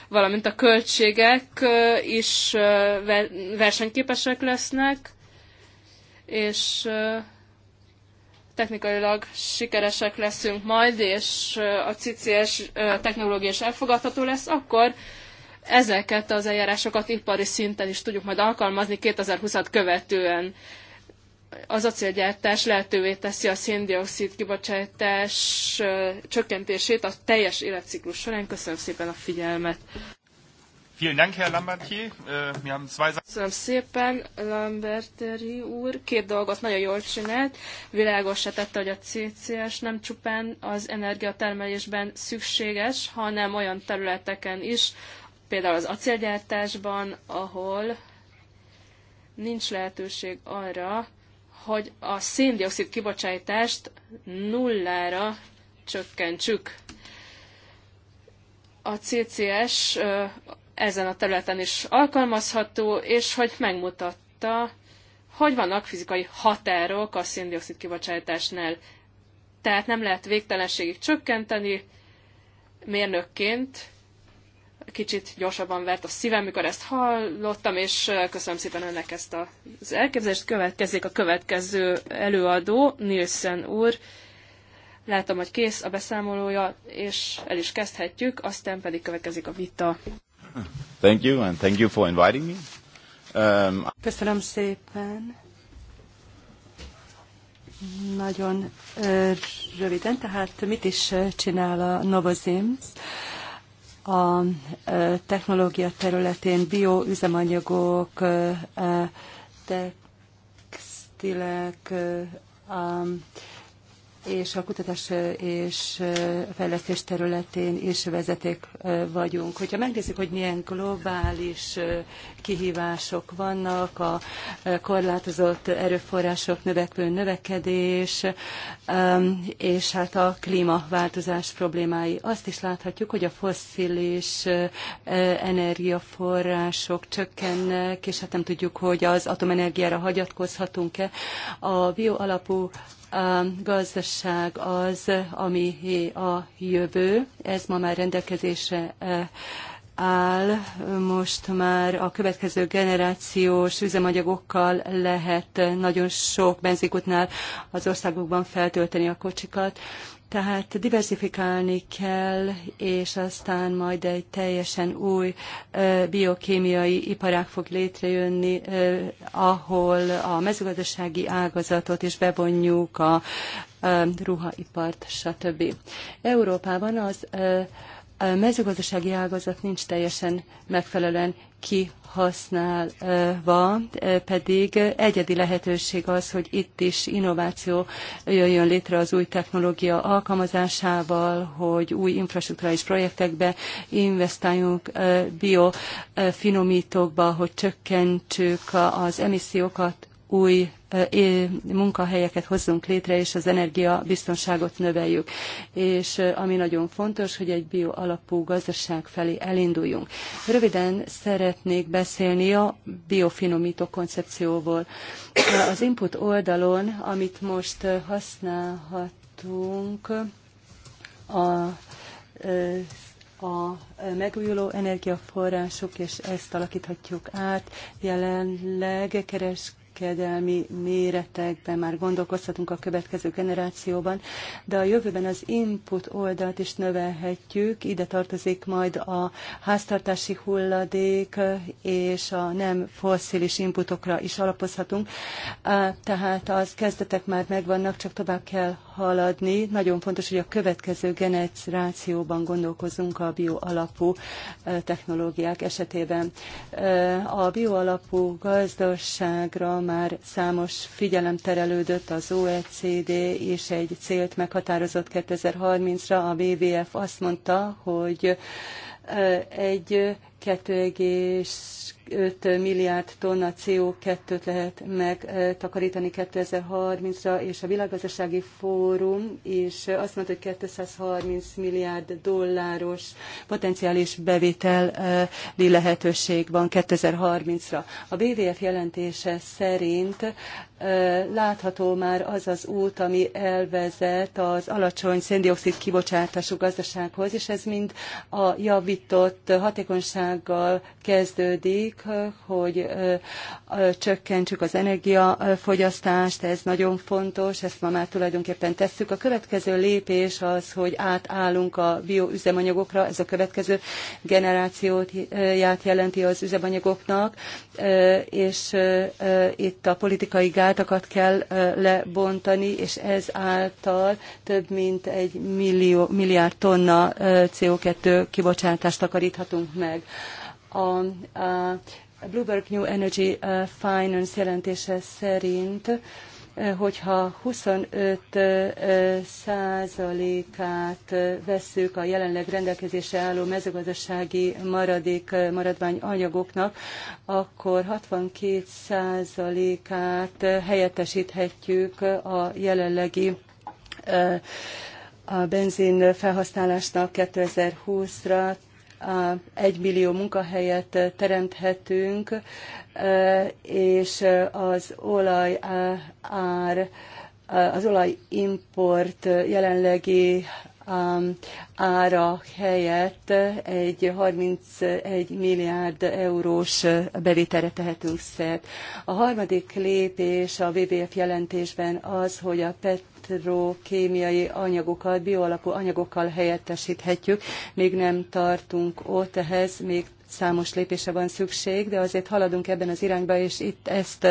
valamint a költségek is versenyképesek lesznek, és technikailag sikeresek leszünk majd, és a CCS technológia is elfogadható lesz, akkor ezeket az eljárásokat ipari szinten is tudjuk majd alkalmazni 2020-at követően. Az acélgyártás lehetővé teszi a széndiokszid kibocsátás csökkentését a teljes életciklus során. Köszönöm szépen a figyelmet! Vielen Dank, Herr äh, Wir haben zwei Köszönöm szépen, Lamberteri úr. Két dolgot nagyon jól csinált. Világos, tette, hogy a CCS nem csupán az energiatermelésben szükséges, hanem olyan területeken is, például az acélgyártásban, ahol nincs lehetőség arra, hogy a széndiokszid kibocsátást nullára csökkentsük. A CCS ezen a területen is alkalmazható, és hogy megmutatta, hogy vannak fizikai határok a széndiokszid kibocsátásnál. Tehát nem lehet végtelenségig csökkenteni. Mérnökként kicsit gyorsabban vert a szívem, mikor ezt hallottam, és köszönöm szépen önnek ezt az elképzelést. Következik a következő előadó, Nielsen úr. Látom, hogy kész a beszámolója, és el is kezdhetjük, aztán pedig következik a vita. Thank you, and thank you for inviting me. Um, Köszönöm szépen. Nagyon röviden, tehát mit is csinál a Novozymes? A technológia területén bioüzemanyagok, textilek, és a kutatás és fejlesztés területén is vezeték vagyunk. Hogyha megnézzük, hogy milyen globális kihívások vannak, a korlátozott erőforrások növekvő növekedés, és hát a klímaváltozás problémái. Azt is láthatjuk, hogy a fosszilis energiaforrások csökkennek, és hát nem tudjuk, hogy az atomenergiára hagyatkozhatunk-e. A bioalapú gazdaság az, ami a jövő, ez ma már rendelkezésre e, áll, most már a következő generációs üzemanyagokkal lehet nagyon sok benzinkutnál az országokban feltölteni a kocsikat, tehát diversifikálni kell, és aztán majd egy teljesen új biokémiai iparág fog létrejönni, ahol a mezőgazdasági ágazatot is bevonjuk, a ruhaipart, stb. Európában az a mezőgazdasági ágazat nincs teljesen megfelelően kihasználva, e, pedig egyedi lehetőség az, hogy itt is innováció jöjjön létre az új technológia alkalmazásával, hogy új infrastruktúrális projektekbe investáljunk e, biofinomítókba, e, hogy csökkentsük az emissziókat, új munkahelyeket hozzunk létre, és az energiabiztonságot növeljük. És ami nagyon fontos, hogy egy bioalapú gazdaság felé elinduljunk. Röviden szeretnék beszélni a biofinomító koncepcióból. Az input oldalon, amit most használhatunk, a a megújuló energiaforrások, és ezt alakíthatjuk át. Jelenleg keres kereskedelmi méretekben már gondolkozhatunk a következő generációban, de a jövőben az input oldalt is növelhetjük, ide tartozik majd a háztartási hulladék és a nem fosszilis inputokra is alapozhatunk, tehát az kezdetek már megvannak, csak tovább kell haladni. Nagyon fontos, hogy a következő generációban gondolkozunk a bioalapú technológiák esetében. A bioalapú gazdaságra már számos figyelem terelődött az OECD, és egy célt meghatározott 2030-ra. A WWF azt mondta, hogy egy 2,5 milliárd tonna CO2-t lehet megtakarítani 2030-ra, és a világgazdasági fórum is azt mondta, hogy 230 milliárd dolláros potenciális bevételi lehetőség van 2030-ra. A BDF jelentése szerint látható már az az út, ami elvezet az alacsony széndiokszid kibocsátású gazdasághoz, és ez mind a javított hatékonyság óvatossággal kezdődik, hogy csökkentsük az energiafogyasztást, ez nagyon fontos, ezt ma már tulajdonképpen tesszük. A következő lépés az, hogy átállunk a bioüzemanyagokra, ez a következő generációját jelenti az üzemanyagoknak, és itt a politikai gátakat kell lebontani, és ez által több mint egy millió, milliárd tonna CO2 kibocsátást takaríthatunk meg a, a Bloomberg New Energy uh, Finance jelentése szerint uh, hogyha 25 uh, százalékát vesszük a jelenleg rendelkezésre álló mezőgazdasági maradék maradványanyagoknak, akkor 62 százalékát helyettesíthetjük a jelenlegi a benzin felhasználásnak 2020-ra egy millió munkahelyet teremthetünk, és az olaj ár, az olajimport jelenlegi ára helyett egy 31 milliárd eurós bevételre tehetünk szert. A harmadik lépés a WWF jelentésben az, hogy a PET elektrokémiai anyagokkal, bioalapú anyagokkal helyettesíthetjük. Még nem tartunk ott ehhez, még számos lépése van szükség, de azért haladunk ebben az irányba, és itt ezt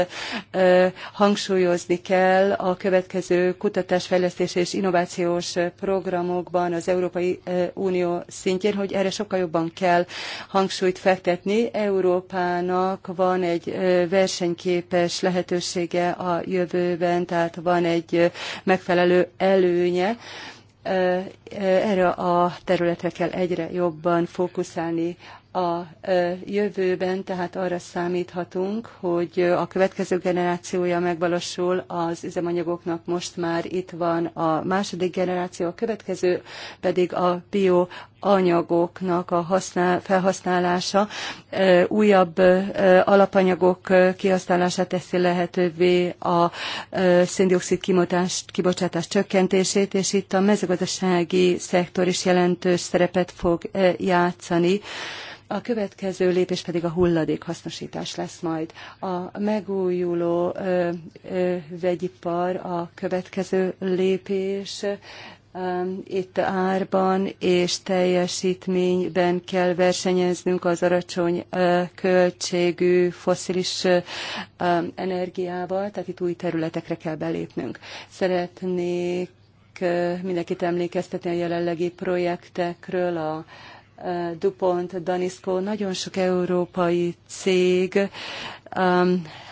hangsúlyozni kell a következő kutatásfejlesztés és innovációs programokban az Európai Unió szintjén, hogy erre sokkal jobban kell hangsúlyt fektetni. Európának van egy versenyképes lehetősége a jövőben, tehát van egy megfelelő előnye, erre a területre kell egyre jobban fókuszálni a jövőben tehát arra számíthatunk, hogy a következő generációja megvalósul az üzemanyagoknak, most már itt van a második generáció, a következő pedig a bio anyagoknak a használ, felhasználása újabb alapanyagok kihasználását teszi lehetővé a széndiokszid kibocsátás csökkentését, és itt a mezőgazdasági szektor is jelentős szerepet fog játszani. A következő lépés pedig a hulladék hasznosítás lesz majd. A megújuló ö, ö, vegyipar a következő lépés itt árban és teljesítményben kell versenyeznünk az alacsony költségű foszilis energiával, tehát itt új területekre kell belépnünk. Szeretnék mindenkit emlékeztetni a jelenlegi projektekről, a DuPont, Danisco, nagyon sok európai cég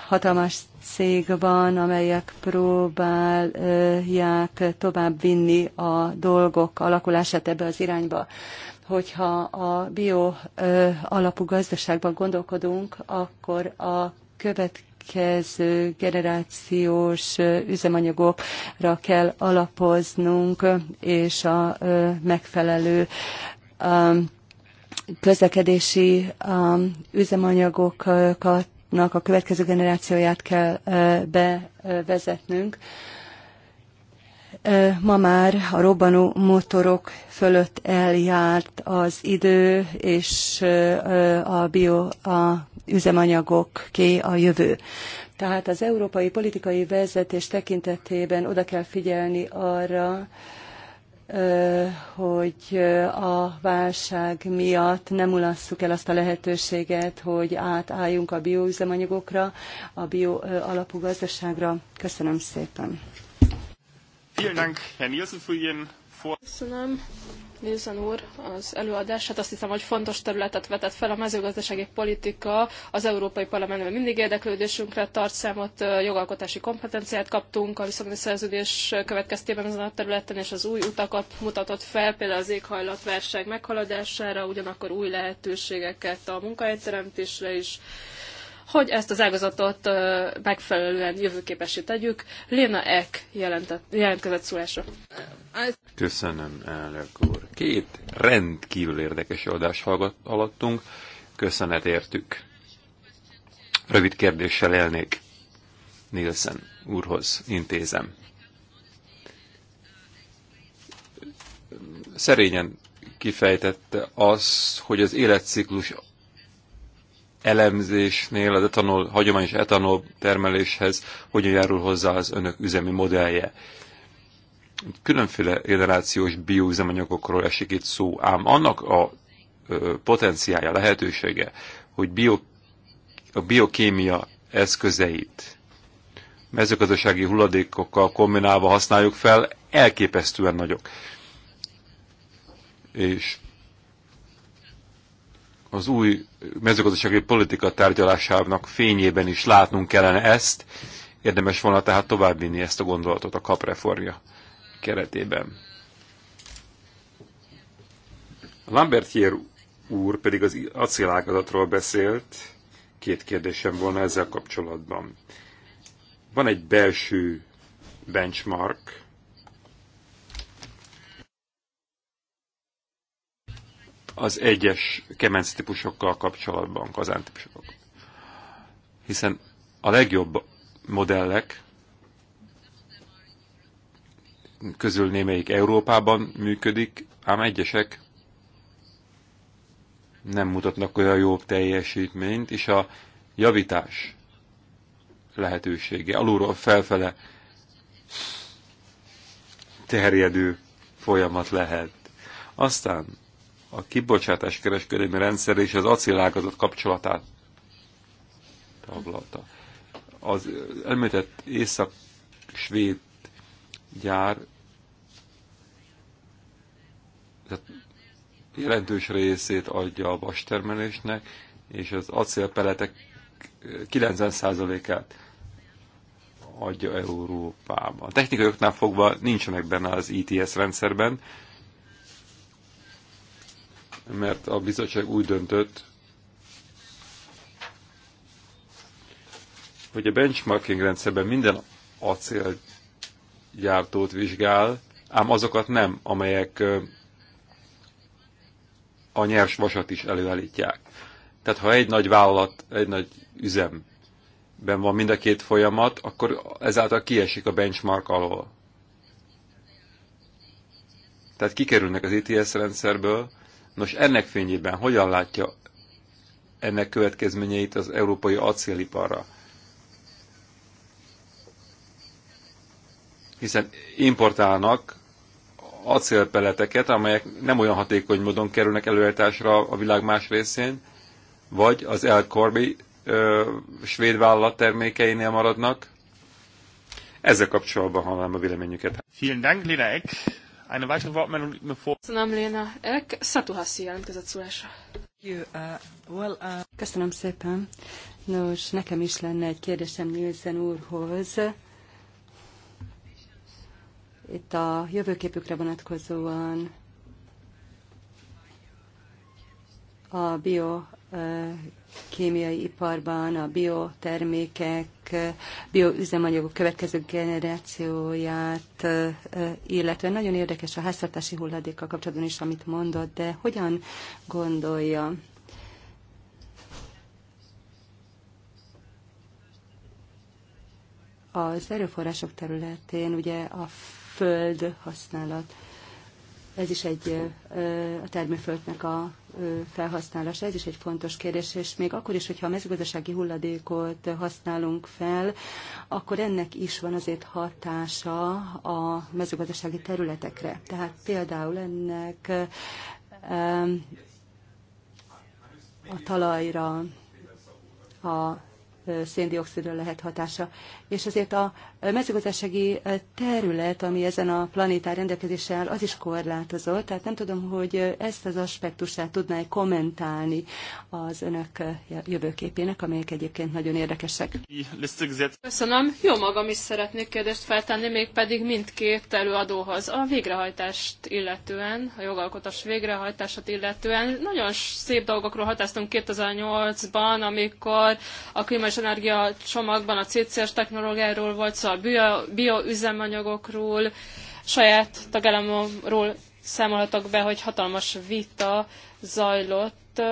hatalmas cég van, amelyek próbálják tovább vinni a dolgok alakulását ebbe az irányba. Hogyha a bio alapú gazdaságban gondolkodunk, akkor a következő generációs üzemanyagokra kell alapoznunk, és a megfelelő közlekedési üzemanyagokat nak a következő generációját kell bevezetnünk. Ma már a robbanó motorok fölött eljárt az idő, és a bio a üzemanyagok ké a jövő. Tehát az európai politikai vezetés tekintetében oda kell figyelni arra, hogy a válság miatt nem ulasszuk el azt a lehetőséget, hogy átálljunk a bioüzemanyagokra, a bio alapú gazdaságra. Köszönöm szépen. Köszönöm Nézzen úr az előadását, azt hiszem, hogy fontos területet vetett fel a mezőgazdasági politika. Az Európai Parlamentben mindig érdeklődésünkre tart számot, jogalkotási kompetenciát kaptunk a viszonylag szerződés következtében ezen a területen, és az új utakat mutatott fel, például az éghajlatválság meghaladására, ugyanakkor új lehetőségeket a munkahelyteremtésre is hogy ezt az ágazatot megfelelően jövőképesé tegyük. Léna Ek jelentett, jelentkezett szólásra. Köszönöm, elnök úr. Két rendkívül érdekes adást hallgattunk. Köszönet értük. Rövid kérdéssel élnék. Nielsen úrhoz intézem. Szerényen kifejtette az, hogy az életciklus elemzésnél az etanol, hagyományos etanol termeléshez hogyan járul hozzá az önök üzemi modellje. Különféle generációs bioüzemanyagokról esik itt szó, ám annak a potenciája, lehetősége, hogy bio, a biokémia eszközeit mezőgazdasági hulladékokkal kombinálva használjuk fel, elképesztően nagyok. És az új mezőgazdasági politika tárgyalásának fényében is látnunk kellene ezt, érdemes volna tehát továbbvinni ezt a gondolatot a kapreformja keretében. Lambertier úr pedig az acélágazatról beszélt, két kérdésem volna ezzel kapcsolatban. Van egy belső benchmark, az egyes kemenc típusokkal kapcsolatban, kazán típusok. Hiszen a legjobb modellek közül némelyik Európában működik, ám egyesek nem mutatnak olyan jobb teljesítményt, és a javítás lehetősége, alulról felfele terjedő folyamat lehet. Aztán a kibocsátás kereskedelmi rendszer és az acélágazat kapcsolatát tablata. Az említett észak-svéd gyár tehát jelentős részét adja a vastermelésnek, és az acélpeletek 90%-át adja Európában. A technikai oknál fogva nincsenek benne az ITS rendszerben, mert a bizottság úgy döntött, hogy a benchmarking rendszerben minden acélgyártót vizsgál, ám azokat nem, amelyek a nyers vasat is előállítják. Tehát ha egy nagy vállalat, egy nagy üzemben van mind a két folyamat, akkor ezáltal kiesik a benchmark alól. Tehát kikerülnek az ETS rendszerből, Nos, ennek fényében hogyan látja ennek következményeit az európai acéliparra? Hiszen importálnak acélpeleteket, amelyek nem olyan hatékony módon kerülnek előállításra a világ más részén, vagy az El Corby ö, svéd vállalat termékeinél maradnak. Ezzel kapcsolatban hallanám a véleményüket. Vielen Dank, Lina Eck. Eine weitere Wortmeldung liegt mir vor. Köszönöm, Léna. Elk, Szatuhaszi jelentkezett szólásra. Uh, uh, Köszönöm szépen. Nos, nekem is lenne egy kérdésem Nielsen úrhoz. Itt a jövőképükre vonatkozóan a bio uh, kémiai iparban, a biotermékek, bioüzemanyagok következő generációját, illetve nagyon érdekes a háztartási hulladékkal kapcsolatban is, amit mondott, de hogyan gondolja? Az erőforrások területén ugye a föld használat, ez is egy a termőföldnek a felhasználása, ez is egy fontos kérdés, és még akkor is, hogyha a mezőgazdasági hulladékot használunk fel, akkor ennek is van azért hatása a mezőgazdasági területekre. Tehát például ennek a talajra, a széndiokszidra lehet hatása. És azért a mezőgazdasági terület, ami ezen a planétán rendelkezésre áll, az is korlátozott, tehát nem tudom, hogy ezt az aspektusát tudná kommentálni az önök jövőképének, amelyek egyébként nagyon érdekesek. Köszönöm. Jó magam is szeretnék kérdést feltenni, mégpedig mindkét előadóhoz. A végrehajtást illetően, a jogalkotás végrehajtását illetően nagyon szép dolgokról hatáztunk 2008-ban, amikor a klíma és energia csomagban a CCS technológiáról volt szó, a bioüzemanyagokról, bio saját tagállamomról számolhatok be, hogy hatalmas vita zajlott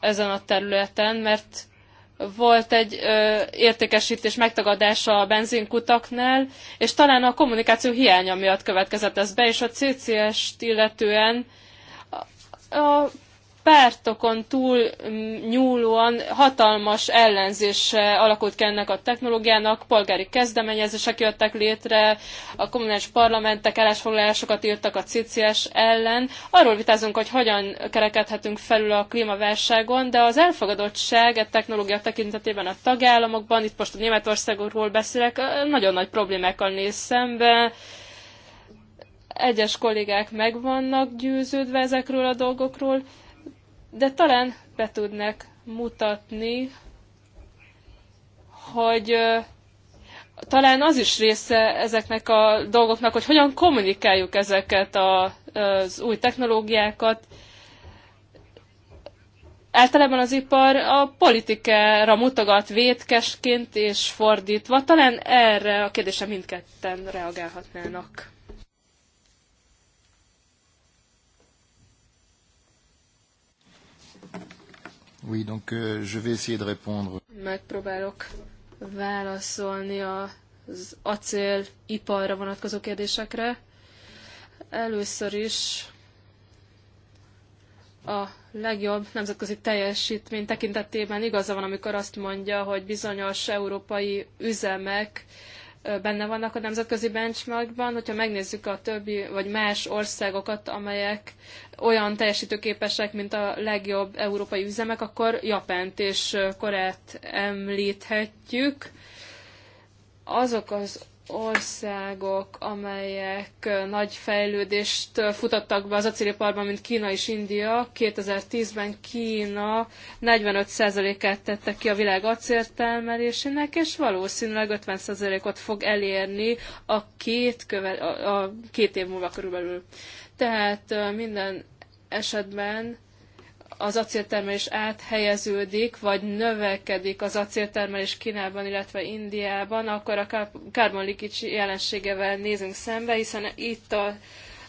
ezen a területen, mert volt egy ö, értékesítés megtagadása a benzinkutaknál, és talán a kommunikáció hiánya miatt következett ez be, és a CCS-t illetően a, a pártokon túl mm, nyúlóan hatalmas ellenzés alakult ki ennek a technológiának, polgári kezdeményezések jöttek létre, a kommunális parlamentek állásfoglalásokat írtak a CCS ellen. Arról vitázunk, hogy hogyan kerekedhetünk felül a klímaválságon, de az elfogadottság a e technológia tekintetében a tagállamokban, itt most a Németországról beszélek, nagyon nagy problémákkal néz szembe egyes kollégák meg vannak győződve ezekről a dolgokról, de talán be tudnak mutatni, hogy talán az is része ezeknek a dolgoknak, hogy hogyan kommunikáljuk ezeket a, az új technológiákat. Általában az ipar a politikára mutogat vétkesként és fordítva. Talán erre a kérdésre mindketten reagálhatnának. Oui, donc euh, je vais essayer de répondre. Megpróbálok válaszolni az acél iparra vonatkozó kérdésekre. Először is a legjobb nemzetközi teljesítmény tekintetében igaza van, amikor azt mondja, hogy bizonyos európai üzemek benne vannak a nemzetközi benchmarkban, hogyha megnézzük a többi vagy más országokat, amelyek olyan teljesítőképesek, mint a legjobb európai üzemek, akkor Japánt és Koreát említhetjük. Azok az országok, amelyek nagy fejlődést futattak be az acéliparban, mint Kína és India. 2010-ben Kína 45%-át tette ki a világ acéltermelésének, és valószínűleg 50%-ot fog elérni a két, köve, a, a két év múlva körülbelül. Tehát minden esetben az acéltermelés áthelyeződik, vagy növekedik az acéltermelés Kínában, illetve Indiában, akkor a carbon leakage jelenségevel nézünk szembe, hiszen itt a,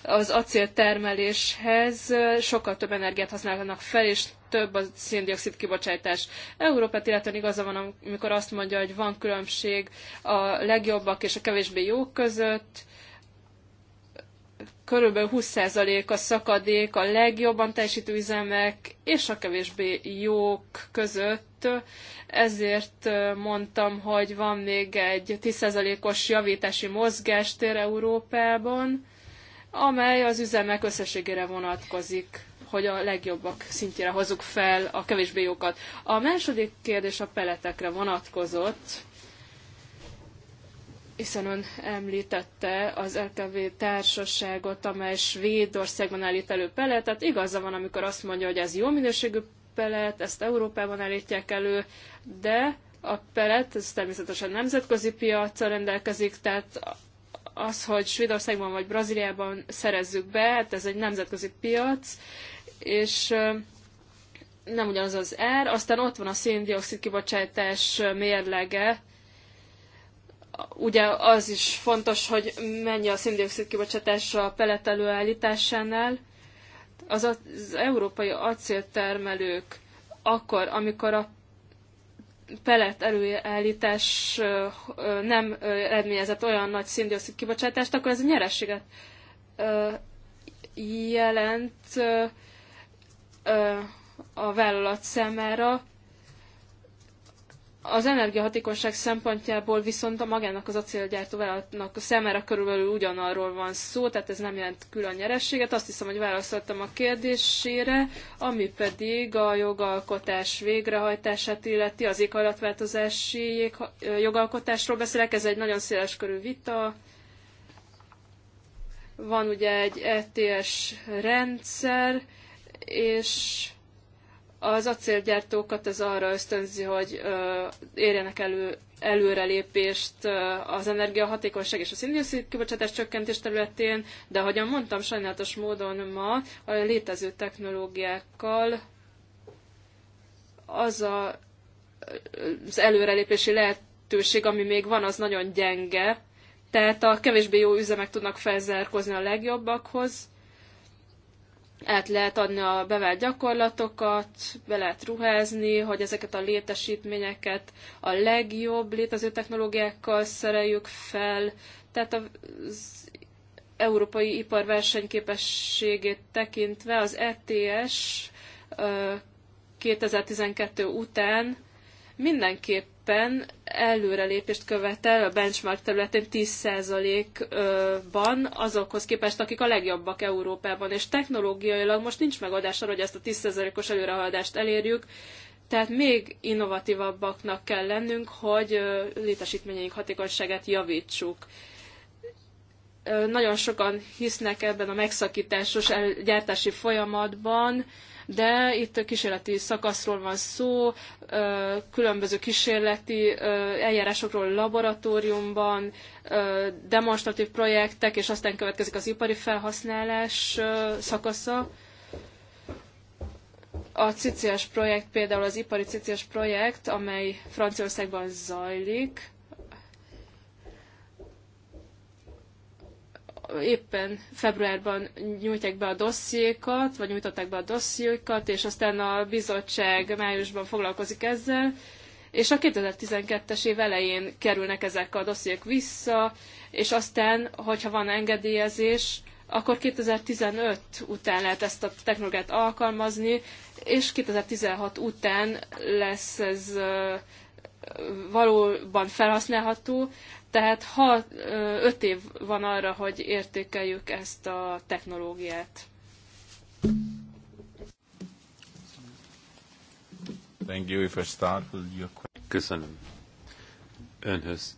az acéltermeléshez sokkal több energiát használnak fel, és több a széndiokszid kibocsátás. Európát illetően igaza van, amikor azt mondja, hogy van különbség a legjobbak és a kevésbé jók között, körülbelül 20% a szakadék a legjobban teljesítő üzemek és a kevésbé jók között. Ezért mondtam, hogy van még egy 10%-os javítási mozgástér Európában, amely az üzemek összességére vonatkozik hogy a legjobbak szintjére hozzuk fel a kevésbé jókat. A második kérdés a peletekre vonatkozott hiszen ön említette az LKV társaságot, amely Svédországban állít elő peletet. Igaza van, amikor azt mondja, hogy ez jó minőségű pelet, ezt Európában állítják elő, de a pelet, ez természetesen nemzetközi piacra rendelkezik, tehát az, hogy Svédországban vagy Brazíliában szerezzük be, hát ez egy nemzetközi piac, és nem ugyanaz az ár, aztán ott van a széndiokszid kibocsátás mérlege, ugye az is fontos, hogy mennyi a szindioxid kibocsátás a pellet előállításánál. Az, az európai acéltermelők akkor, amikor a pellet előállítás nem eredményezett olyan nagy szindioxid kibocsátást, akkor ez a nyerességet jelent a vállalat számára, az energiahatékonyság szempontjából viszont a magának az acélgyártó vállalatnak a szemére körülbelül ugyanarról van szó, tehát ez nem jelent külön nyerességet. Azt hiszem, hogy válaszoltam a kérdésére, ami pedig a jogalkotás végrehajtását illeti, az éghajlatváltozási jogalkotásról beszélek. Ez egy nagyon széles körű vita. Van ugye egy ETS rendszer, és az acélgyártókat ez arra ösztönzi, hogy érjenek elő előrelépést az energiahatékonyság és a szindioxid kibocsátás csökkentés területén, de ahogyan mondtam, sajnálatos módon ma a létező technológiákkal az a, az előrelépési lehetőség, ami még van, az nagyon gyenge, tehát a kevésbé jó üzemek tudnak felzárkozni a legjobbakhoz, át lehet adni a bevált gyakorlatokat, be lehet ruházni, hogy ezeket a létesítményeket a legjobb létező technológiákkal szereljük fel. Tehát az európai ipar versenyképességét tekintve az e ETS 2012 után mindenképpen előrelépést követel a benchmark területén 10%-ban azokhoz képest, akik a legjobbak Európában, és technológiailag most nincs megoldás arra, hogy ezt a 10%-os előrehaladást elérjük, tehát még innovatívabbaknak kell lennünk, hogy létesítményeink hatékonyságát javítsuk nagyon sokan hisznek ebben a megszakításos gyártási folyamatban, de itt kísérleti szakaszról van szó, különböző kísérleti eljárásokról laboratóriumban, demonstratív projektek, és aztán következik az ipari felhasználás szakasza. A CCS projekt, például az ipari CCS projekt, amely Franciaországban zajlik, éppen februárban nyújtják be a dossziékat, vagy nyújtották be a dossziékat, és aztán a bizottság májusban foglalkozik ezzel, és a 2012-es év elején kerülnek ezek a dossziék vissza, és aztán, hogyha van engedélyezés, akkor 2015 után lehet ezt a technológiát alkalmazni, és 2016 után lesz ez valóban felhasználható, tehát ha öt év van arra, hogy értékeljük ezt a technológiát. Thank you if I start with your Köszönöm. Önhöz.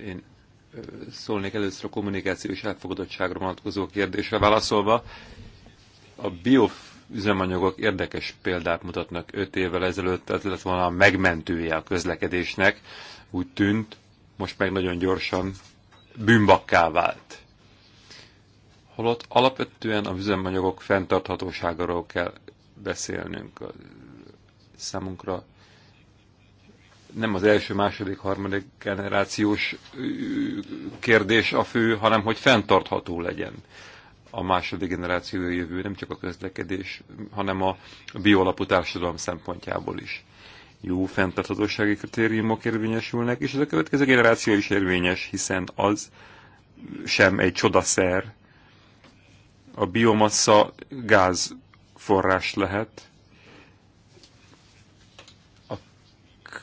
Én szólnék először a kommunikációs elfogadottságra vonatkozó kérdésre válaszolva. A bioüzemanyagok érdekes példát mutatnak. Öt évvel ezelőtt tehát lett volna a megmentője a közlekedésnek. Úgy tűnt, most meg nagyon gyorsan bűnbakká vált. Holott alapvetően a üzemanyagok fenntarthatóságáról kell beszélnünk. Számunkra nem az első, második, harmadik generációs kérdés a fő, hanem hogy fenntartható legyen a második generáció jövő, nem csak a közlekedés, hanem a bioalapú társadalom szempontjából is jó fenntarthatósági kritériumok érvényesülnek, és ez a következő generáció is érvényes, hiszen az sem egy csodaszer. A biomassa gázforrás lehet. A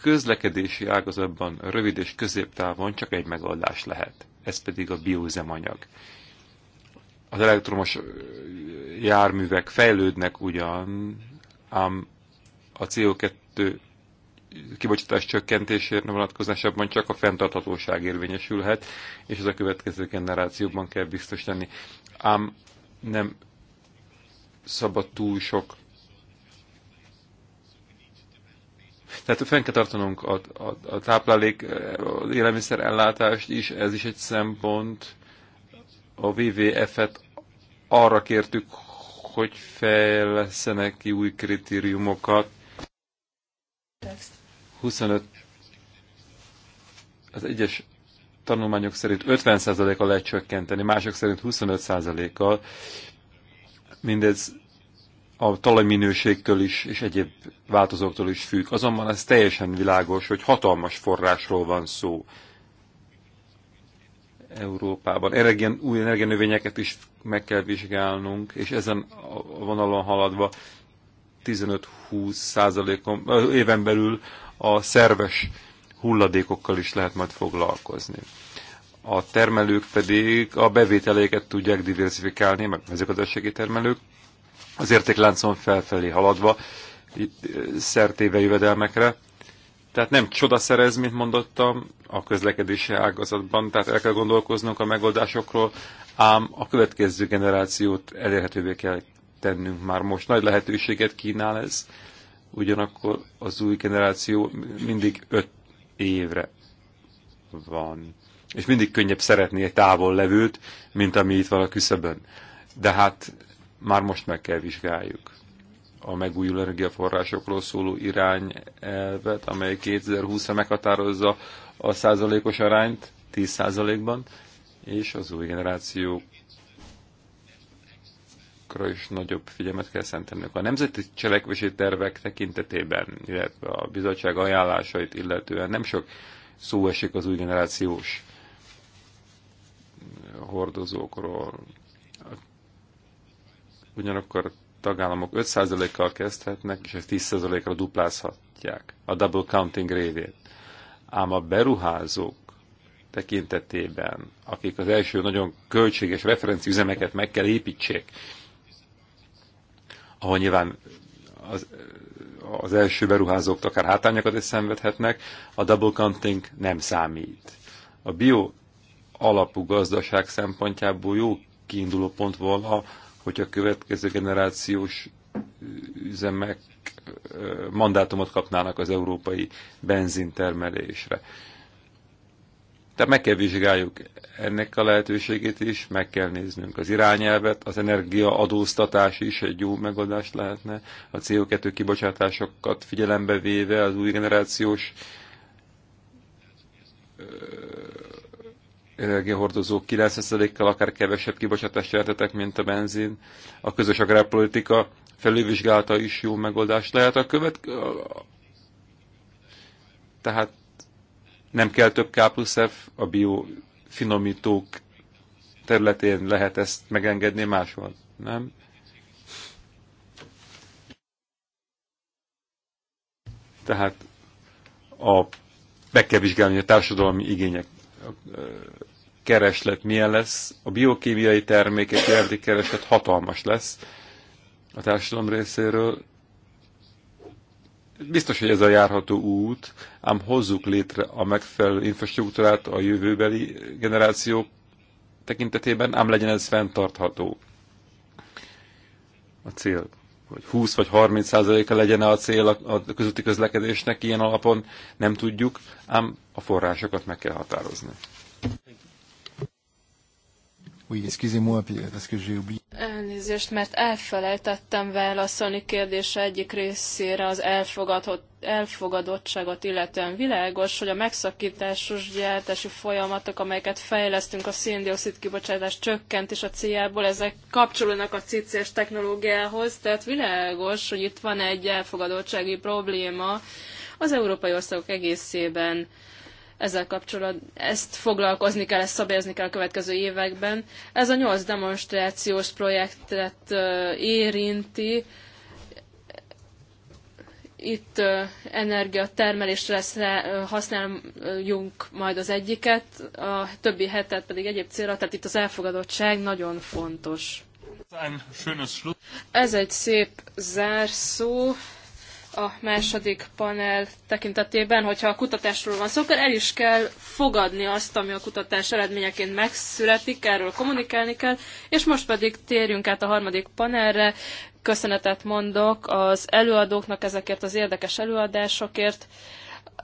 közlekedési ágazatban rövid és középtávon csak egy megoldás lehet, ez pedig a bióüzemanyag. Az elektromos járművek fejlődnek ugyan, ám a CO2 kibocsátás csökkentésére vonatkozásában csak a fenntarthatóság érvényesülhet, és ez a következő generációban kell biztos tenni. Ám nem szabad túl sok Tehát fenn kell tartanunk a, a, a táplálék, az élelmiszer ellátást is, ez is egy szempont. A WWF-et arra kértük, hogy fejlesztenek ki új kritériumokat. 25 az egyes tanulmányok szerint 50%-kal lehet csökkenteni, mások szerint 25%-kal. Mindez a talajminőségtől is és egyéb változóktól is függ. Azonban ez teljesen világos, hogy hatalmas forrásról van szó Európában. Energien, új energianövényeket is meg kell vizsgálnunk, és ezen a vonalon haladva 15-20 százalékon éven belül a szerves hulladékokkal is lehet majd foglalkozni. A termelők pedig a bevételeiket tudják diversifikálni, meg mezőgazdasági termelők, az értékláncon felfelé haladva, szertéve jövedelmekre. Tehát nem csoda mint mondottam, a közlekedési ágazatban, tehát el kell gondolkoznunk a megoldásokról, ám a következő generációt elérhetővé kell tennünk már most. Nagy lehetőséget kínál ez ugyanakkor az új generáció mindig öt évre van. És mindig könnyebb szeretni egy távol levőt, mint ami itt van a küszöbön. De hát már most meg kell vizsgáljuk a megújuló energiaforrásokról szóló irányelvet, amely 2020-ra meghatározza a százalékos arányt 10 százalékban, és az új generációk dolgokra is nagyobb figyelmet kell szentelnünk. A nemzeti cselekvési tervek tekintetében, illetve a bizottság ajánlásait illetően nem sok szó esik az új generációs hordozókról. Ugyanakkor a tagállamok 5%-kal kezdhetnek, és ezt 10%-ra duplázhatják, a double counting révét. Ám a beruházók tekintetében, akik az első nagyon költséges referenciüzemeket meg kell építsék, ahol nyilván az, az első beruházók akár hátányokat is szenvedhetnek, a double counting nem számít. A bio alapú gazdaság szempontjából jó kiinduló pont volna, hogy a következő generációs üzemek mandátumot kapnának az európai benzintermelésre. Tehát meg kell vizsgáljuk ennek a lehetőségét is, meg kell néznünk az irányelvet, az energiaadóztatás is egy jó megoldást lehetne, a CO2 kibocsátásokat figyelembe véve az új generációs energiahordozók 90%-kal akár kevesebb kibocsátást jelentetek, mint a benzin. A közös agrárpolitika felülvizsgálata is jó megoldás lehet. A követ... Tehát nem kell több K plusz F, a biofinomítók területén lehet ezt megengedni máshol, nem? Tehát a, meg kell vizsgálni, hogy a társadalmi igények a kereslet milyen lesz. A biokémiai termékek jelenti kereslet hatalmas lesz a társadalom részéről, Biztos, hogy ez a járható út, ám hozzuk létre a megfelelő infrastruktúrát a jövőbeli generációk tekintetében, ám legyen ez fenntartható. A cél, hogy 20 vagy 30 százaléka legyen a cél a közúti közlekedésnek ilyen alapon, nem tudjuk, ám a forrásokat meg kell határozni. Oui, excusez-moi, euh, parce que j'ai oublié. Elnézést, mert elfelejtettem válaszolni kérdése egyik részére az elfogadott, elfogadottságot illetően. Világos, hogy a megszakításos gyártási folyamatok, amelyeket fejlesztünk a széndiokszid kibocsátás csökkentés a céljából, ezek kapcsolódnak a CCS technológiához, tehát világos, hogy itt van egy elfogadottsági probléma az európai országok egészében ezzel kapcsolatban, ezt foglalkozni kell, ezt szabályozni kell a következő években. Ez a nyolc demonstrációs projektet érinti, itt energiatermelésre használjunk majd az egyiket, a többi hetet pedig egyéb célra, tehát itt az elfogadottság nagyon fontos. Ez egy szép zárszó a második panel tekintetében, hogyha a kutatásról van szó, akkor el is kell fogadni azt, ami a kutatás eredményeként megszületik, erről kommunikálni kell, és most pedig térjünk át a harmadik panelre. Köszönetet mondok az előadóknak ezekért az érdekes előadásokért.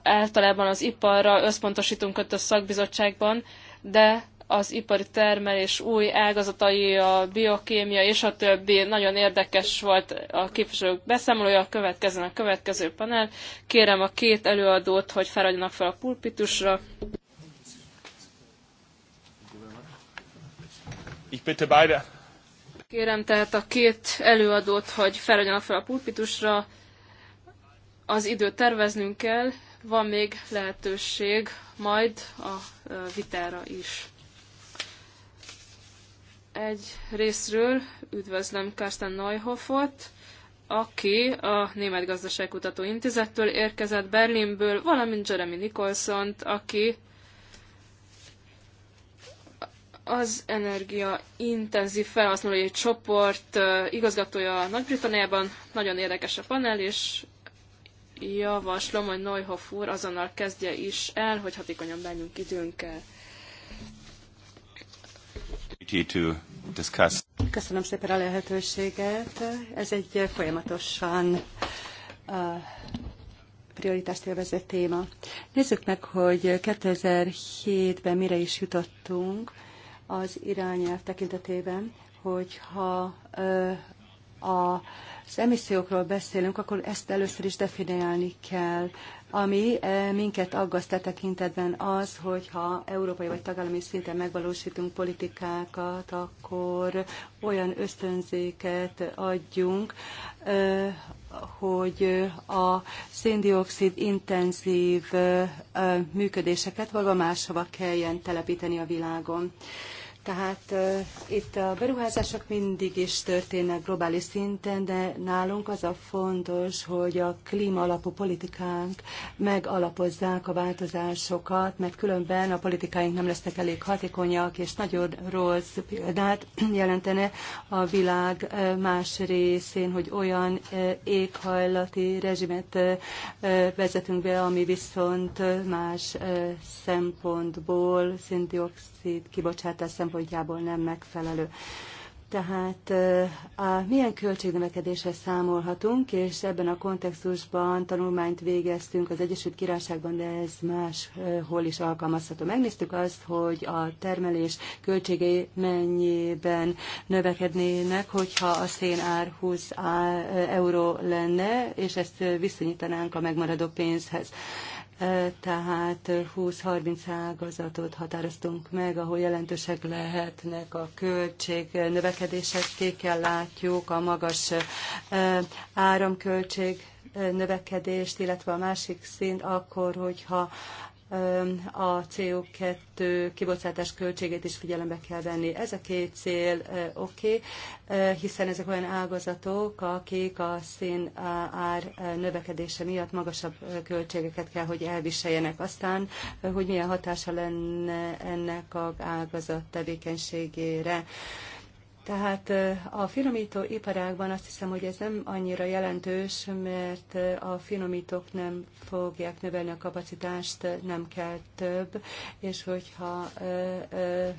Általában az iparra összpontosítunk ott a szakbizottságban, de az ipari termelés új ágazatai, a biokémia és a többi. Nagyon érdekes volt a képviselők beszámolója, a a következő panel. Kérem a két előadót, hogy feladjanak fel a pulpitusra. Ich bitte beide. Kérem tehát a két előadót, hogy feladjanak fel a pulpitusra. Az időt terveznünk kell, van még lehetőség majd a vitára is. Egy részről üdvözlöm Karsten Neuhoffot, aki a Német Gazdaságkutató Intézettől érkezett Berlinből, valamint Jeremy Nicholson, aki az energia intenzív felhasználói csoport igazgatója Nagy-Britanniában. Nagyon érdekes a panel, és javaslom, hogy Neuhoff úr azonnal kezdje is el, hogy hatékonyan bennünk időnkkel. Köszönöm szépen a lehetőséget. Ez egy folyamatosan prioritást élvező téma. Nézzük meg, hogy 2007-ben mire is jutottunk az irányelv tekintetében, hogyha az emissziókról beszélünk, akkor ezt először is definiálni kell. Ami eh, minket aggaszt a e tekintetben az, hogyha európai vagy tagállami szinten megvalósítunk politikákat, akkor olyan ösztönzéket adjunk, eh, hogy a széndiokszid intenzív eh, működéseket valahol máshova kelljen telepíteni a világon. Tehát uh, itt a beruházások mindig is történnek globális szinten, de nálunk az a fontos, hogy a klíma alapú politikánk megalapozzák a változásokat, mert különben a politikáink nem lesznek elég hatékonyak, és nagyon rossz példát jelentene a világ más részén, hogy olyan éghajlati rezsimet vezetünk be, ami viszont más szempontból szindioxid széndiokszid kibocsátás szempontjából nem megfelelő. Tehát a, milyen költségnövekedésre számolhatunk, és ebben a kontextusban tanulmányt végeztünk az Egyesült Királyságban, de ez máshol is alkalmazható. Megnéztük azt, hogy a termelés költségei mennyiben növekednének, hogyha a ár 20 euró lenne, és ezt viszonyítanánk a megmaradó pénzhez tehát 20-30 ágazatot határoztunk meg, ahol jelentősek lehetnek a költség növekedések, kékkel látjuk a magas áramköltség növekedést, illetve a másik szint akkor, hogyha a CO2 kibocsátás költségét is figyelembe kell venni. Ez a két cél oké, okay, hiszen ezek olyan ágazatok, akik a szén ár növekedése miatt magasabb költségeket kell, hogy elviseljenek. Aztán, hogy milyen hatása lenne ennek az ágazat tevékenységére tehát a finomító iparágban azt hiszem, hogy ez nem annyira jelentős, mert a finomítók nem fogják növelni a kapacitást, nem kell több, és hogyha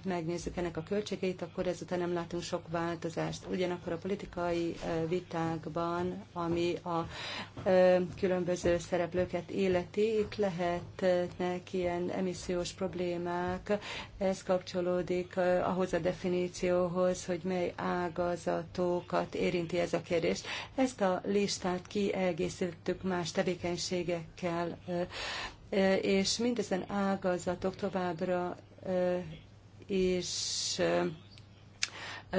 megnézzük ennek a költségeit, akkor ezután nem látunk sok változást. Ugyanakkor a politikai vitákban, ami a különböző szereplőket életi, itt lehetnek ilyen emissziós problémák, ez kapcsolódik ahhoz a definícióhoz, hogy mely ágazatokat érinti ez a kérdés. Ezt a listát kiegészítettük más tevékenységekkel, és mindezen ágazatok továbbra is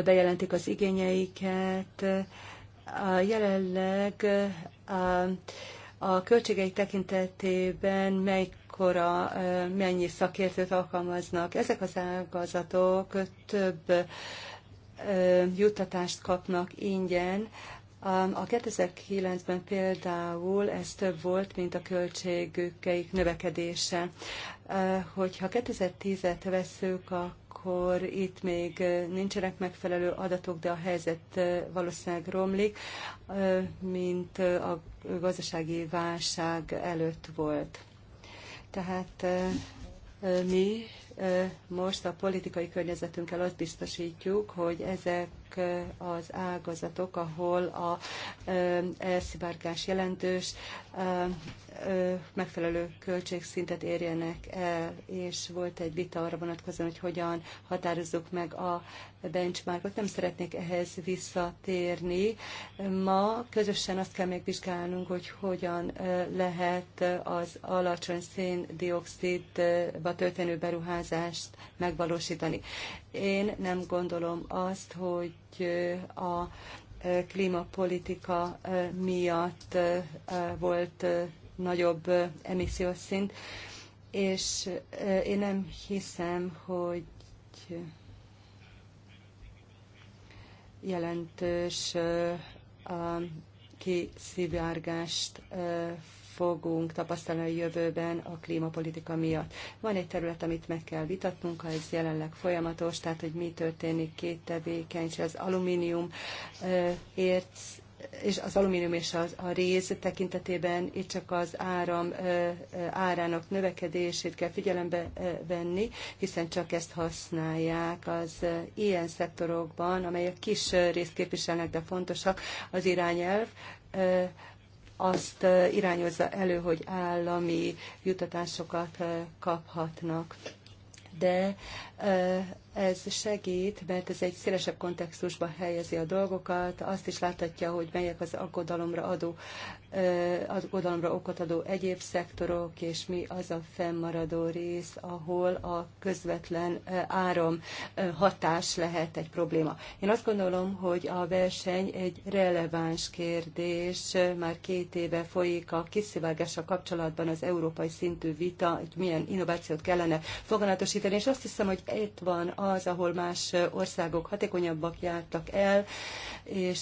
bejelentik az igényeiket. A jelenleg a, a költségeik tekintetében mekkora, mennyi szakértőt alkalmaznak. Ezek az ágazatok több juttatást kapnak ingyen. A 2009-ben például ez több volt, mint a költségük növekedése. Hogyha 2010-et veszük, akkor itt még nincsenek megfelelő adatok, de a helyzet valószínűleg romlik, mint a gazdasági válság előtt volt. Tehát mi most a politikai környezetünkkel azt biztosítjuk, hogy ezek Eh, az ágazatok, ahol a eh, elszivárgás jelentős, eh, megfelelő költségszintet érjenek el, és volt egy vita arra vonatkozóan, hogy hogyan határozzuk meg a benchmarkot. Nem szeretnék ehhez visszatérni. Ma közösen azt kell megvizsgálnunk, hogy hogyan lehet az alacsony széndiokszidba történő beruházást megvalósítani. Én nem gondolom azt, hogy hogy a klímapolitika miatt volt nagyobb emissziós szint, és én nem hiszem, hogy jelentős kiszivárgást fogunk tapasztalni a jövőben a klímapolitika miatt. Van egy terület, amit meg kell vitatnunk, ha ez jelenleg folyamatos, tehát hogy mi történik két és az alumínium ért és az alumínium és az, a réz tekintetében itt csak az áram árának növekedését kell figyelembe venni, hiszen csak ezt használják az ilyen szektorokban, amelyek kis részt képviselnek, de fontosak az irányelv azt irányozza elő, hogy állami jutatásokat kaphatnak. De ez segít, mert ez egy szélesebb kontextusba helyezi a dolgokat, azt is láthatja, hogy melyek az aggodalomra, adó, aggodalomra okot adó egyéb szektorok, és mi az a fennmaradó rész, ahol a közvetlen áram hatás lehet egy probléma. Én azt gondolom, hogy a verseny egy releváns kérdés, már két éve folyik a kiszivárgással kapcsolatban az európai szintű vita, hogy milyen innovációt kellene foganatosítani, és azt hiszem, hogy itt van az, ahol más országok hatékonyabbak jártak el, és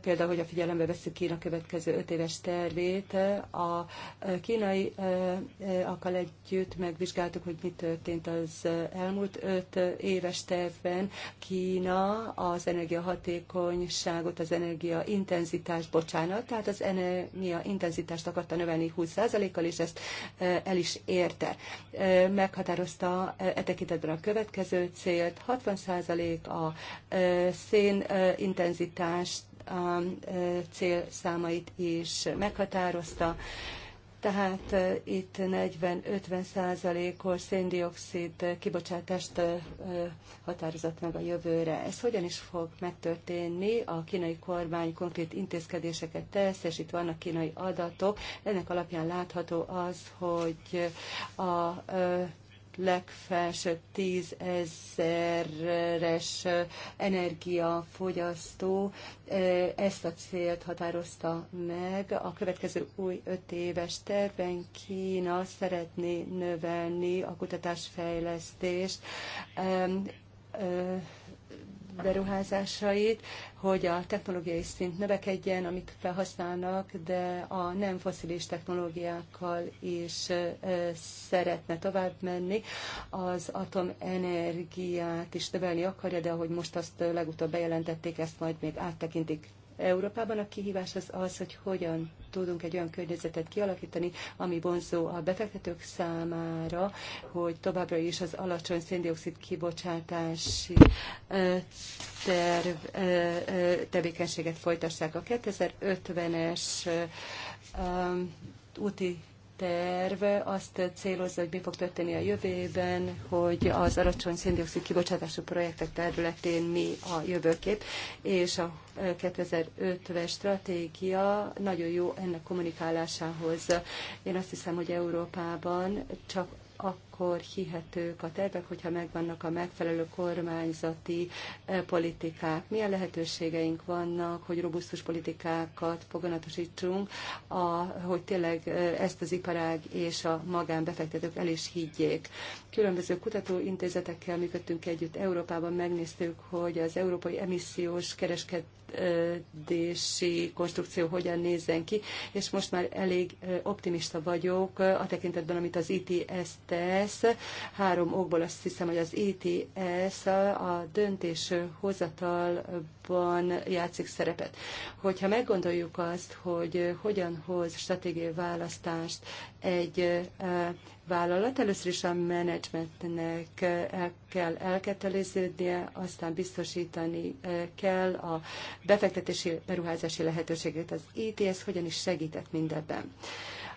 például, hogy a figyelembe veszük Kína következő öt éves tervét, a kínai akkal együtt megvizsgáltuk, hogy mi történt az elmúlt öt éves tervben. Kína az energiahatékonyságot, az energiaintenzitást, bocsánat, tehát az energiaintenzitást akarta növelni 20%-kal, és ezt el is érte. Meghatározta e tekintetben számunkra a következő célt. 60% a szénintenzitás célszámait is meghatározta. Tehát itt 40-50 százalékos széndiokszid kibocsátást határozott meg a jövőre. Ez hogyan is fog megtörténni? A kínai kormány konkrét intézkedéseket tesz, és itt vannak kínai adatok. Ennek alapján látható az, hogy a legfelsőbb tízezeres energiafogyasztó ezt a célt határozta meg. A következő új öt éves tervben Kína szeretné növelni a kutatásfejlesztést beruházásait, hogy a technológiai szint növekedjen, amit felhasználnak, de a nem foszilis technológiákkal is szeretne tovább menni. Az atomenergiát is növelni akarja, de ahogy most azt legutóbb bejelentették, ezt majd még áttekintik Európában a kihívás az az, hogy hogyan tudunk egy olyan környezetet kialakítani, ami vonzó a befektetők számára, hogy továbbra is az alacsony széndiokszid kibocsátási terv, tevékenységet folytassák. A 2050-es úti terve azt célozza, hogy mi fog történni a jövőben, hogy az alacsony széndiokszid kibocsátású projektek területén mi a jövőkép, és a 2050-es eh, stratégia nagyon jó ennek kommunikálásához. Én azt hiszem, hogy Európában csak a akkor hihetők a tervek, hogyha megvannak a megfelelő kormányzati eh, politikák. Milyen lehetőségeink vannak, hogy robusztus politikákat foganatosítsunk, a, hogy tényleg eh, ezt az iparág és a magánbefektetők el is higgyék. Különböző kutatóintézetekkel működtünk együtt Európában, megnéztük, hogy az európai emissziós kereskedési konstrukció hogyan nézzen ki, és most már elég eh, optimista vagyok a tekintetben, amit az ITS tesz, ETS. Három okból azt hiszem, hogy az ETS a döntéshozatalban játszik szerepet. Hogyha meggondoljuk azt, hogy hogyan hoz stratégiai választást egy e, vállalat, először is a menedzsmentnek el kell elketeleződnie, aztán biztosítani e, kell a befektetési beruházási lehetőségét. Az ETS hogyan is segített mindebben?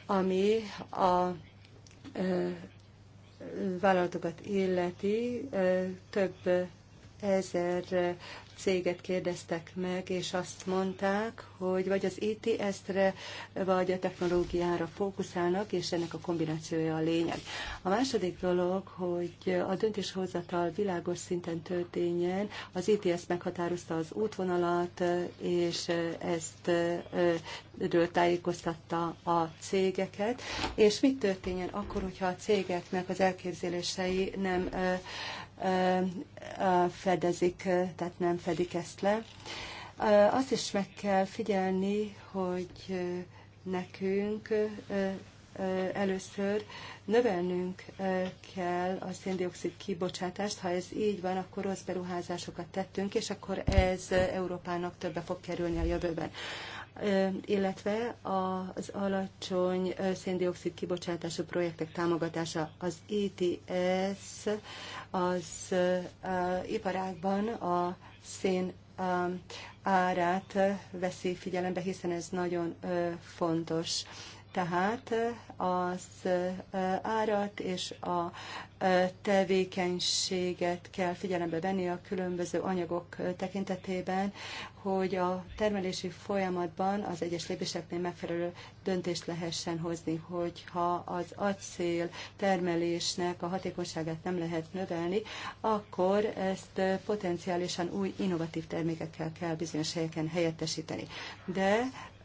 Ami a e, vállalatokat illeti, több ezer céget kérdeztek meg, és azt mondták, hogy vagy az ETS-re, vagy a technológiára fókuszálnak, és ennek a kombinációja a lényeg. A második dolog, hogy a döntéshozatal világos szinten történjen, az ETS meghatározta az útvonalat, és ezt ről tájékoztatta a cégeket, és mit történjen akkor, hogyha a cégeknek az elképzelései nem fedezik, tehát nem fedik ezt le. Azt is meg kell figyelni, hogy nekünk először növelnünk kell a széndiokszid kibocsátást. Ha ez így van, akkor rossz beruházásokat tettünk, és akkor ez Európának többe fog kerülni a jövőben illetve az alacsony széndiokszid kibocsátású projektek támogatása, az ETS, az iparágban a szén árát veszi figyelembe, hiszen ez nagyon fontos tehát az árat és a tevékenységet kell figyelembe venni a különböző anyagok tekintetében, hogy a termelési folyamatban az egyes lépéseknél megfelelő döntést lehessen hozni, hogyha az acél termelésnek a hatékonyságát nem lehet növelni, akkor ezt potenciálisan új innovatív termékekkel kell bizonyos helyeken helyettesíteni. De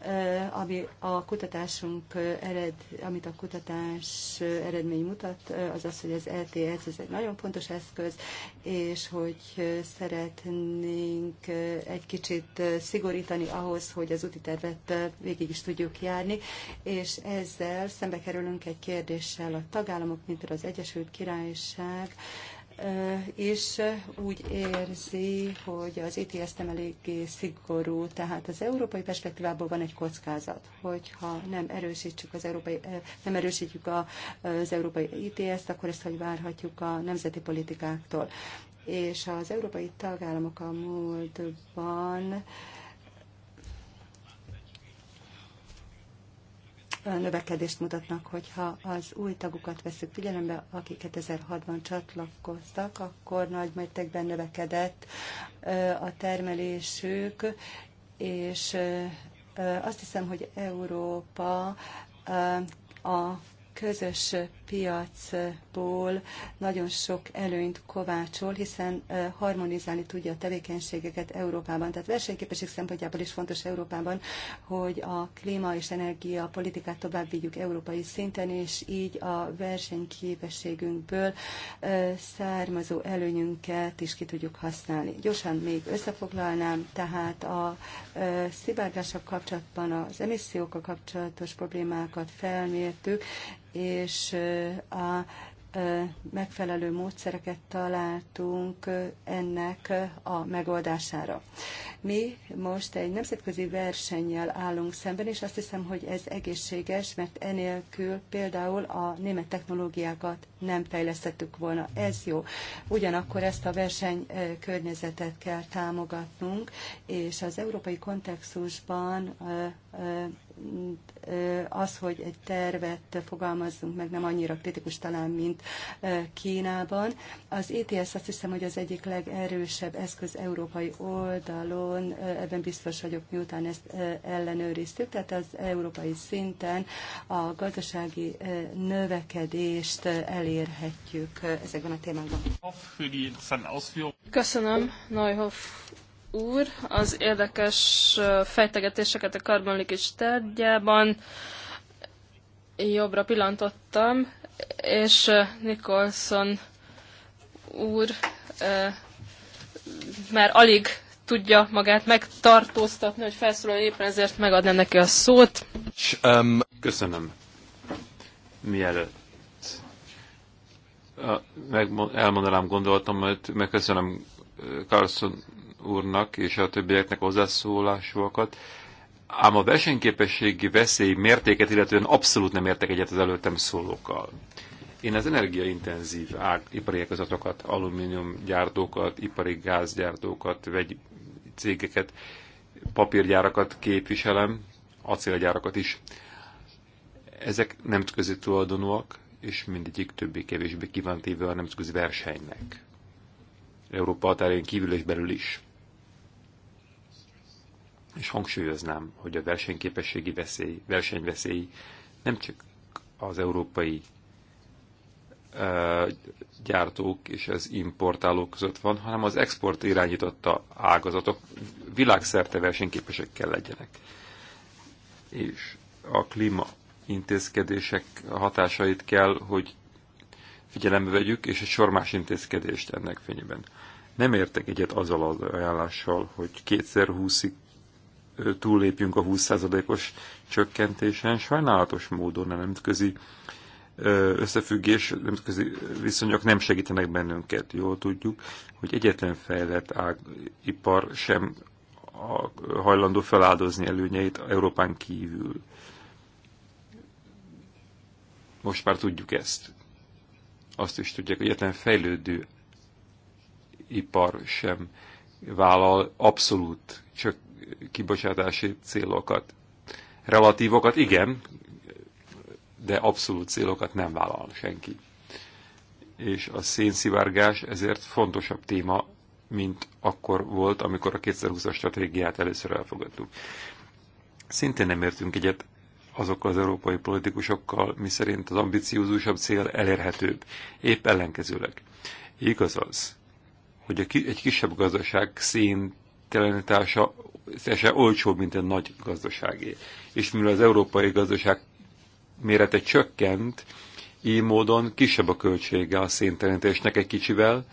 Eh, ami a kutatásunk ered, amit a kutatás eredmény mutat, eh, az az, hogy az LTS e ez egy nagyon fontos eszköz, és hogy eh, szeretnénk egy kicsit szigorítani ahhoz, hogy az úti tervet végig is tudjuk járni, és ezzel szembe kerülünk egy kérdéssel a tagállamok, mint az Egyesült Királyság, és úgy érzi, hogy az ETS nem eléggé szigorú, tehát az európai perspektívából van egy kockázat, hogyha nem erősítjük az európai, nem erősítjük az európai ETS-t, akkor ezt hogy várhatjuk a nemzeti politikáktól. És az európai tagállamok a múltban növekedést mutatnak, hogyha az új tagokat veszük figyelembe, akik 2006-ban csatlakoztak, akkor nagy mértékben növekedett a termelésük, és azt hiszem, hogy Európa a közös piacból nagyon sok előnyt kovácsol, hiszen harmonizálni tudja a tevékenységeket Európában. Tehát versenyképesség szempontjából is fontos Európában, hogy a klíma és energia politikát tovább vigyük európai szinten, és így a versenyképességünkből származó előnyünket is ki tudjuk használni. Gyorsan még összefoglalnám, tehát a szivárgással kapcsolatban az emissziókkal kapcsolatos problémákat felmértük, és a megfelelő módszereket találtunk ennek a megoldására. Mi most egy nemzetközi versennyel állunk szemben, és azt hiszem, hogy ez egészséges, mert enélkül például a német technológiákat nem fejlesztettük volna. Ez jó. Ugyanakkor ezt a versenykörnyezetet kell támogatnunk, és az európai kontextusban az, hogy egy tervet fogalmazzunk meg, nem annyira kritikus talán, mint Kínában. Az ETS azt hiszem, hogy az egyik legerősebb eszköz európai oldalon, ebben biztos vagyok, miután ezt ellenőriztük, tehát az európai szinten a gazdasági növekedést elérhetjük ezekben a témákban. Köszönöm, Neuhoff úr az érdekes fejtegetéseket a karbonlikis tárgyában. Jobbra pillantottam, és Nicholson úr már alig tudja magát megtartóztatni, hogy felszólal éppen ezért megadnám neki a szót. Köszönöm. Mielőtt elmondanám gondolatom, mert megköszönöm Carlson úrnak és a többieknek hozzászólásokat, ám a versenyképességi veszély mértéket illetően abszolút nem értek egyet az előttem szólókkal. Én az energiaintenzív ág, ipari ágazatokat, alumíniumgyártókat, ipari gázgyártókat, vegy cégeket, papírgyárakat képviselem, acélgyárakat is. Ezek nemzetközi tulajdonúak, és mindegyik többé-kevésbé kívántéve a nemzetközi versenynek. Európa határén kívül és belül is és hangsúlyoznám, hogy a versenyképességi veszély, versenyveszély nem csak az európai ö, gyártók és az importálók között van, hanem az export irányította ágazatok világszerte versenyképesek kell legyenek. És a klíma intézkedések hatásait kell, hogy figyelembe vegyük, és egy sor más intézkedést ennek fényében. Nem értek egyet azzal az ajánlással, hogy kétszer húszik túllépjünk a 20%-os csökkentésen. Sajnálatos módon a nemzetközi összefüggés, nemzetközi viszonyok nem segítenek bennünket. Jól tudjuk, hogy egyetlen fejlett ág, ipar sem hajlandó feláldozni előnyeit Európán kívül. Most már tudjuk ezt. Azt is tudják, hogy egyetlen fejlődő ipar sem vállal abszolút csök, kibocsátási célokat. Relatívokat igen, de abszolút célokat nem vállal senki. És a szénszivárgás ezért fontosabb téma, mint akkor volt, amikor a 2020-as stratégiát először elfogadtuk. Szintén nem értünk egyet azokkal az európai politikusokkal, miszerint az ambiciózusabb cél elérhetőbb. Épp ellenkezőleg. Igaz az, hogy egy kisebb gazdaság szint átjelenítása se olcsóbb, mint egy nagy gazdaságé. És mivel az európai gazdaság mérete csökkent, így módon kisebb a költsége a széntelenítésnek egy kicsivel,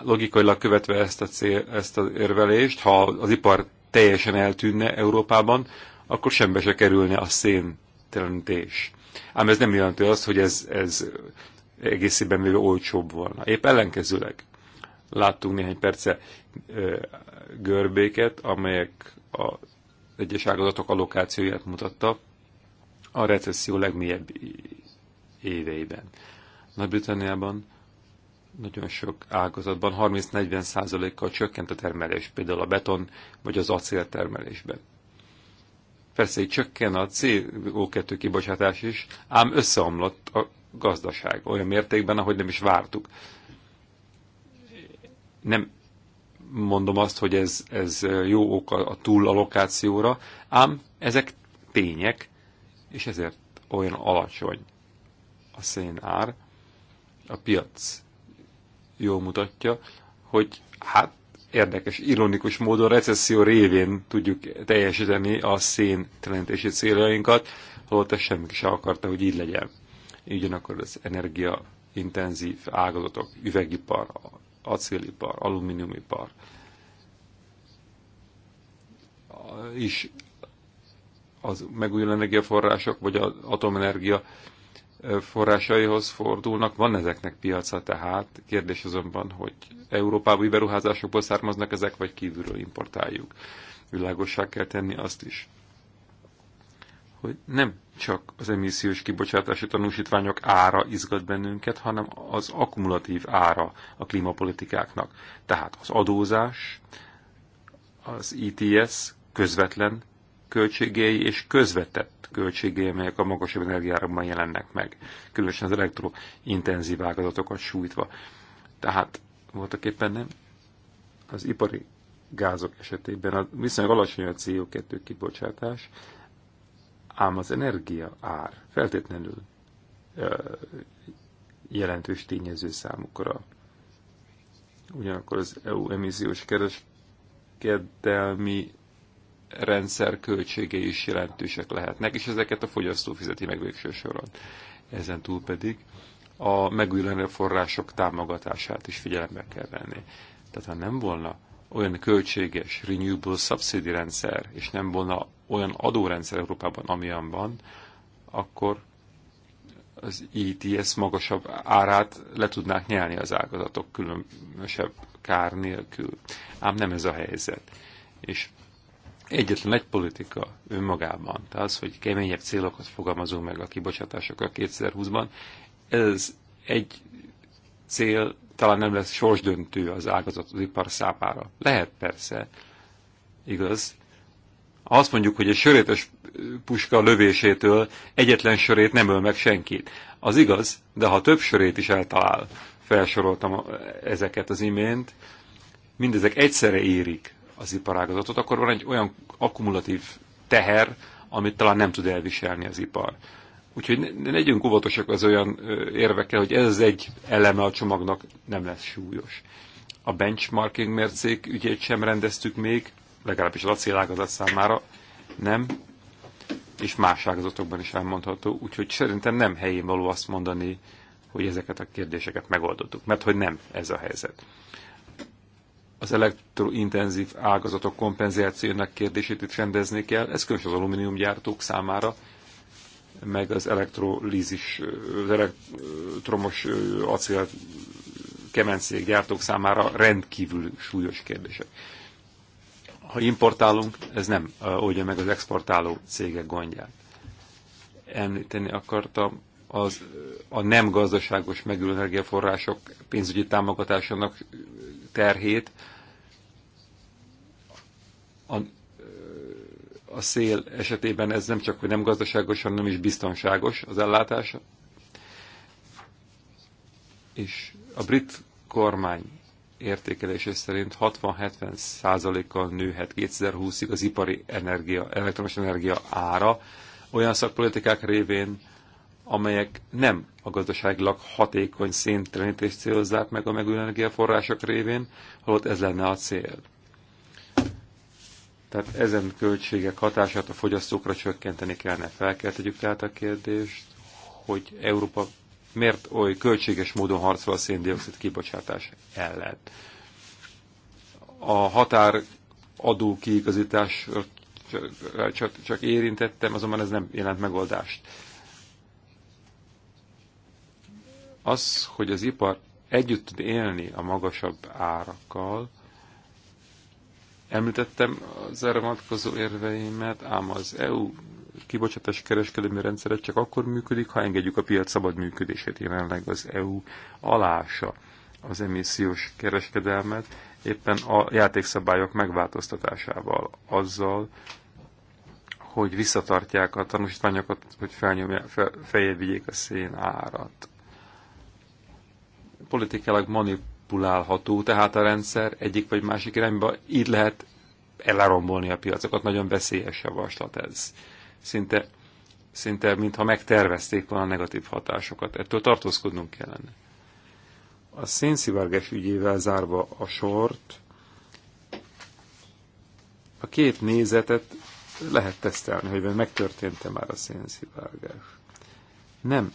logikailag követve ezt, a cél, ezt az érvelést, ha az ipar teljesen eltűnne Európában, akkor sembe se kerülne a széntelenítés. Ám ez nem jelenti azt, hogy ez, ez egészében véve olcsóbb volna. Épp ellenkezőleg láttunk néhány perce görbéket, amelyek a egyes ágazatok allokációját mutatta a recesszió legmélyebb éveiben. Nagy-Britanniában nagyon sok ágazatban 30-40 százalékkal csökkent a termelés, például a beton vagy az acél termelésben. Persze így csökken a CO2 kibocsátás is, ám összeomlott a gazdaság olyan mértékben, ahogy nem is vártuk nem mondom azt, hogy ez, ez jó ok a túlalokációra, ám ezek tények, és ezért olyan alacsony a szén ár. A piac jól mutatja, hogy hát érdekes, ironikus módon recesszió révén tudjuk teljesíteni a szén jelentési céljainkat, holott ezt semmi sem akarta, hogy így legyen. Ugyanakkor az energiaintenzív ágazatok, üvegipar, acélipar, alumíniumipar is az megújuló energiaforrások vagy az atomenergia forrásaihoz fordulnak. Van ezeknek piaca tehát. Kérdés azonban, hogy Európában beruházásokból származnak ezek, vagy kívülről importáljuk. Világosság kell tenni azt is hogy nem csak az emissziós kibocsátási tanúsítványok ára izgat bennünket, hanem az akkumulatív ára a klímapolitikáknak. Tehát az adózás, az ETS közvetlen költségei és közvetett költségei, melyek a magasabb energiárakban jelennek meg, különösen az elektrointenzív ágazatokat sújtva. Tehát voltak éppen nem az ipari gázok esetében a viszonylag alacsony a CO2 kibocsátás, Ám az energia ár feltétlenül jelentős tényező számukra. Ugyanakkor az EU emissziós kereskedelmi rendszer költségei is jelentősek lehetnek, és ezeket a fogyasztó fizeti meg végső soron. Ezen túl pedig a megújuló források támogatását is figyelembe kell venni. Tehát ha nem volna olyan költséges renewable subsidy rendszer, és nem volna olyan adórendszer Európában, amilyen van, akkor az ETS magasabb árát le tudnák nyelni az ágazatok különösebb kár nélkül. Ám nem ez a helyzet. És egyetlen egy politika önmagában, tehát az, hogy keményebb célokat fogalmazunk meg a kibocsátásokkal 2020-ban, ez egy cél talán nem lesz sorsdöntő az ágazat az ipar szápára. Lehet persze, igaz? Ha azt mondjuk, hogy egy sörétes puska lövésétől egyetlen sörét nem öl meg senkit. Az igaz, de ha több sörét is eltalál, felsoroltam ezeket az imént, mindezek egyszerre érik az iparágazatot, akkor van egy olyan akkumulatív teher, amit talán nem tud elviselni az ipar. Úgyhogy ne, legyünk óvatosak az olyan érvekkel, hogy ez az egy eleme a csomagnak nem lesz súlyos. A benchmarking mércék ügyét sem rendeztük még, legalábbis a célágazat számára nem, és más ágazatokban is elmondható, úgyhogy szerintem nem helyén való azt mondani, hogy ezeket a kérdéseket megoldottuk, mert hogy nem ez a helyzet. Az elektrointenzív ágazatok kompenzációnak kérdését itt rendezni kell, ez különösen az alumíniumgyártók számára meg az elektrolízis, az elektromos acél kemencék gyártók számára rendkívül súlyos kérdések. Ha importálunk, ez nem oldja meg az exportáló cégek gondját. Említeni akartam az, a nem gazdaságos megülő energiaforrások pénzügyi támogatásának terhét, a a szél esetében ez nem csak, hogy nem gazdaságos, hanem is biztonságos az ellátása. És a brit kormány értékelése szerint 60-70 százalékkal nőhet 2020-ig az ipari energia, elektromos energia ára olyan szakpolitikák révén, amelyek nem a gazdaságilag hatékony széntrenítést célozzák meg a megújuló energiaforrások révén, holott ez lenne a cél. Tehát ezen költségek hatását a fogyasztókra csökkenteni kellene. Fel kell tegyük tehát a kérdést, hogy Európa miért oly költséges módon harcol a széndiokszid kibocsátás ellen. A határ adó kiigazítás csak, csak érintettem, azonban ez nem jelent megoldást. Az, hogy az ipar együtt tud élni a magasabb árakkal, Említettem az erre vonatkozó érveimet, ám az EU kibocsátás kereskedelmi rendszere csak akkor működik, ha engedjük a piac szabad működését. Jelenleg az EU alása az emissziós kereskedelmet éppen a játékszabályok megváltoztatásával, azzal, hogy visszatartják a tanúsítványokat, hogy feljebb vigyék a szén árat. Politikailag manip, manipulálható tehát a rendszer egyik vagy másik irányba, így lehet elrombolni a piacokat. Nagyon veszélyes javaslat ez. Szinte, szinte mintha megtervezték volna a negatív hatásokat. Ettől tartózkodnunk kellene. A szénszivárgás ügyével zárva a sort, a két nézetet lehet tesztelni, hogy megtörtént-e már a szénszivárgás. Nem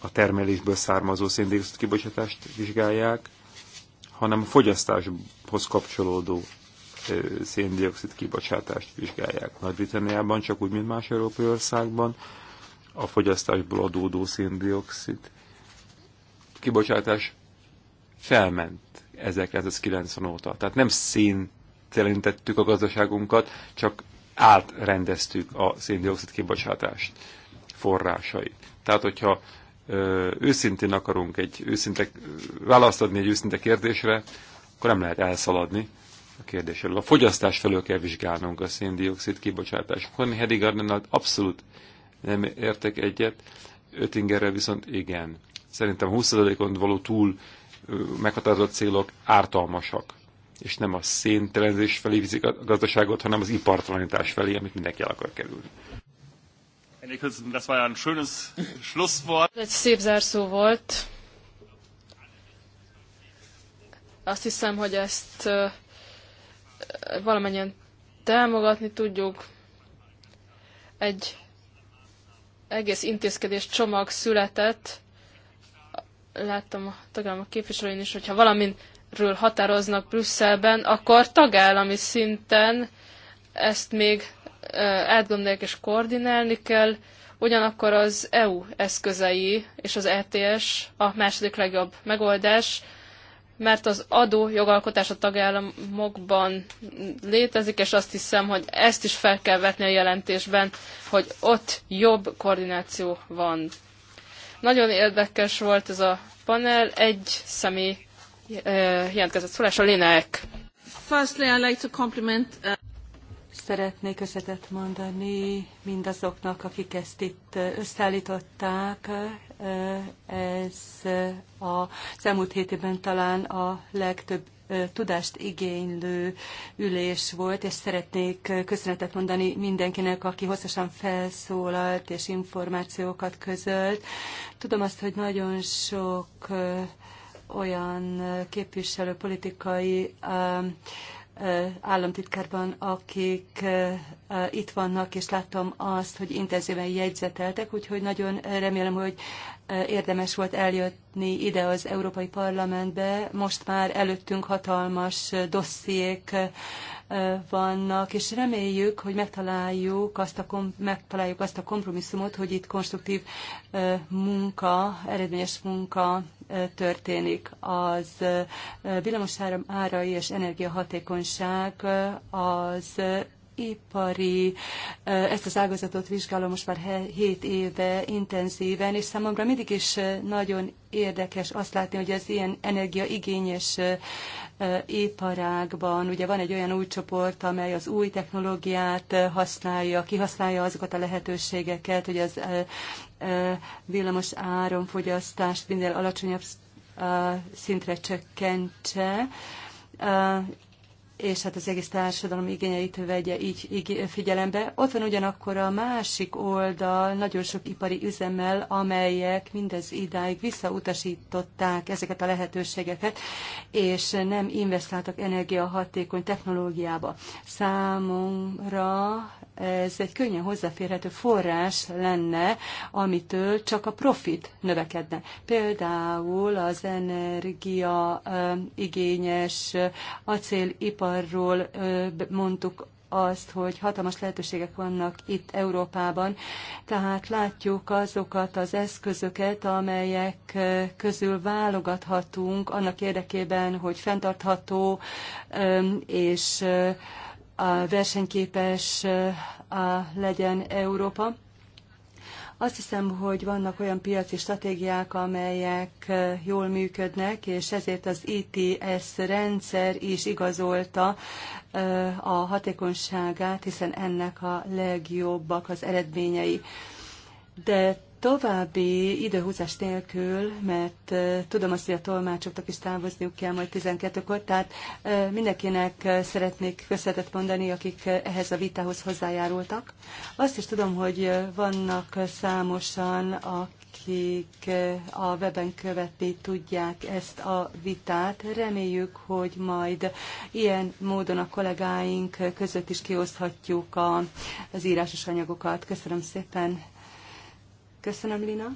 a termelésből származó széndiokszid kibocsátást vizsgálják, hanem a fogyasztáshoz kapcsolódó széndiokszid kibocsátást vizsgálják. Nagy-Britanniában, csak úgy, mint más európai országban, a fogyasztásból adódó széndiokszid kibocsátás felment 90 óta. Tehát nem széntelenítettük a gazdaságunkat, csak átrendeztük a széndiokszid kibocsátást forrásait. Tehát, hogyha őszintén akarunk egy őszinte, választ adni egy őszinte kérdésre, akkor nem lehet elszaladni a kérdésről. A fogyasztás felől kell vizsgálnunk a széndiokszid kibocsátás. Connie Hedigardennal abszolút nem értek egyet, Ötingerrel viszont igen. Szerintem 20%-on való túl meghatározott célok ártalmasak és nem a széntelenzés felé viszik a gazdaságot, hanem az ipartalanítás felé, amit mindenki el akar kerülni. Nicholson, das war ja ein schönes Schlusswort. Egy szép zárszó volt. Azt hiszem, hogy ezt valamennyien támogatni tudjuk. Egy egész intézkedés csomag született. Láttam a tagállamok képviselőin is, hogyha valaminről határoznak Brüsszelben, akkor tagállami szinten ezt még átgondolják és koordinálni kell, ugyanakkor az EU eszközei és az ETS a második legjobb megoldás, mert az adó jogalkotás a tagállamokban létezik, és azt hiszem, hogy ezt is fel kell vetni a jelentésben, hogy ott jobb koordináció van. Nagyon érdekes volt ez a panel, egy személy jelentkezett szólás, a Linek. Firstly, I'd like to compliment... Uh, Szeretnék összetett mondani mindazoknak, akik ezt itt összeállították. Ez az elmúlt hétében talán a legtöbb tudást igénylő ülés volt, és szeretnék köszönetet mondani mindenkinek, aki hosszasan felszólalt és információkat közölt. Tudom azt, hogy nagyon sok olyan képviselő, politikai államtitkárban, akik itt vannak, és láttam azt, hogy intenzíven jegyzeteltek, úgyhogy nagyon remélem, hogy érdemes volt eljönni ide az Európai Parlamentbe. Most már előttünk hatalmas dossziék vannak, és reméljük, hogy megtaláljuk azt a, kom- megtaláljuk azt a kompromisszumot, hogy itt konstruktív munka, eredményes munka történik. Az villamosáram árai és energiahatékonyság az ipari, eh, ezt az ágazatot vizsgálom most már 7 éve intenzíven, és számomra mindig is eh, nagyon érdekes azt látni, hogy az ilyen energiaigényes eh, iparágban, ugye van egy olyan új csoport, amely az új technológiát használja, kihasználja azokat a lehetőségeket, hogy az villamos áramfogyasztást minél alacsonyabb szintre csökkentse, és hát az egész társadalom igényeit vegye így, így figyelembe. Ott van ugyanakkor a másik oldal nagyon sok ipari üzemmel, amelyek mindez idáig visszautasították ezeket a lehetőségeket, és nem investáltak energiahatékony technológiába. Számomra ez egy könnyen hozzáférhető forrás lenne, amitől csak a profit növekedne. Például az energia igényes acéliparról mondtuk azt, hogy hatalmas lehetőségek vannak itt Európában. Tehát látjuk azokat az eszközöket, amelyek közül válogathatunk annak érdekében, hogy fenntartható és a versenyképes a legyen Európa. Azt hiszem, hogy vannak olyan piaci stratégiák, amelyek e, jól működnek, és ezért az ITS e rendszer is igazolta e, a hatékonyságát, hiszen ennek a legjobbak az eredményei. De további időhúzás nélkül, mert tudom azt, hogy a tolmácsoknak is távozniuk kell majd 12-kor, tehát mindenkinek szeretnék köszönetet mondani, akik ehhez a vitához hozzájárultak. Azt is tudom, hogy vannak számosan, akik a weben követni tudják ezt a vitát. Reméljük, hogy majd ilyen módon a kollégáink között is kioszthatjuk az írásos anyagokat. Köszönöm szépen! Köszönöm, Lina.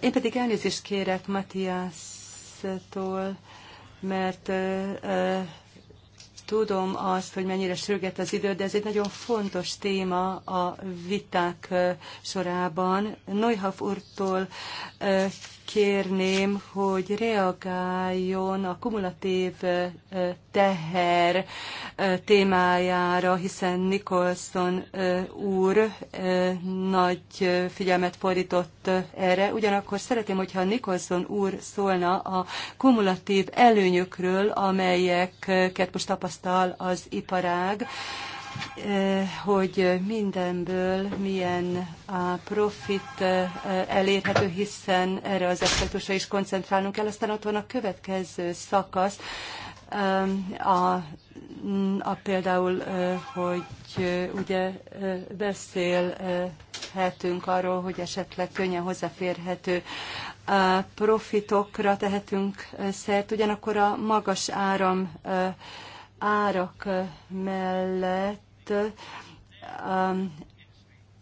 Én pedig elnézést kérek Matthias-tól, mert tudom azt, hogy mennyire sürget az idő, de ez egy nagyon fontos téma a viták sorában. Neuhoff úrtól kérném, hogy reagáljon a kumulatív teher témájára, hiszen Nicholson úr nagy figyelmet fordított erre. Ugyanakkor szeretném, hogyha Nicholson úr szólna a kumulatív előnyökről, amelyeket most tapasztal az iparág, Eh, hogy mindenből milyen a profit eh, elérhető, hiszen erre az aspektusra is koncentrálnunk kell. Aztán ott van a következő szakasz, a, a például, eh, hogy ugye beszélhetünk arról, hogy esetleg könnyen hozzáférhető a profitokra tehetünk szert, ugyanakkor a magas áram árak mellett itt um,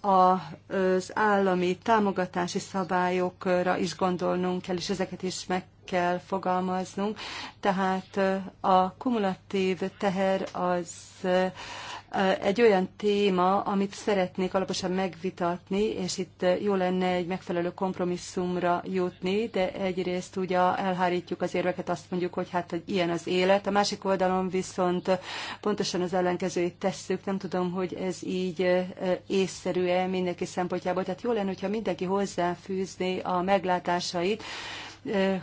az állami támogatási szabályokra is gondolnunk kell, és ezeket is meg kell fogalmaznunk. Tehát uh, a kumulatív teher az egy olyan téma, amit szeretnék alaposan megvitatni, és itt jó lenne egy megfelelő kompromisszumra jutni, de egyrészt ugye elhárítjuk az érveket, azt mondjuk, hogy hát, hogy ilyen az élet. A másik oldalon viszont pontosan az ellenkezőjét tesszük, nem tudom, hogy ez így észszerű-e mindenki szempontjából. Tehát jó lenne, hogyha mindenki hozzáfűzné a meglátásait,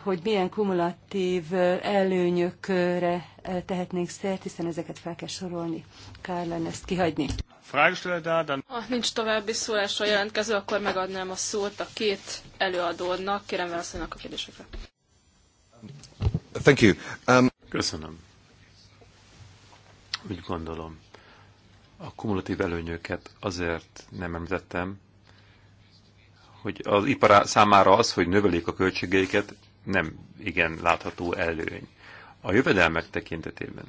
hogy milyen kumulatív előnyökre eh, tehetnénk szert, hiszen ezeket fel kell sorolni. Kár lenne ezt kihagyni. Ha nincs további szólásra jelentkező, akkor megadnám a szót a két előadónak. Kérem válaszoljanak a kérdésekre. Thank you. Um... Köszönöm. Úgy gondolom, a kumulatív előnyöket azért nem említettem, hogy az ipar számára az, hogy növelik a költségeiket, nem igen látható előny. A jövedelmek tekintetében,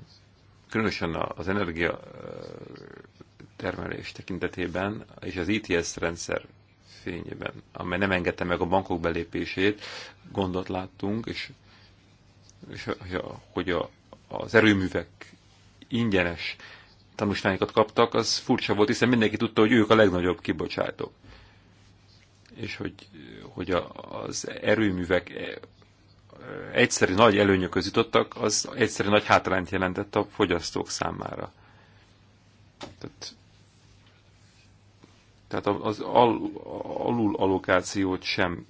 különösen az energia termelés tekintetében és az ITS e rendszer fényében, amely nem engedte meg a bankok belépését, gondot láttunk, és, és hogy a, az erőművek ingyenes tanúsványokat kaptak, az furcsa volt, hiszen mindenki tudta, hogy ők a legnagyobb kibocsátók és hogy, hogy a, az erőművek egyszerű nagy előnyököz jutottak, az egyszerű nagy hátrányt jelentett a fogyasztók számára. Tehát, tehát az al, alokációt sem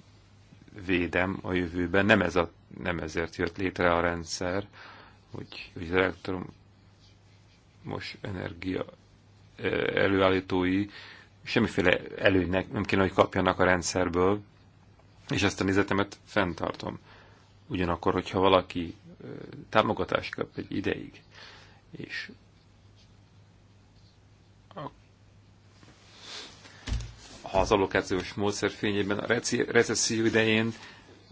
védem a jövőben, nem, ez a, nem ezért jött létre a rendszer, hogy, hogy az elektromos energia eh, előállítói semmiféle előnynek nem kéne, hogy kapjanak a rendszerből, és ezt a nézetemet fenntartom. Ugyanakkor, hogyha valaki támogatást kap egy ideig, és ha az allokációs módszer fényében a recesszió idején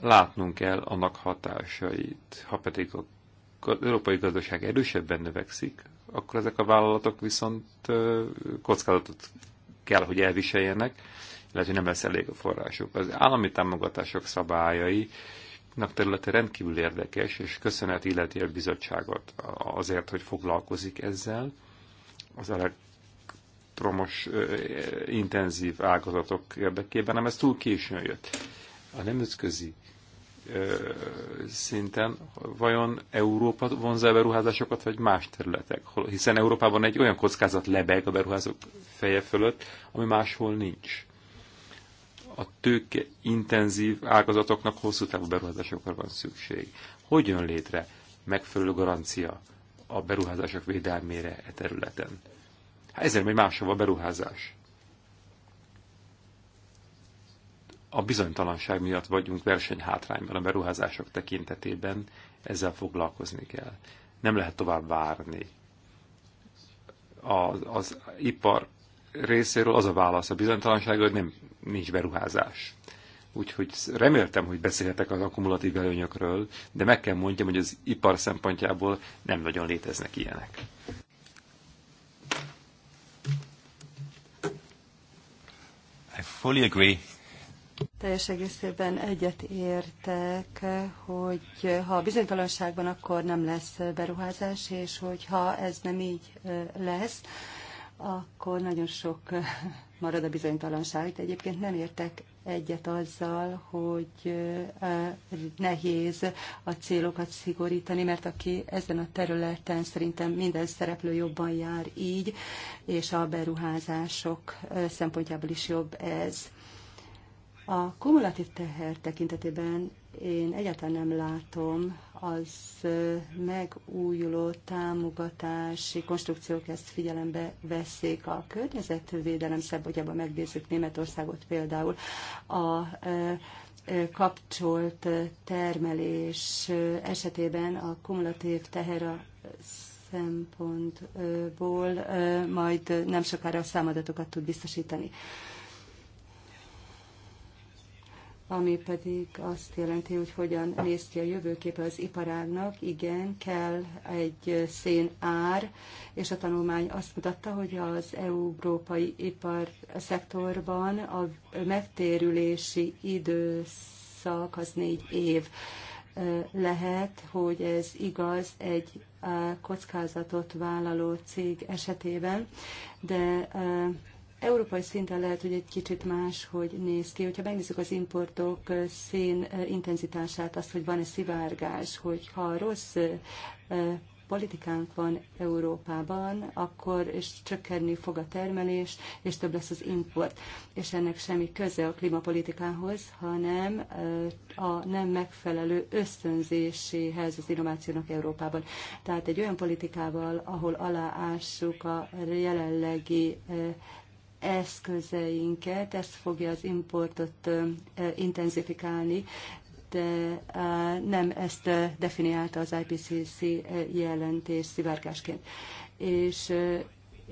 látnunk kell annak hatásait. Ha pedig az európai gazdaság erősebben növekszik, akkor ezek a vállalatok viszont kockázatot kell, hogy elviseljenek, illetve nem lesz elég a forrásuk. Az állami támogatások szabályai területe rendkívül érdekes, és köszönet illeti a bizottságot azért, hogy foglalkozik ezzel. Az elektromos intenzív ágazatok érdekében, nem ez túl későn jött. A nemzetközi szinten, vajon Európa vonza a beruházásokat, vagy más területek? Hiszen Európában egy olyan kockázat lebeg a beruházók feje fölött, ami máshol nincs. A tőke intenzív ágazatoknak hosszú távú beruházásokra van szükség. Hogy jön létre megfelelő garancia a beruházások védelmére e területen? Hát ezért megy máshova a beruházás. a bizonytalanság miatt vagyunk versenyhátrányban a beruházások tekintetében, ezzel foglalkozni kell. Nem lehet tovább várni. Az, az ipar részéről az a válasz a bizonytalanság, hogy nem, nincs beruházás. Úgyhogy reméltem, hogy beszélhetek az akkumulatív előnyökről, de meg kell mondjam, hogy az ipar szempontjából nem nagyon léteznek ilyenek. I fully agree. Teljes egészében egyet értek, hogy ha bizonytalanságban, akkor nem lesz beruházás, és hogyha ez nem így lesz, akkor nagyon sok marad a bizonytalanság. De egyébként nem értek egyet azzal, hogy nehéz a célokat szigorítani, mert aki ezen a területen szerintem minden szereplő jobban jár így, és a beruházások szempontjából is jobb ez. A kumulatív teher tekintetében én egyáltalán nem látom az megújuló támogatási konstrukciók ezt figyelembe veszik. A környezetvédelem szempontjában megbízzük Németországot például. A kapcsolt termelés esetében a kumulatív teher a szempontból majd nem sokára a számadatokat tud biztosítani ami pedig azt jelenti, hogy hogyan néz ki a jövőképe az iparágnak. Igen, kell egy szén ár, és a tanulmány azt mutatta, hogy az európai ipar szektorban a megtérülési időszak az négy év lehet, hogy ez igaz egy kockázatot vállaló cég esetében, de Európai szinten lehet, hogy egy kicsit más, hogy néz ki. Hogyha megnézzük az importok szén intenzitását, azt, hogy van-e szivárgás, hogyha rossz politikánk van Európában, akkor és csökkenni fog a termelés, és több lesz az import. És ennek semmi köze a klímapolitikához, hanem a nem megfelelő ösztönzéséhez az innovációnak Európában. Tehát egy olyan politikával, ahol aláássuk a jelenlegi eszközeinket, ezt fogja az importot intenzifikálni, de nem ezt definiálta az IPCC jelentés szivárgásként. És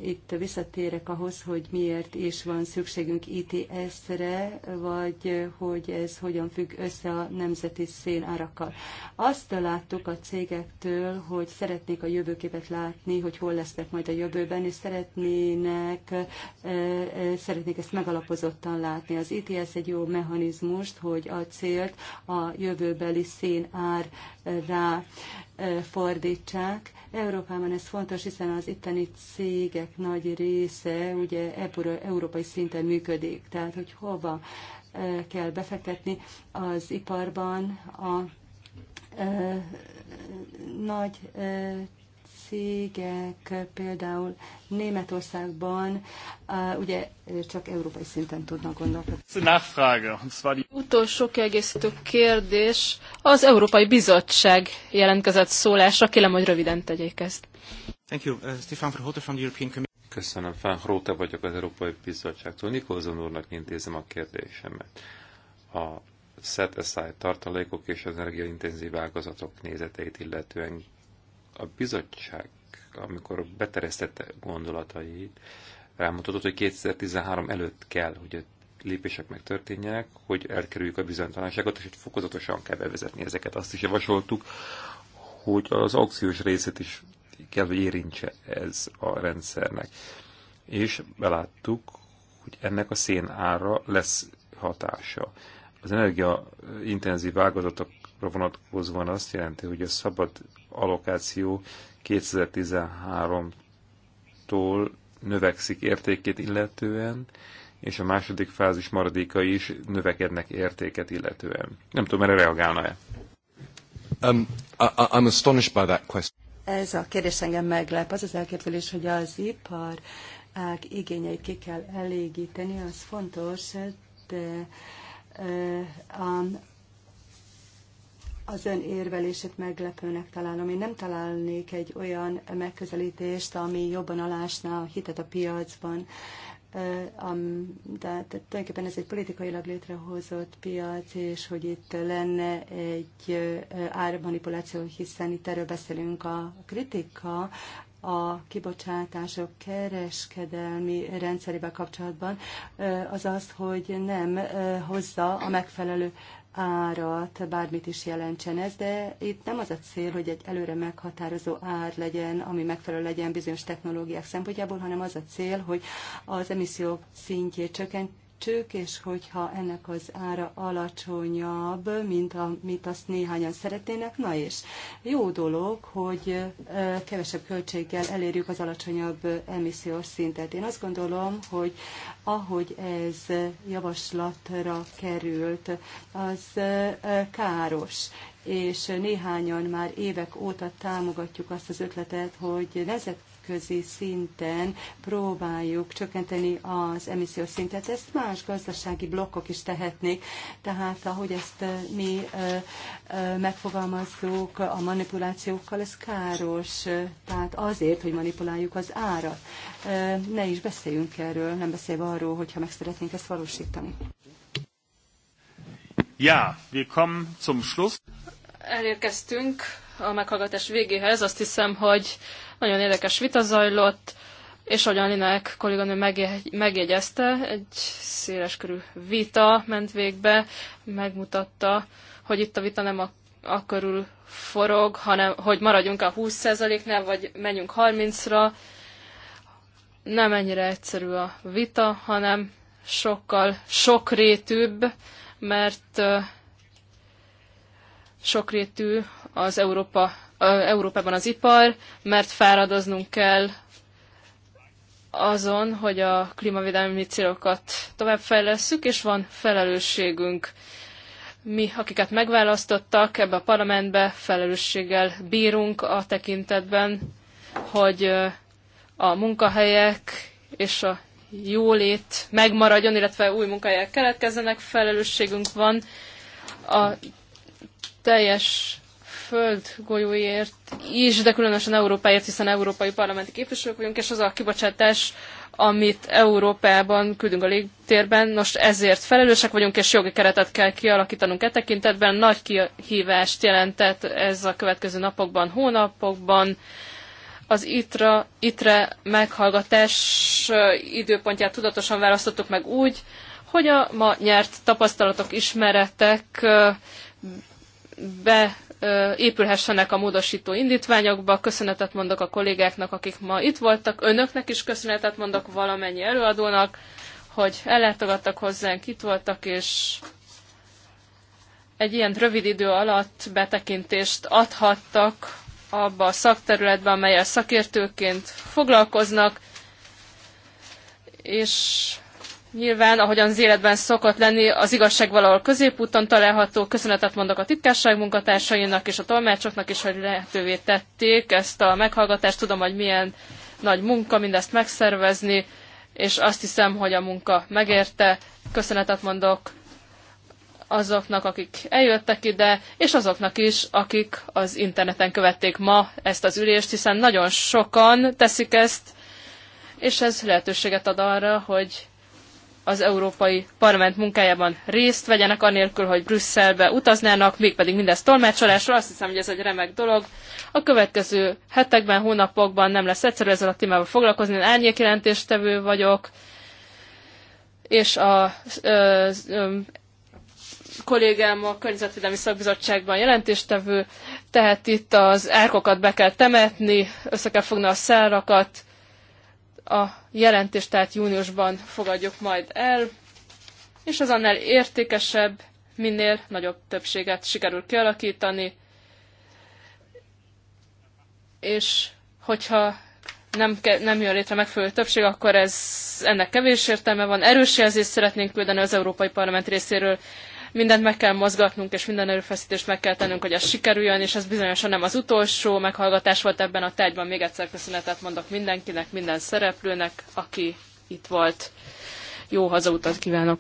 itt visszatérek ahhoz, hogy miért is van szükségünk ITS-re, vagy hogy ez hogyan függ össze a nemzeti szénárakkal. Azt láttuk a cégektől, hogy szeretnék a jövőképet látni, hogy hol lesznek majd a jövőben, és szeretnének, e, e, szeretnék ezt megalapozottan látni. Az ITS egy jó mechanizmust, hogy a célt a jövőbeli szénár rá fordítsák. Európában ez fontos, hiszen az itteni cégek nagy része ugye európai szinten működik, tehát hogy hova kell befektetni az iparban a nagy cégek például Németországban ugye csak európai szinten tudnak gondolkodni. Utolsó kiegészítő kérdés. Az Európai Bizottság jelentkezett szólásra. Kérem, hogy röviden tegyék ezt. Thank you. Uh, Stefan Verhoeven from the European Commission. Köszönöm, Fán Hróta vagyok az Európai Bizottságtól. Nikolzon úrnak intézem a kérdésemet. A set aside tartalékok és az energiaintenzív ágazatok nézeteit illetően a bizottság, amikor beteresztette gondolatait, rámutatott, hogy 2013 előtt kell, hogy a lépések megtörténjenek, hogy elkerüljük a bizonytalanságot, és hogy fokozatosan kell bevezetni ezeket. Azt is javasoltuk, hogy az aukciós részét is kell, hogy érintse ez a rendszernek. És beláttuk, hogy ennek a szén ára lesz hatása. Az energiaintenzív ágazatokra vonatkozóan azt jelenti, hogy a szabad alokáció 2013-tól növekszik értékét illetően, és a második fázis maradékai is növekednek értéket illetően. Nem tudom, erre reagálna-e? Um, I, I'm astonished by that question. Ez a kérdés engem meglep. Az az elképzelés, hogy az ipar ág igényeit ki kell elégíteni, az fontos, de a az ön érvelését meglepőnek találom. Én nem találnék egy olyan megközelítést, ami jobban alásná a hitet a piacban. de tulajdonképpen ez egy politikailag létrehozott piac, és hogy itt lenne egy ármanipuláció, hiszen itt erről beszélünk a kritika, a kibocsátások kereskedelmi rendszerével kapcsolatban, az az, hogy nem hozza a megfelelő árat, bármit is jelentsen ez, de itt nem az a cél, hogy egy előre meghatározó ár legyen, ami megfelelő legyen bizonyos technológiák szempontjából, hanem az a cél, hogy az emissziók szintjét csökkentsük megértsük, és hogyha ennek az ára alacsonyabb, mint amit azt néhányan szeretnének, na és jó dolog, hogy kevesebb költséggel elérjük az alacsonyabb emissziós szintet. Én azt gondolom, hogy ahogy ez javaslatra került, az káros és néhányan már évek óta támogatjuk azt az ötletet, hogy nemzetközi szinten próbáljuk csökkenteni az emissziós szintet. Ezt más gazdasági blokkok is tehetnék, tehát ahogy ezt eh, mi eh, eh, megfogalmazzuk a manipulációkkal, ez káros, tehát azért, hogy manipuláljuk az árat. Ne is beszéljünk erről, nem beszélve arról, hogyha meg szeretnénk ezt valósítani. Ja, wir kommen zum Schluss. Elérkeztünk a meghallgatás végéhez. Azt hiszem, hogy nagyon érdekes vita zajlott, és ahogyan Linek kolléganő megjegyezte, egy széleskörű vita ment végbe, megmutatta, hogy itt a vita nem a, a körül forog, hanem hogy maradjunk a 20%-nál, vagy menjünk 30-ra. Nem ennyire egyszerű a vita, hanem sokkal sokrétűbb, mert sokrétű az Európa Európában az ipar, mert fáradoznunk kell azon, hogy a klímavédelmi célokat továbbfejlesszük, és van felelősségünk. Mi, akiket megválasztottak ebbe a parlamentbe, felelősséggel bírunk a tekintetben, hogy a munkahelyek és a jólét megmaradjon, illetve új munkahelyek keletkezzenek, felelősségünk van a teljes föld golyóért is, de különösen Európáért, hiszen európai parlamenti képviselők vagyunk, és az a kibocsátás, amit Európában küldünk a légtérben, most ezért felelősek vagyunk, és jogi keretet kell kialakítanunk e tekintetben. Nagy kihívást jelentett ez a következő napokban, hónapokban. Az ITRA, ITRE meghallgatás időpontját tudatosan választottuk meg úgy, hogy a ma nyert tapasztalatok, ismeretek be épülhessenek a módosító indítványokba. Köszönetet mondok a kollégáknak, akik ma itt voltak. Önöknek is köszönetet mondok valamennyi előadónak, hogy ellátogattak hozzánk, itt voltak, és egy ilyen rövid idő alatt betekintést adhattak abba a szakterületbe, amelyel szakértőként foglalkoznak, és Nyilván, ahogyan az életben szokott lenni, az igazság valahol középúton található. Köszönetet mondok a titkárság munkatársainak és a tolmácsoknak is, hogy lehetővé tették ezt a meghallgatást. Tudom, hogy milyen nagy munka mindezt megszervezni, és azt hiszem, hogy a munka megérte. Köszönetet mondok azoknak, akik eljöttek ide, és azoknak is, akik az interneten követték ma ezt az ülést, hiszen nagyon sokan teszik ezt, és ez lehetőséget ad arra, hogy az Európai Parlament munkájában részt vegyenek, anélkül, hogy Brüsszelbe utaznának, mégpedig mindez tolmácsolásra. Azt hiszem, hogy ez egy remek dolog. A következő hetekben, hónapokban nem lesz egyszerű ezzel a témával foglalkozni. Én árnyékjelentéstevő vagyok, és a ö, ö, kollégám a Környezetvédelmi Szakbizottságban jelentéstevő, tehát itt az árkokat be kell temetni, össze kell fogni a szárakat, a jelentést tehát júniusban fogadjuk majd el, és az annál értékesebb, minél nagyobb többséget sikerül kialakítani, és hogyha nem, nem jön létre megfelelő többség, akkor ez ennek kevés értelme van. Erős jelzést szeretnénk küldeni az Európai Parlament részéről, mindent meg kell mozgatnunk, és minden erőfeszítést meg kell tennünk, hogy ez sikerüljön, és ez bizonyosan nem az utolsó meghallgatás volt ebben a tárgyban. Még egyszer köszönetet mondok mindenkinek, minden szereplőnek, aki itt volt. Jó hazautat kívánok!